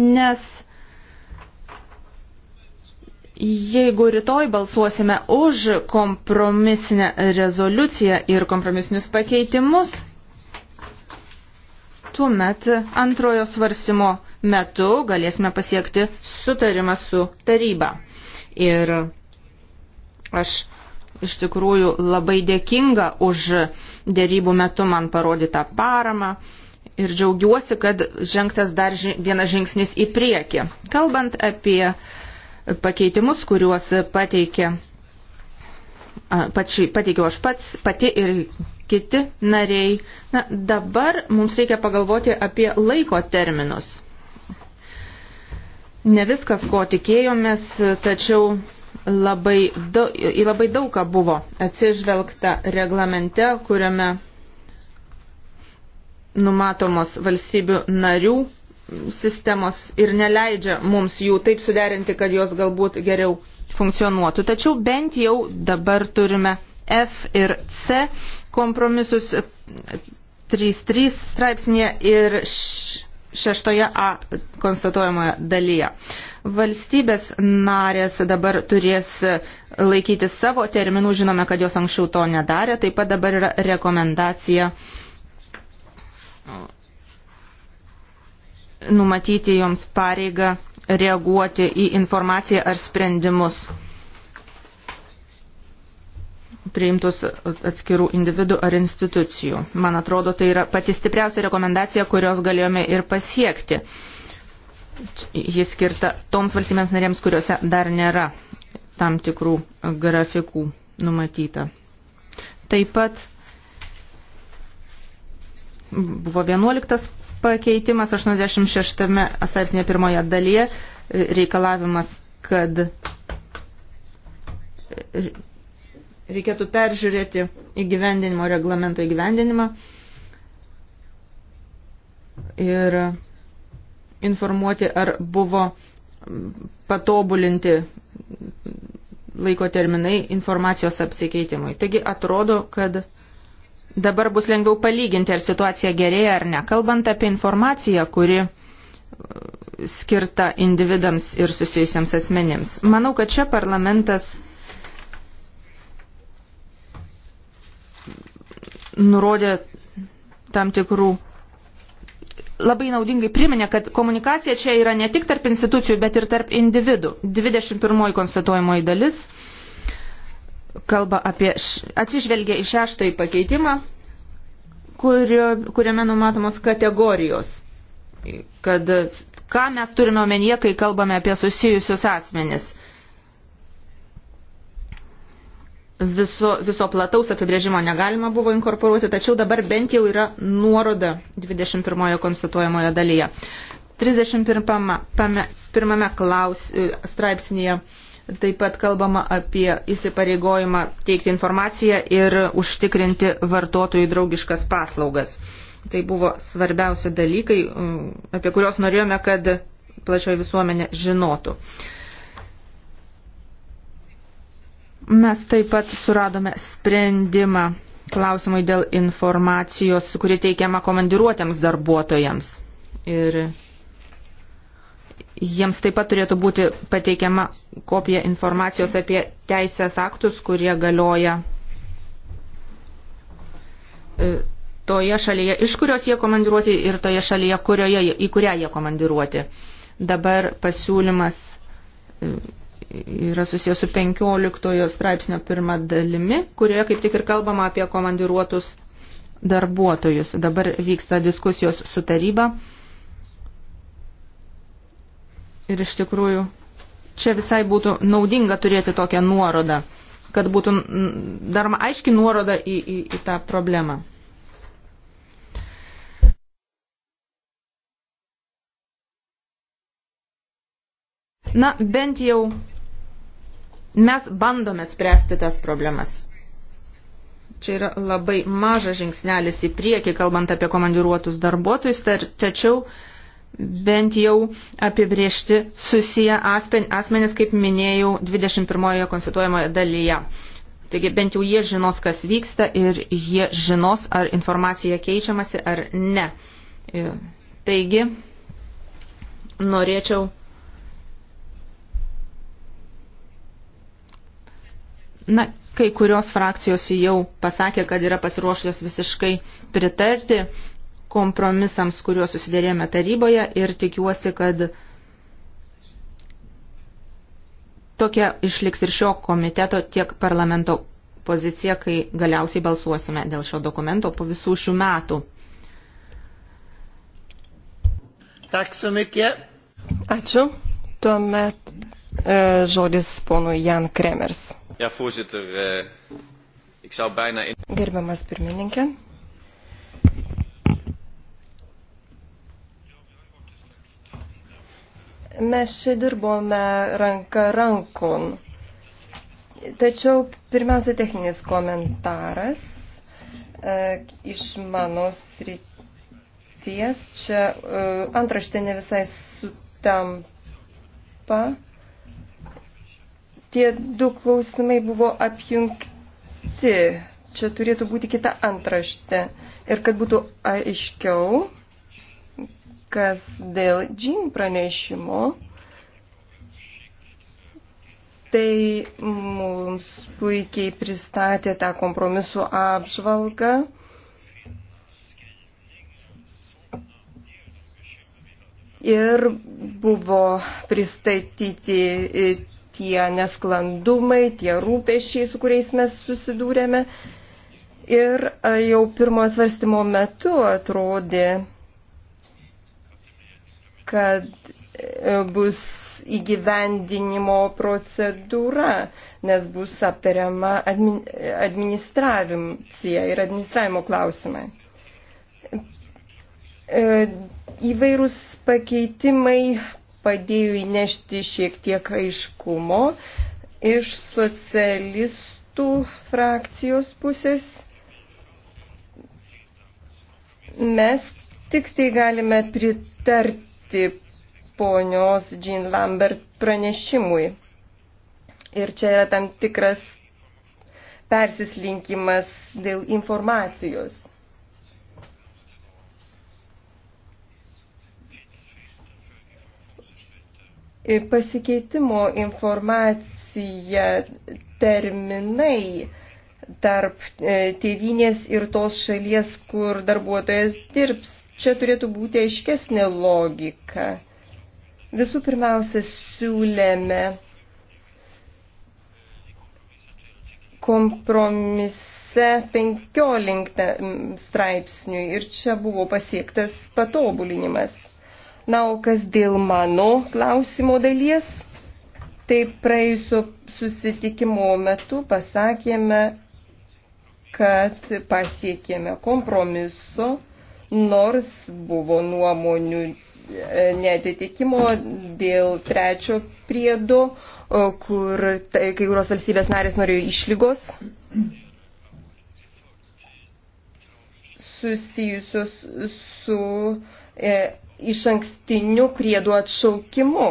C: Nes jeigu rytoj balsuosime už kompromisinę rezoliuciją ir kompromisinius pakeitimus, tuomet antrojo svarsimo metu galėsime pasiekti sutarimą su taryba. Ir aš iš tikrųjų labai dėkinga už dėrybų metu man parodytą paramą ir džiaugiuosi, kad žengtas dar vienas žingsnis į priekį. Kalbant apie pakeitimus, kuriuos pateikė, pači, pateikiau aš pats, pati ir kiti nariai, na, dabar mums reikia pagalvoti apie laiko terminus. Ne viskas, ko tikėjomės, tačiau labai, daug, į labai daugą buvo atsižvelgta reglamente, kuriame numatomos valstybių narių sistemos ir neleidžia mums jų taip suderinti, kad jos galbūt geriau funkcionuotų. Tačiau bent jau dabar turime F ir C kompromisus 3.3 straipsnėje ir š, šeštoje A konstatuojamoje dalyje. Valstybės narės dabar turės laikytis savo terminų, žinome, kad jos anksčiau to nedarė, taip pat dabar yra rekomendacija numatyti joms pareigą reaguoti į informaciją ar sprendimus priimtus atskirų individų ar institucijų. Man atrodo, tai yra pati stipriausia rekomendacija, kurios galėjome ir pasiekti. Jis skirta toms valstybėms narėms, kuriuose dar nėra tam tikrų grafikų numatyta. Taip pat buvo 11 pakeitimas 86 straipsnė pirmoje dalyje reikalavimas, kad reikėtų peržiūrėti įgyvendinimo reglamento įgyvendinimą ir informuoti, ar buvo patobulinti laiko terminai informacijos apsikeitimui. Taigi atrodo, kad dabar bus lengviau palyginti, ar situacija gerėja ar ne. Kalbant apie informaciją, kuri e, skirta individams ir susijusiems asmenims. Manau, kad čia parlamentas nurodė tam tikrų labai naudingai priminė, kad komunikacija čia yra ne tik tarp institucijų, bet ir tarp individų. 21 konstatuojamoji dalis kalba apie, atsižvelgia į šeštąjį pakeitimą, kurio, kuriame numatomos kategorijos, kad ką mes turime omenyje, kai kalbame apie susijusius asmenis. viso, viso plataus apibrėžimo negalima buvo inkorporuoti, tačiau dabar bent jau yra nuoroda 21 konstatuojamoje dalyje. 31 klaus, e, straipsnėje taip pat kalbama apie įsipareigojimą teikti informaciją ir užtikrinti vartotojų draugiškas paslaugas. Tai buvo svarbiausi dalykai, apie kuriuos norėjome, kad plačioji visuomenė žinotų. Uh, Mes taip pat suradome sprendimą klausimui dėl informacijos, kuri teikiama komandiruotėms darbuotojams. Ir jiems taip pat turėtų būti pateikiama kopija informacijos apie teisės aktus, kurie galioja e, toje šalyje, iš kurios jie komandiruoti ir toje šalyje, kurioje, į kurią jie komandiruoti. Dabar pasiūlymas e, yra susijęs su 15 straipsnio pirma dalimi, kurioje kaip tik ir kalbama apie komandiruotus darbuotojus. Dabar vyksta diskusijos su taryba. Ir iš tikrųjų, čia visai būtų naudinga turėti tokią nuorodą, kad būtų daroma aiški nuoroda į, į, į tą problemą. Na, bent jau Mes bandome spręsti tas problemas. Čia yra labai mažas žingsnelis į priekį, kalbant apie komandiruotus darbuotojus, tačiau bent jau apibriežti susiję asmenys, kaip minėjau, 21 konstituojamoje dalyje. Taigi bent jau jie žinos, kas vyksta ir jie žinos, ar informacija keičiamasi ar ne. Taigi, norėčiau Na, kai kurios frakcijos jau pasakė, kad yra pasiruošusios visiškai pritarti kompromisams, kuriuos susidėrėme taryboje ir tikiuosi, kad tokia išliks ir šio komiteto tiek parlamento pozicija, kai galiausiai balsuosime dėl šio dokumento po
B: visų šių metų. Ačiū. Tuomet e, žodis ponui Jan Kremers.
C: Ja, voorzitter, eh, ik zou bijna... In...
B: Gerbiamas pirmininkė. Mes čia dirbome ranka rankon. Tačiau pirmiausia techninis komentaras e, iš mano srities. Čia e, antraštė ne visai sutampa. Tie du klausimai buvo apjungti. Čia turėtų būti kita antraštė. Ir kad būtų aiškiau, kas dėl džin pranešimo, tai mums puikiai pristatė tą kompromisų apžvalgą. Ir buvo pristatyti tie nesklandumai, tie rūpešiai, su kuriais mes susidūrėme. Ir e, jau pirmojo svarstymo metu atrodė, kad e, bus įgyvendinimo procedūra, nes bus aptariama administravicija ir administravimo klausimai. E, įvairūs pakeitimai padėjo įnešti šiek tiek aiškumo iš socialistų frakcijos pusės. Mes tik tai galime pritarti ponios Jean Lambert pranešimui. Ir čia yra tam tikras persislinkimas dėl informacijos. pasikeitimo informacija terminai tarp e, tėvinės ir tos šalies, kur darbuotojas dirbs. Čia turėtų būti aiškesnė logika. Visų pirmiausia, siūlėme kompromise 15 straipsniui ir čia buvo pasiektas patobulinimas. Na, o kas dėl mano klausimo dalies, tai praėjusio susitikimo metu pasakėme, kad pasiekėme kompromiso, nors buvo nuomonių e, netitikimo dėl trečio priedo, kur tai, kai kurios valstybės narės norėjo išlygos susijusios su e, iš ankstinių priedų atšaukimu,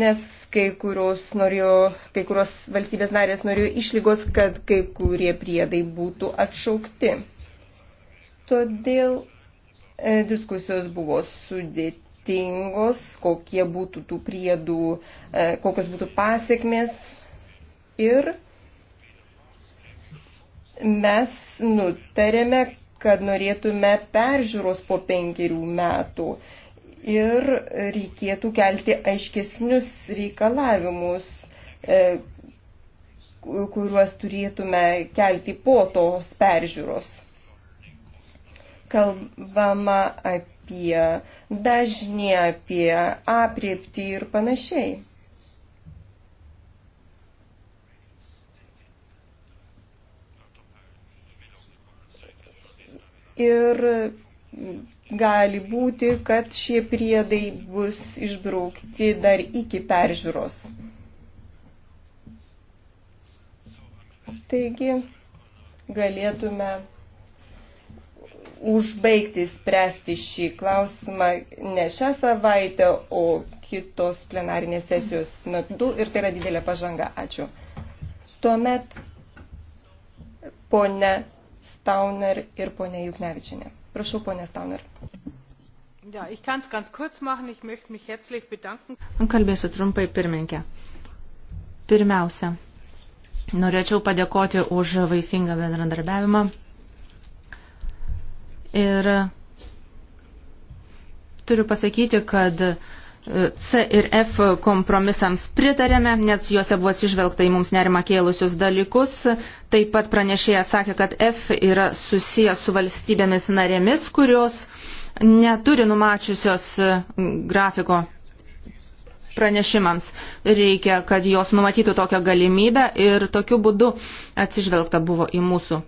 B: nes kai kurios, norėjo, kai kurios valstybės narės norėjo išlygos, kad kai kurie priedai būtų atšaukti. Todėl e, diskusijos buvo sudėtingos, kokie būtų tų priedų, e, kokios būtų pasiekmės ir mes nutarėme, kad norėtume peržiūros po penkerių metų ir reikėtų kelti aiškesnius reikalavimus, e, kuriuos turėtume kelti po tos peržiūros. Kalbama apie dažnį, apie apriepti ir panašiai. ir gali būti, kad šie priedai bus išbraukti dar iki peržiūros. Taigi galėtume užbaigti spręsti šį klausimą ne šią savaitę, o kitos plenarinės sesijos metu ir tai yra didelė pažanga. Ačiū. Tuomet, ponė Stauner ir ponia Juknevičinė. Prašau, ponia Stauner.
C: Ja, ich kann es ganz kurz machen. Ich möchte mich herzlich bedanken. Kalbėsiu trumpai, pirmininkė. Pirmiausia, norėčiau padėkoti už vaisingą bendradarbiavimą. Ir turiu pasakyti, kad uh, C ir F kompromisams pritarėme, nes juose buvo atsižvelgta į mums nerimą kėlusius dalykus. Taip pat pranešėjas sakė, kad F yra susijęs su valstybėmis narėmis, kurios neturi numačiusios e, grafiko pranešimams. Reikia, kad jos numatytų tokią galimybę ir tokiu būdu atsižvelgta buvo į mūsų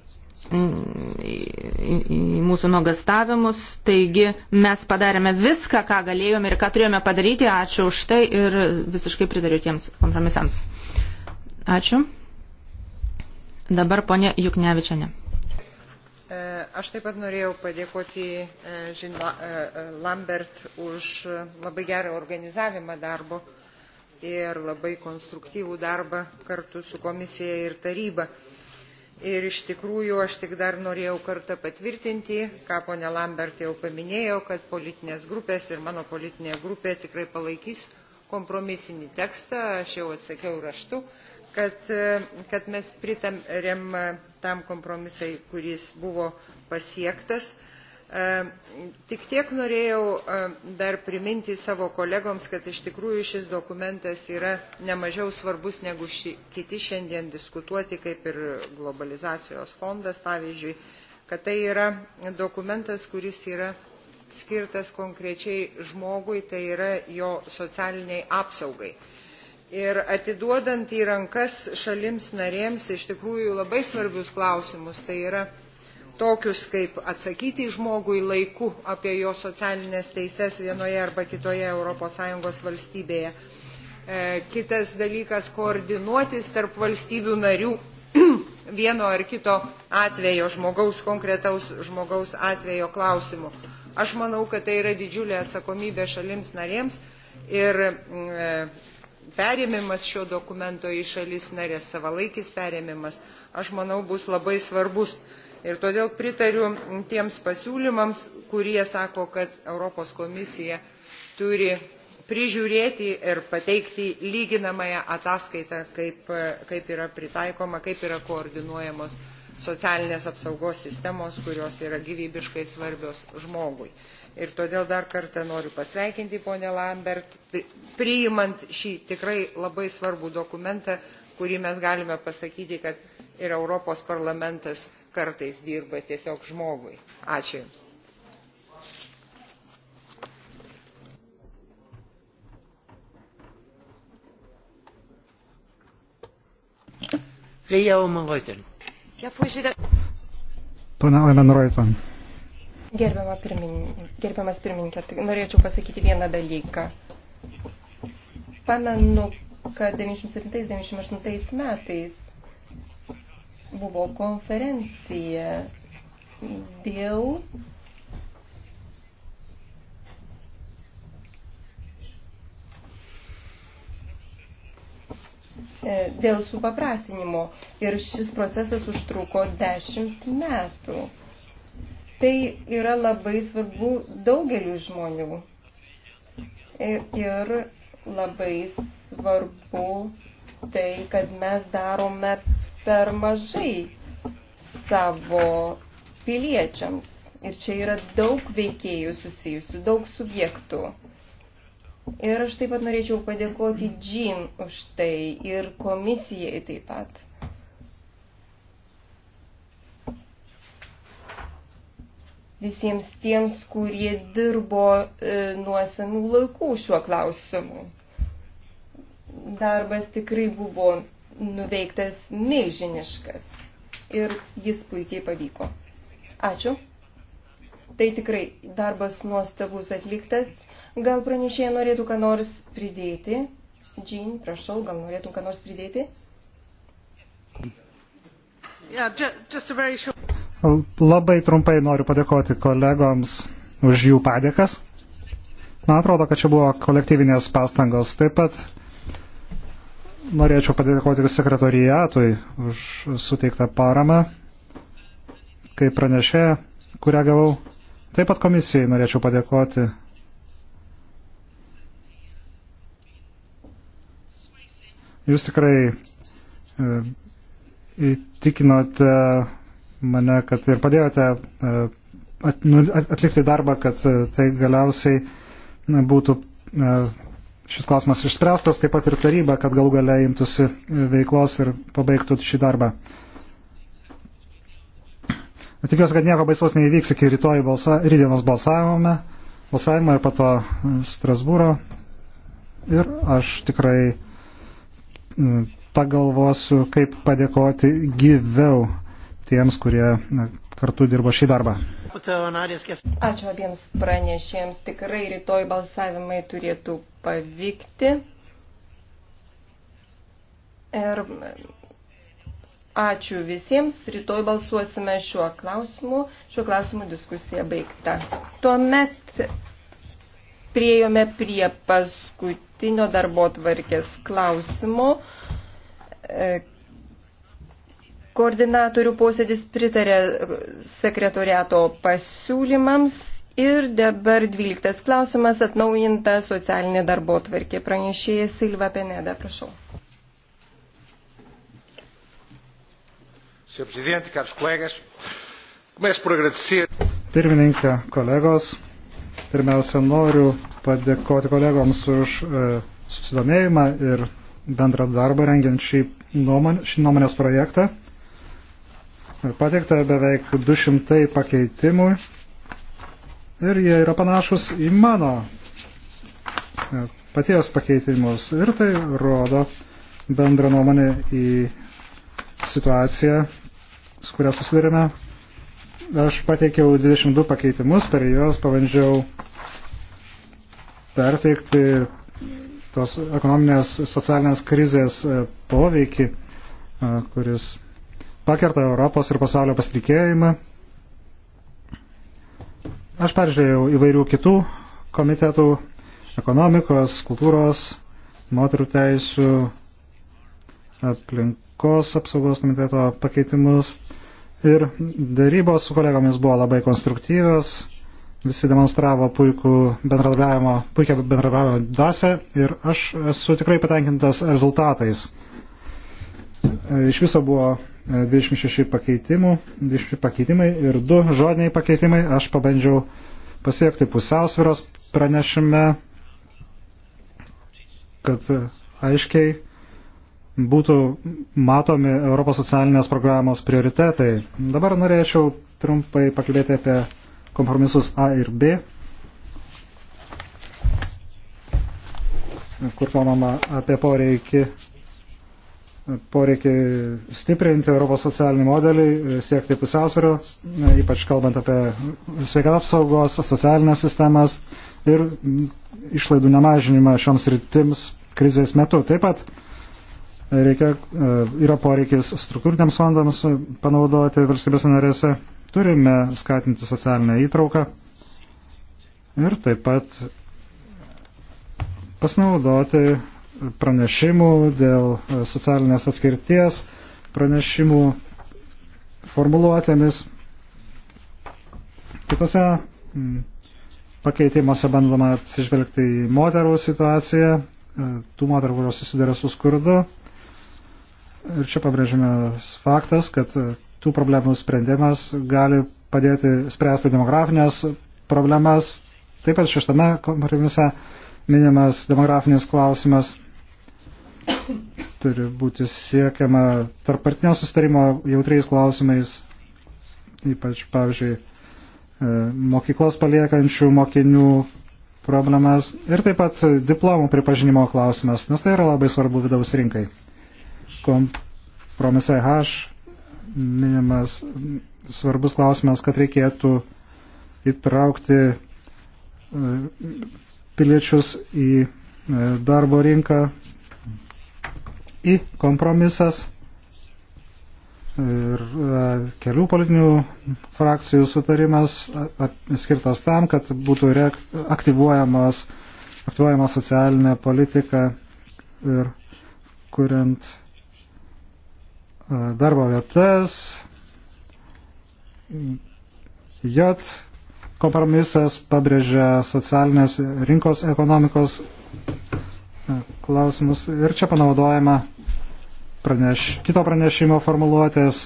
C: į mūsų nuogastavimus. Taigi mes padarėme viską, ką galėjome ir ką turėjome padaryti. Ačiū už tai ir visiškai pritariu tiems kompromisams. Ačiū. Dabar ponė Juknevičiane.
D: Aš taip pat norėjau padėkoti e, Žin e, e, Lambert už labai gerą organizavimą darbo ir labai konstruktyvų darbą kartu su komisija ir taryba. Ir iš tikrųjų aš tik dar norėjau kartą patvirtinti, ką ponė Lambert jau paminėjo, kad politinės grupės ir mano politinė grupė tikrai palaikys kompromisinį tekstą, aš jau atsakiau raštu, kad, kad mes pritarėm tam kompromisai, kuris buvo pasiektas Tik tiek norėjau dar priminti savo kolegoms, kad iš tikrųjų šis dokumentas yra nemažiau svarbus negu ši, kiti šiandien diskutuoti, kaip ir globalizacijos fondas, pavyzdžiui, kad tai yra dokumentas, kuris yra skirtas konkrečiai žmogui, tai yra jo socialiniai apsaugai. Ir atiduodant į rankas šalims narėms iš tikrųjų labai svarbius klausimus, tai yra tokius kaip atsakyti žmogui laiku apie jo socialinės teises vienoje arba kitoje ES valstybėje. E, kitas dalykas – koordinuotis tarp valstybių narių vieno ar kito atvejo žmogaus, konkretaus žmogaus atvejo klausimu. Aš manau, kad tai yra didžiulė atsakomybė šalims narėms ir e, perėmimas šio dokumento į šalis narės, savalaikis perėmimas, aš manau, bus labai svarbus ir todėl pritariu tiems pasiūlymams, kurie sako, kad Europos komisija turi prižiūrėti ir pateikti lyginamąją ataskaitą, kaip, kaip yra pritaikoma, kaip yra koordinuojamos socialinės apsaugos sistemos, kurios yra gyvybiškai svarbios žmogui. Ir todėl dar kartą noriu pasveikinti ponę Lambert, priimant šį tikrai labai svarbų dokumentą, kurį mes galime pasakyti, kad ir Europos parlamentas kartais dirba tiesiog žmogui. Ačiū.
A: Pana Oimenroiton.
B: Gerbiama pirmin, gerbiamas pirmininkė, norėčiau pasakyti vieną dalyką. Pamenu, kad 97-98 metais buvo konferencija dėl e, dėl supaprastinimo ir šis procesas užtruko 10 metų. Tai yra labai svarbu daugeliu žmonių e, ir labai svarbu tai, kad mes darome per mažai savo piliečiams. Ir čia yra daug veikėjų susijusių, daug subjektų. Ir aš taip pat norėčiau padėkoti Džin už tai ir komisijai taip pat. Visiems tiems, kurie dirbo e, nuo senų laikų šiuo klausimu. Darbas tikrai buvo nuveiktas milžiniškas ir jis puikiai pavyko. Ačiū. Tai tikrai darbas nuostabus atliktas. Gal pranešėja norėtų ką nors pridėti? Džin, prašau, gal norėtų ką nors pridėti?
A: Labai trumpai noriu padėkoti kolegoms už jų padėkas. Man atrodo, kad čia buvo kolektyvinės pastangos. Taip pat norėčiau padėkoti sekretoriatui už suteiktą paramą, kaip pranešė, kurią gavau. Taip pat komisijai norėčiau padėkoti. Jūs tikrai e, įtikinote mane, kad ir padėjote e, nu, atlikti darbą, kad e, tai galiausiai būtų šis klausimas išspręstas, taip pat ir taryba, kad gal galia imtųsi veiklos ir pabaigtų šį darbą. Tikiuosi, kad nieko baisaus neįvyks iki rytoj balsa, rydienos balsavime, balsavimo ir pato Strasbūro. Ir aš tikrai pagalvosiu, kaip padėkoti gyviau tiems, kurie kartu dirbo šį darbą.
B: Ačiū abiems pranešėjams. Tikrai rytoj balsavimai turėtų pavykti. Ir ačiū visiems, rytoj balsuosime šiuo klausimu, šiuo klausimu diskusija baigta. Tuomet priejome prie paskutinio darbo tvarkės klausimo. E, koordinatorių posėdis pritarė sekretoriato pasiūlymams Ir dabar dvyliktas klausimas atnaujinta socialinė darbo tvarkė. Pranešėja Silva Peneda, prašau.
A: Pirmininkė, kolegos, pirmiausia noriu padėkoti kolegoms už e, susidomėjimą ir bendrą darbą rengiant šį, nuomon, šį nuomonės projektą. Pateikta beveik 200 pakeitimų ir jie yra panašus į mano
D: e,
A: paties pakeitimus. Ir tai rodo bendrą nuomonę į situaciją, su kuria susidurime. Aš pateikiau 22 pakeitimus, per juos pabandžiau perteikti tos ekonominės socialinės krizės e, poveikį, e, kuris pakerta Europos ir pasaulio pasitikėjimą Aš peržiūrėjau įvairių kitų komitetų ekonomikos, kultūros, moterų teisų, aplinkos apsaugos komiteto pakeitimus. Ir darybos su kolegomis buvo labai konstruktyvios, visi demonstravo puikų bendradarbiavimo, puikia bendradarbiavimo dvasę ir aš esu tikrai patenkintas rezultatais. Iš viso buvo 26 e, pakeitimų, 26 pakeitimai ir 2 žodiniai pakeitimai. Aš pabandžiau pasiekti pusiausviros pranešime, kad aiškiai būtų matomi Europos socialinės programos prioritetai. Dabar norėčiau trumpai pakalbėti apie kompromisus A ir B, kur kalbama apie poreikį poreikį stiprinti Europos socialinį modelį, e, siekti pusiausvėrio, e, ypač kalbant apie sveikatą apsaugos, socialinės sistemas ir išlaidų nemažinimą šioms rytims krizės metu. Taip pat e, reikia, yra poreikis struktūriniams fondams panaudoti valstybės narėse, turime skatinti socialinę įtrauką ir taip pat pasinaudoti pranešimų, dėl e, socialinės atskirties pranešimų formuluotėmis. Kitose mm, pakeitimuose bandoma atsižvelgti į moterų situaciją, e, tų moterų, kurios susiduria su skurdu. Ir čia pabrėžiamas faktas, kad e, tų problemų sprendimas gali padėti spręsti demografinės problemas. Taip pat šeštame kompromise minimas demografinis klausimas Turi būti siekiama tarp partinio sustarimo jautriais klausimais, ypač, pavyzdžiui, e, mokyklos paliekančių mokinių problemas ir taip pat diplomų pripažinimo klausimas, nes tai yra labai svarbu vidaus rinkai. Kompromisai H minimas svarbus klausimas, kad reikėtų įtraukti e, piliečius į e, darbo rinką į kompromisas ir e, kelių politinių frakcijų sutarimas skirtas tam, kad būtų aktyvuojamas, aktyvuojama socialinė politika ir kuriant e, darbo vietas. J kompromisas pabrėžia socialinės rinkos ekonomikos klausimus ir čia panaudojama praneš, kito pranešimo formuluotės,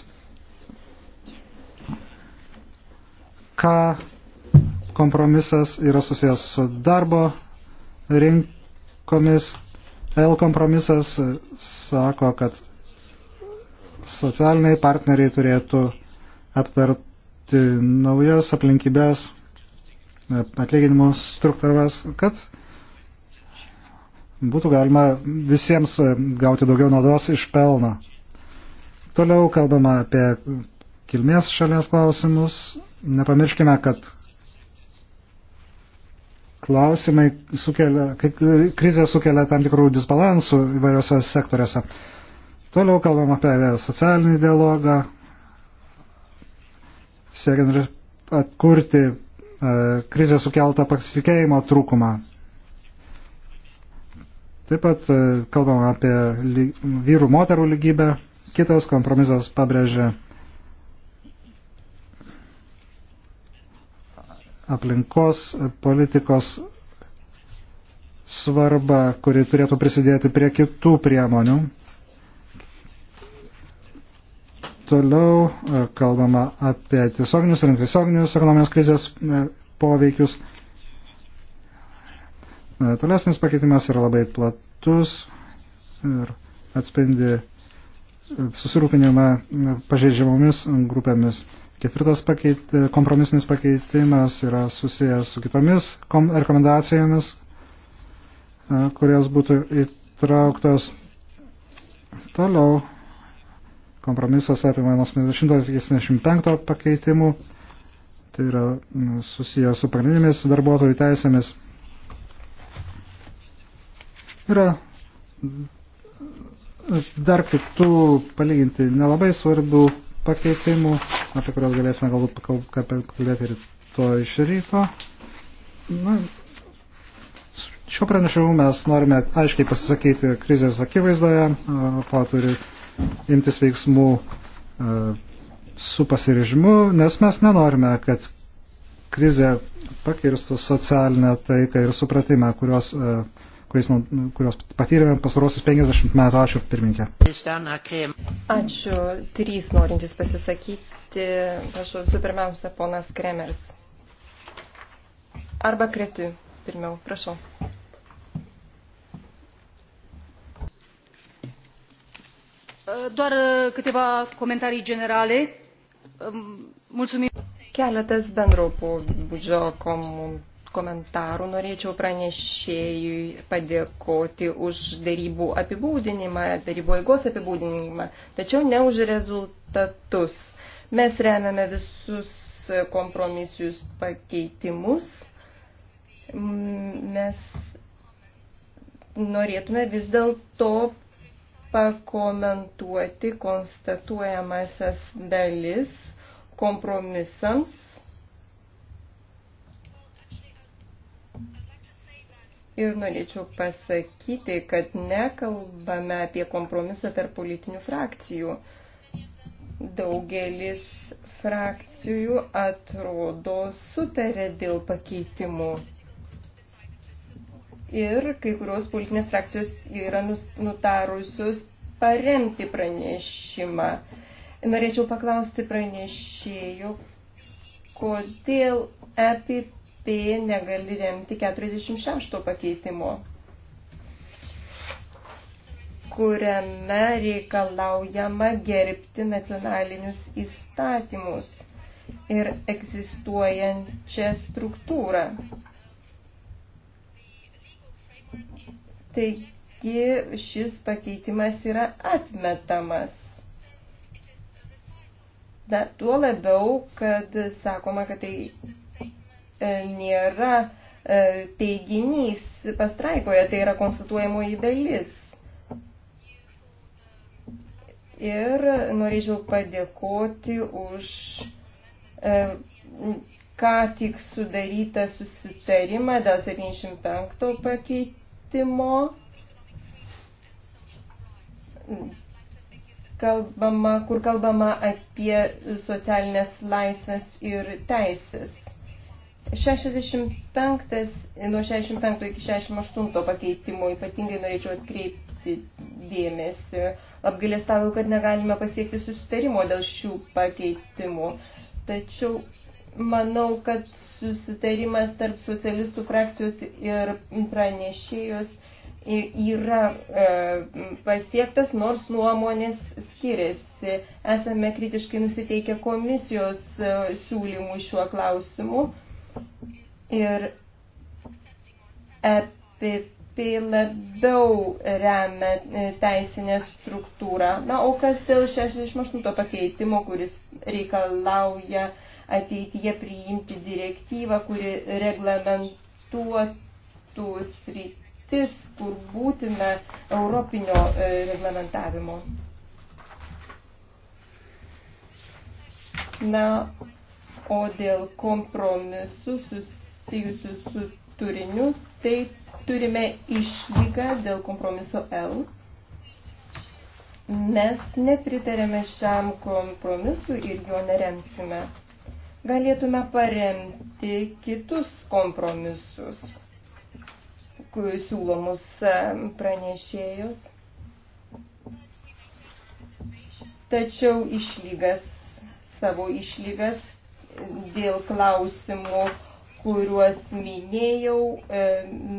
A: ką kompromisas yra susijęs su darbo rinkomis. L kompromisas sako, kad socialiniai partneriai turėtų aptarti naujas aplinkybės atlyginimų struktūras, kad būtų galima visiems e, gauti daugiau naudos iš pelno. Toliau kalbama apie kilmės šalies klausimus. Nepamirškime, kad klausimai sukelia, krizė sukelia tam tikrų disbalansų įvairiose sektoriuose. Toliau kalbam apie socialinį dialogą, siekiant atkurti e, krizę sukeltą pasitikėjimo trūkumą. Taip pat e, kalbam apie vyrų moterų lygybę. Kitas kompromisas pabrėžia aplinkos politikos svarbą, kuri turėtų prisidėti prie kitų priemonių. Toliau e, kalbama apie tiesioginius ir netiesioginius ekonominės krizės e, poveikius. E, tolesnis pakeitimas yra labai platus ir atspindi susirūpinimą pažeidžiamomis grupėmis. Ketvirtas pakeit, kompromisinis pakeitimas yra susijęs su kitomis kom, rekomendacijomis, e, kurios būtų įtrauktos toliau. Kompromisas apima nuo 80 iki 75 pakeitimų. Tai yra susijęs su pagrindinėmis darbuotojų teisėmis Yra dar kitų palyginti nelabai svarbių pakeitimų, apie kurios galėsime galbūt kalbėti ir to iš ryto. Na, šiuo pranešimu mes norime aiškiai pasisakyti krizės akivaizdoje, to turi imtis veiksmų su pasirežimu, nes mes nenorime, kad krizė pakirstų socialinę taiką ir supratimą, kurios uh, kuriais, kurios patyrėme pasarosius 50 metų. Ačiū,
B: pirmininkė. Ačiū. Trys norintys pasisakyti. Prašau, visų pirmiausia, ponas Kremers. Arba Kretu. Pirmiau, prašau.
C: Doar uh, câteva comentarii generale. Um,
B: mulțumim. Keletas bendro pobūdžio komunikacijos komentarų norėčiau pranešėjui padėkoti už darybų apibūdinimą, darybų eigos apibūdinimą, tačiau ne už rezultatus. Mes remiame visus kompromisius pakeitimus. Mes norėtume vis dėlto pakomentuoti konstatuojamasias dalis kompromisams Ir norėčiau pasakyti, kad nekalbame apie kompromisą tarp politinių frakcijų. Daugelis frakcijų atrodo sutarė dėl pakeitimų. Ir kai kurios politinės frakcijos yra nutarusios paremti pranešimą. Norėčiau paklausti pranešėjų, kodėl EPP B tai negali remti 46 pakeitimo, kuriame reikalaujama gerbti nacionalinius įstatymus ir egzistuojančią struktūrą. Taigi šis pakeitimas yra atmetamas. Da, tuo labiau, kad sakoma, kad tai E, nėra e, teiginys pastraikoje, tai yra konstatuojamoji dalis. Ir norėčiau padėkoti už e, ką tik sudarytą susitarimą dėl 75 pakeitimo. Kalbama, kur kalbama apie socialinės laisvės ir teisės. 65, nuo 65 iki 68 pakeitimo ypatingai norėčiau atkreipti dėmesį. Apgailėstavau, kad negalime pasiekti susitarimo dėl šių pakeitimų. Tačiau manau, kad susitarimas tarp socialistų frakcijos ir pranešėjos yra e, pasiektas, nors nuomonės skiriasi. Esame kritiškai nusiteikę komisijos e, siūlymų šiuo klausimu. E, ir EPP labiau remia e, teisinę struktūrą. Na, o kas dėl 68 pakeitimo, kuris reikalauja ateityje priimti direktyvą, kuri reglamentuotų sritis, kur būtina europinio e, reglamentavimo. Na, O dėl kompromisų susijusių su turiniu, tai turime išlygą dėl kompromiso L. Mes nepritarėme šiam kompromisu ir jo neremsime. Galėtume paremti kitus kompromisus, kurių siūlomus pranešėjus. Tačiau išlygas, savo išlygas dėl klausimų, kuriuos minėjau, e,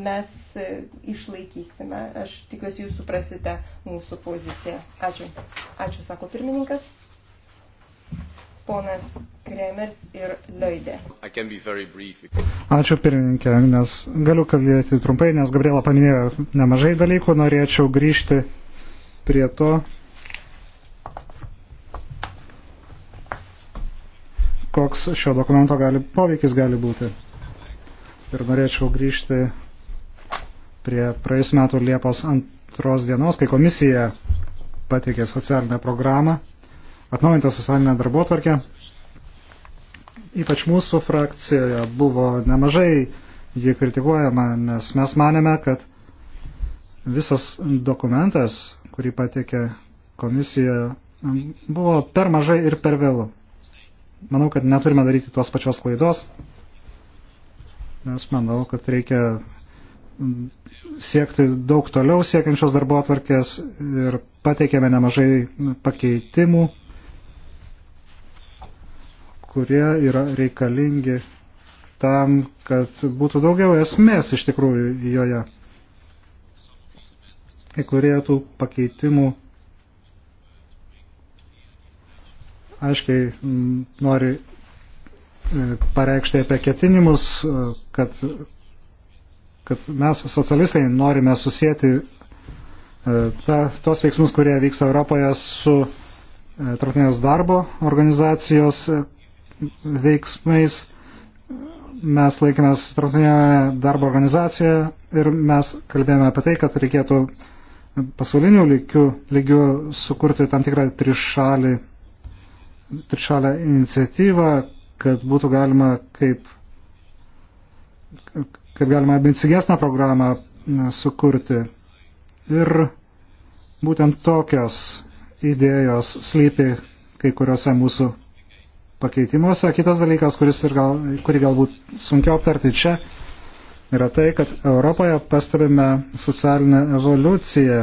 B: mes e, išlaikysime. Aš tikiuosi, jūs suprasite mūsų poziciją. Ačiū. Ačiū, sako pirmininkas. Ponas Kremers ir Leidė.
A: Ačiū pirmininkė, nes galiu kalbėti trumpai, nes Gabriela paminėjo nemažai dalykų, norėčiau grįžti prie to, koks šio dokumento gali, poveikis gali būti. Ir norėčiau grįžti prie praėjus metų Liepos antros dienos, kai komisija pateikė socialinę programą, atnaujintą socialinę darbotvarkę. Ypač mūsų frakcijoje buvo nemažai jį kritikuojama, nes mes manėme, kad visas dokumentas, kurį pateikė komisija, buvo per mažai ir per vėlų. Manau, kad neturime daryti tos pačios klaidos, nes manau, kad reikia siekti daug toliau siekiančios darbo atvarkės ir pateikėme nemažai pakeitimų, kurie yra reikalingi tam, kad būtų daugiau esmės iš tikrųjų joje. Kai kurie tų pakeitimų aiškiai mm, nori e, pareikšti apie ketinimus, e, kad, kad mes socialistai norime susijęti e, ta, tos veiksmus, kurie vyksta Europoje su Tarptautinės darbo organizacijos veiksmais. Mes laikėmės Tarptautinėje darbo organizacijoje ir mes kalbėjome apie tai, kad reikėtų pasaulinių lygių, lygių sukurti tam tikrą trišalį trišalę iniciatyvą, kad būtų galima kaip kad galima ambicingesnę programą sukurti. Ir būtent tokios idėjos slypi kai kuriuose mūsų pakeitimuose. Kitas dalykas, kuris ir gal, kurį galbūt sunkiau aptarti čia, yra tai, kad Europoje pastebime socialinę evoliuciją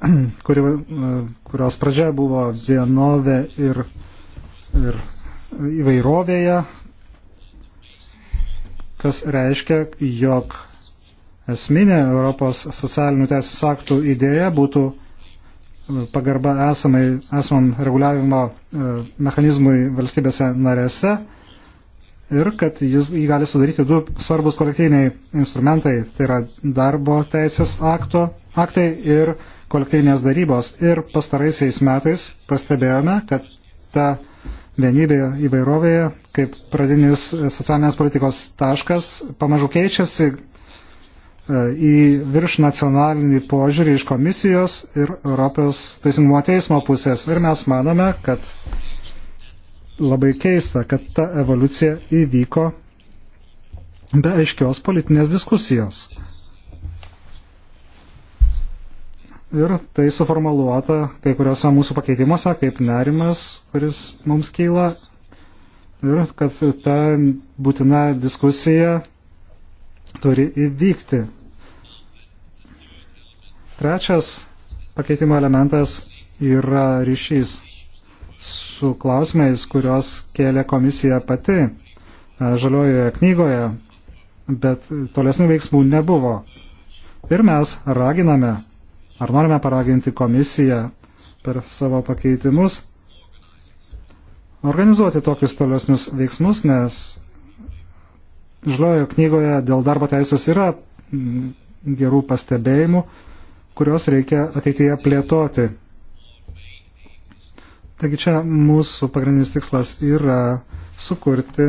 A: kuri, kurios pradžia buvo vienovė ir, ir įvairovėje, kas reiškia, jog esminė Europos socialinių teisės aktų idėja būtų e, pagarba esamai, esamam reguliavimo e, mechanizmui valstybėse narėse ir kad jis, jį gali sudaryti du svarbus kolektyviniai instrumentai, tai yra darbo teisės akto, aktai ir uh, kolektyvinės darybos ir pastaraisiais metais pastebėjome, kad ta vienybė įvairovėje kaip pradinis socialinės politikos taškas pamažu keičiasi e, į virš nacionalinį požiūrį iš komisijos ir Europos teisingumo teismo pusės. Ir mes manome, kad labai keista, kad ta evoliucija įvyko be aiškios politinės diskusijos. Ir tai suformuluota kai kuriuose mūsų pakeitimuose, kaip nerimas, kuris mums kyla. Ir kad ta būtina diskusija turi įvykti. Trečias pakeitimo elementas yra ryšys su klausimais, kuriuos kėlė komisija pati e, žaliojoje knygoje, bet tolesnių veiksmų nebuvo. Ir mes raginame Ar norime paraginti komisiją per savo pakeitimus organizuoti tokius tolesnius veiksmus, nes žaliojo knygoje dėl darbo teisės yra mm, gerų pastebėjimų, kurios reikia ateityje plėtoti. Taigi čia mūsų pagrindinis tikslas yra sukurti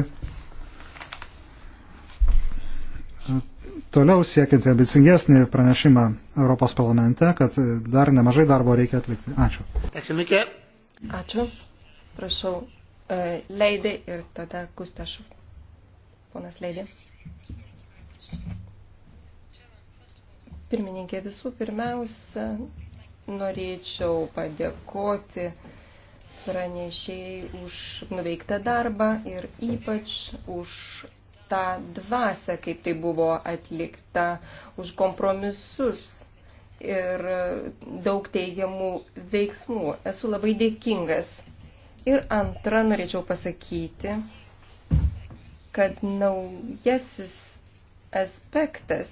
A: toliau siekiant ambicingesnį pranešimą Europos parlamente, kad dar nemažai darbo reikia atlikti. Ačiū.
B: Ačiū. Prašau, e, Leidė ir tada Kustašų. Ponas Leidė. Pirmininkė, visų pirmiausia, norėčiau padėkoti pranešėjai už nuveiktą darbą ir ypač už tą dvasę, kaip tai buvo atlikta, už kompromisus ir daug teigiamų veiksmų. Esu labai dėkingas. Ir antra, norėčiau pasakyti, kad naujasis aspektas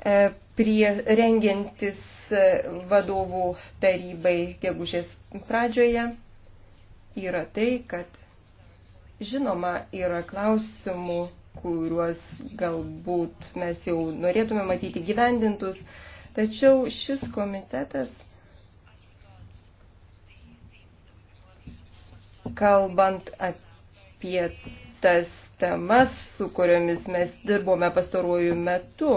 B: e, prie rengiantis e, vadovų tarybai gegužės pradžioje yra tai, kad Žinoma, yra klausimų, kuriuos galbūt mes jau norėtume matyti gyvendintus, tačiau šis komitetas kalbant apie tas temas, su kuriomis mes dirbome pastaruoju metu,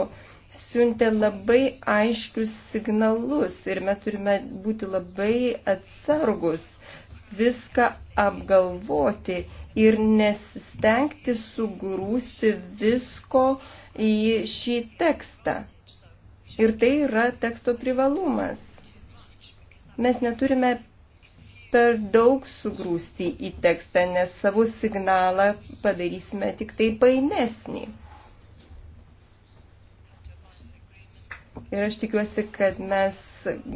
B: siuntė labai aiškius signalus ir mes turime būti labai atsargus, viską apgalvoti ir nesistengti sugrūsti visko į šį tekstą. Ir tai yra teksto privalumas. Mes neturime per daug sugrūsti į tekstą, nes savo signalą padarysime tik tai painesnį. Ir aš tikiuosi, kad mes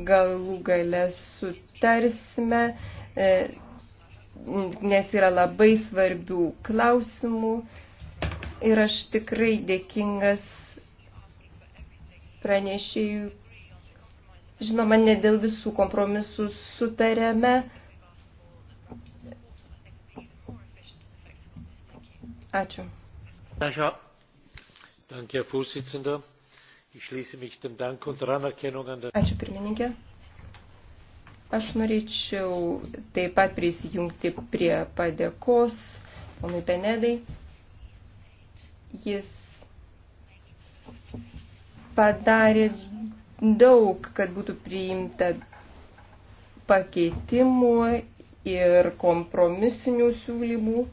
B: galų gale sutarsime E, nes yra labai svarbių klausimų ir aš tikrai dėkingas pranešėjų. Žinoma, ne dėl visų kompromisų sutarėme. Ačiū. Ačiū pirmininkė. Aš norėčiau taip pat prisijungti prie padėkos ponui Penedai. Jis padarė daug, kad būtų priimta pakeitimų ir kompromisinių siūlymų.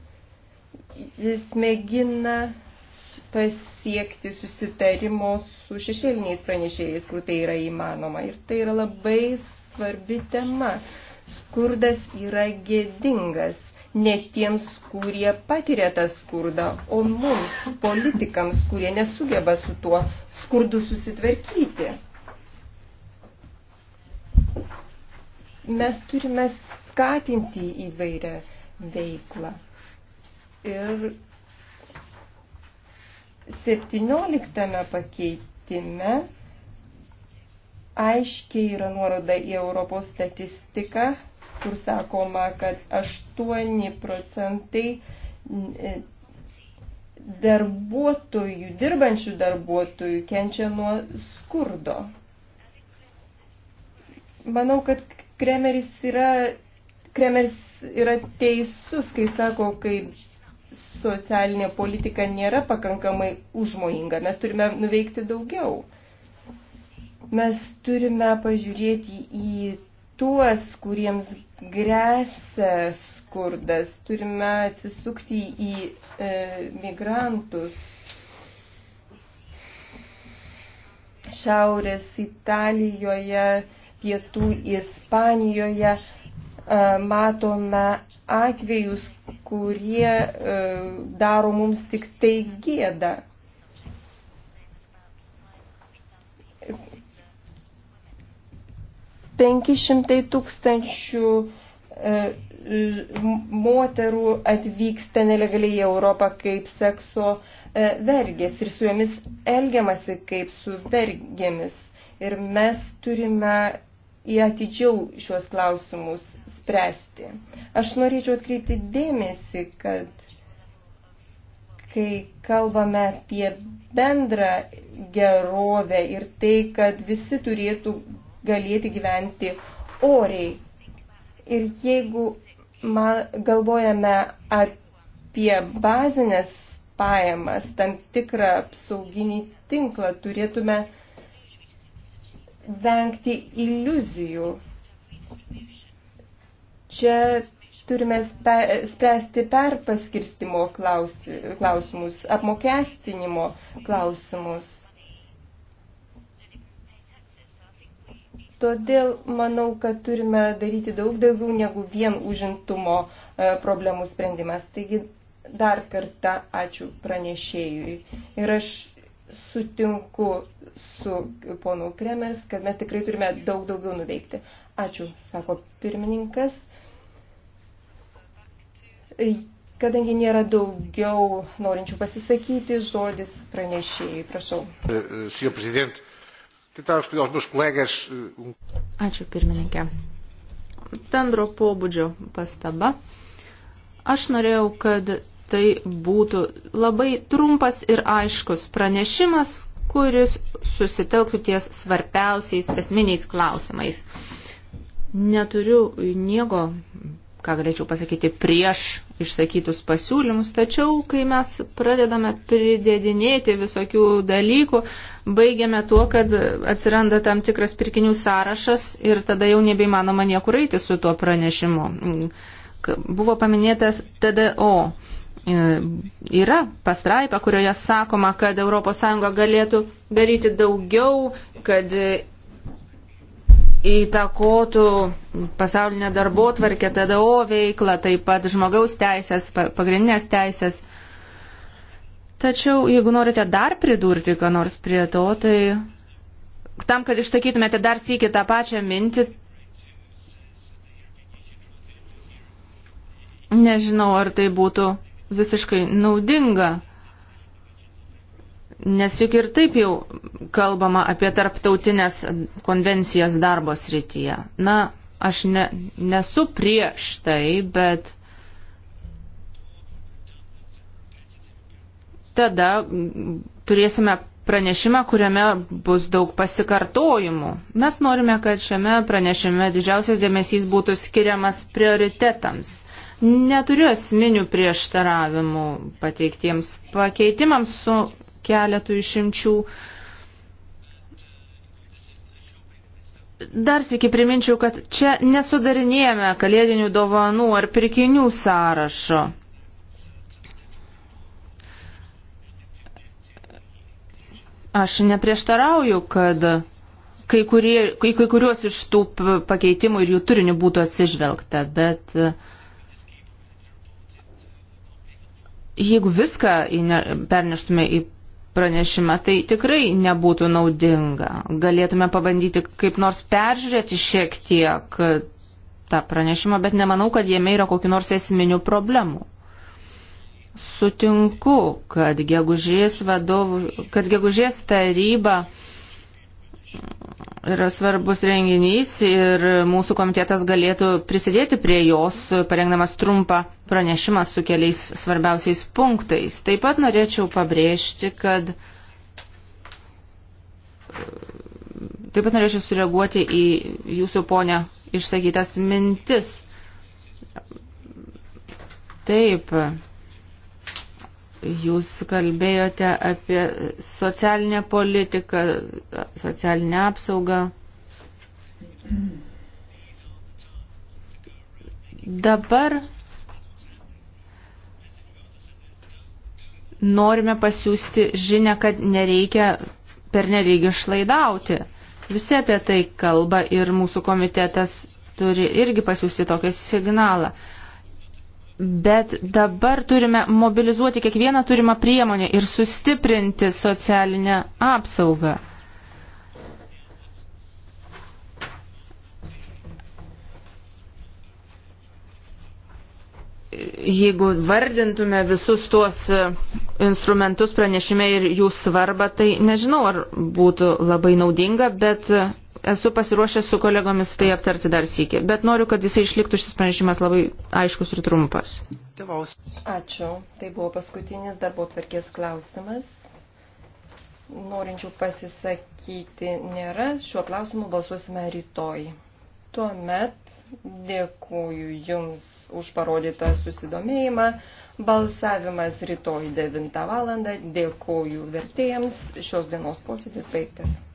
B: Jis mėgina pasiekti susitarimo su šešėliniais pranešėjais, kur tai yra įmanoma. Ir tai yra labai svarbi tema. Skurdas yra gėdingas ne tiems, kurie patiria tą skurdą, o mums, politikams, kurie nesugeba su tuo skurdu susitvarkyti. Mes turime skatinti įvairią veiklą. Ir 17 pakeitime aiškiai yra nuoroda į Europos statistiką, kur sakoma, kad 8 procentai e, darbuotojų, dirbančių darbuotojų kenčia nuo skurdo. Manau, kad Kremeris yra, Kremeris yra teisus, kai sako, kai socialinė politika nėra pakankamai užmojinga. Mes turime nuveikti daugiau mes turime pažiūrėti į tuos, kuriems grėsia skurdas, turime atsisukti į e, migrantus. Šiaurės Italijoje, pietų Ispanijoje e, matome atvejus, kurie e, daro mums tik tai gėdą 500 tūkstančių e, moterų atvyksta nelegaliai į Europą kaip sekso e, vergės ir su jomis elgiamasi kaip su vergėmis. Ir mes turime į atidžiau šios klausimus spręsti. Aš norėčiau atkreipti dėmesį, kad kai kalbame apie bendrą gerovę ir tai, kad visi turėtų galėti gyventi oriai. Ir jeigu galvojame apie bazinės pajamas, tam tikrą apsauginį tinklą, turėtume vengti iliuzijų. Čia turime spręsti perpaskirstimo klausimus, apmokestinimo klausimus. Todėl manau, kad turime daryti daug daugiau negu vien užimtumo e, problemų sprendimas. Taigi dar kartą ačiū pranešėjui. Ir aš sutinku su ponu Kremers, kad mes tikrai turime daug daugiau nuveikti. Ačiū, sako pirmininkas. E, kadangi nėra daugiau norinčių pasisakyti, žodis pranešėjai, prašau.
A: Uh, uh, E,
C: Ačiū pirmininkė. Bendro pobūdžio pastaba. Aš norėjau, kad tai būtų labai trumpas ir aiškus pranešimas, kuris susitelktų ties svarbiausiais esminiais klausimais. Neturiu nieko, ką galėčiau pasakyti, prieš išsakytus pasiūlymus, tačiau kai mes pradedame pridėdinėti visokių dalykų, baigiame tuo, kad atsiranda tam tikras pirkinių sąrašas ir tada jau nebeimanoma niekur eiti su tuo pranešimu. Buvo paminėtas TDO. E, yra pastraipa, kurioje sakoma, kad ES galėtų daryti daugiau, kad įtakotų pasaulinę darbo tvarkę, TDO veiklą, taip pat žmogaus teisės, pagrindinės teisės. Tačiau, jeigu norite dar pridurti, ką nors prie to, tai tam, kad išsakytumėte dar sykį tą pačią mintį, nežinau, ar tai būtų visiškai naudinga. Nes juk ir taip jau kalbama apie tarptautinės konvencijas darbo srityje. Na, aš ne, nesu prieš tai, bet tada turėsime pranešimą, kuriame bus daug pasikartojimų. Mes norime, kad šiame pranešime didžiausias dėmesys būtų skiriamas prioritetams. Neturiu asmenių prieštaravimų pateiktiems pakeitimams su keletu išimčių. Dar sėki priminčiau, kad čia nesudarinėjame kalėdinių dovanų ar pirkinių sąrašo. Aš neprieštarauju, kad kai, kurie, kai, kai kuriuos iš tų pakeitimų ir jų turinių būtų atsižvelgta, bet e, jeigu viską perneštume į pranešimą, tai tikrai nebūtų naudinga. Galėtume pabandyti kaip nors peržiūrėti šiek tiek tą pranešimą, bet nemanau, kad jame yra kokiu nors esminių problemų sutinku, kad gegužės, vadovų, kad gegužės taryba yra svarbus renginys ir mūsų komitetas galėtų prisidėti prie jos, parengdamas trumpą pranešimą su keliais svarbiausiais punktais. Taip pat norėčiau pabrėžti, kad taip pat norėčiau sureaguoti į jūsų ponę išsakytas mintis. Taip, Jūs kalbėjote apie socialinę politiką, socialinę apsaugą. Dabar norime pasiūsti žinę, kad nereikia per nelygį išlaidauti. Visi apie tai kalba ir mūsų komitetas turi irgi pasiūsti tokią signalą. Bet dabar turime mobilizuoti kiekvieną turimą priemonę ir sustiprinti socialinę apsaugą. Jeigu vardintume visus tuos instrumentus pranešime ir jų svarbą, tai nežinau, ar būtų labai naudinga, bet esu pasiruošęs su kolegomis tai aptarti dar sykį, bet noriu, kad jisai išliktų šis pranešimas labai aiškus ir
B: trumpas. Ačiū. Tai buvo paskutinis darbo tvarkės klausimas. Norinčių pasisakyti nėra. Šiuo klausimu balsuosime rytoj. Tuomet dėkuoju Jums už parodytą susidomėjimą. Balsavimas rytoj 9 val. Dėkuoju vertėjams. Šios dienos posėdis baigtas.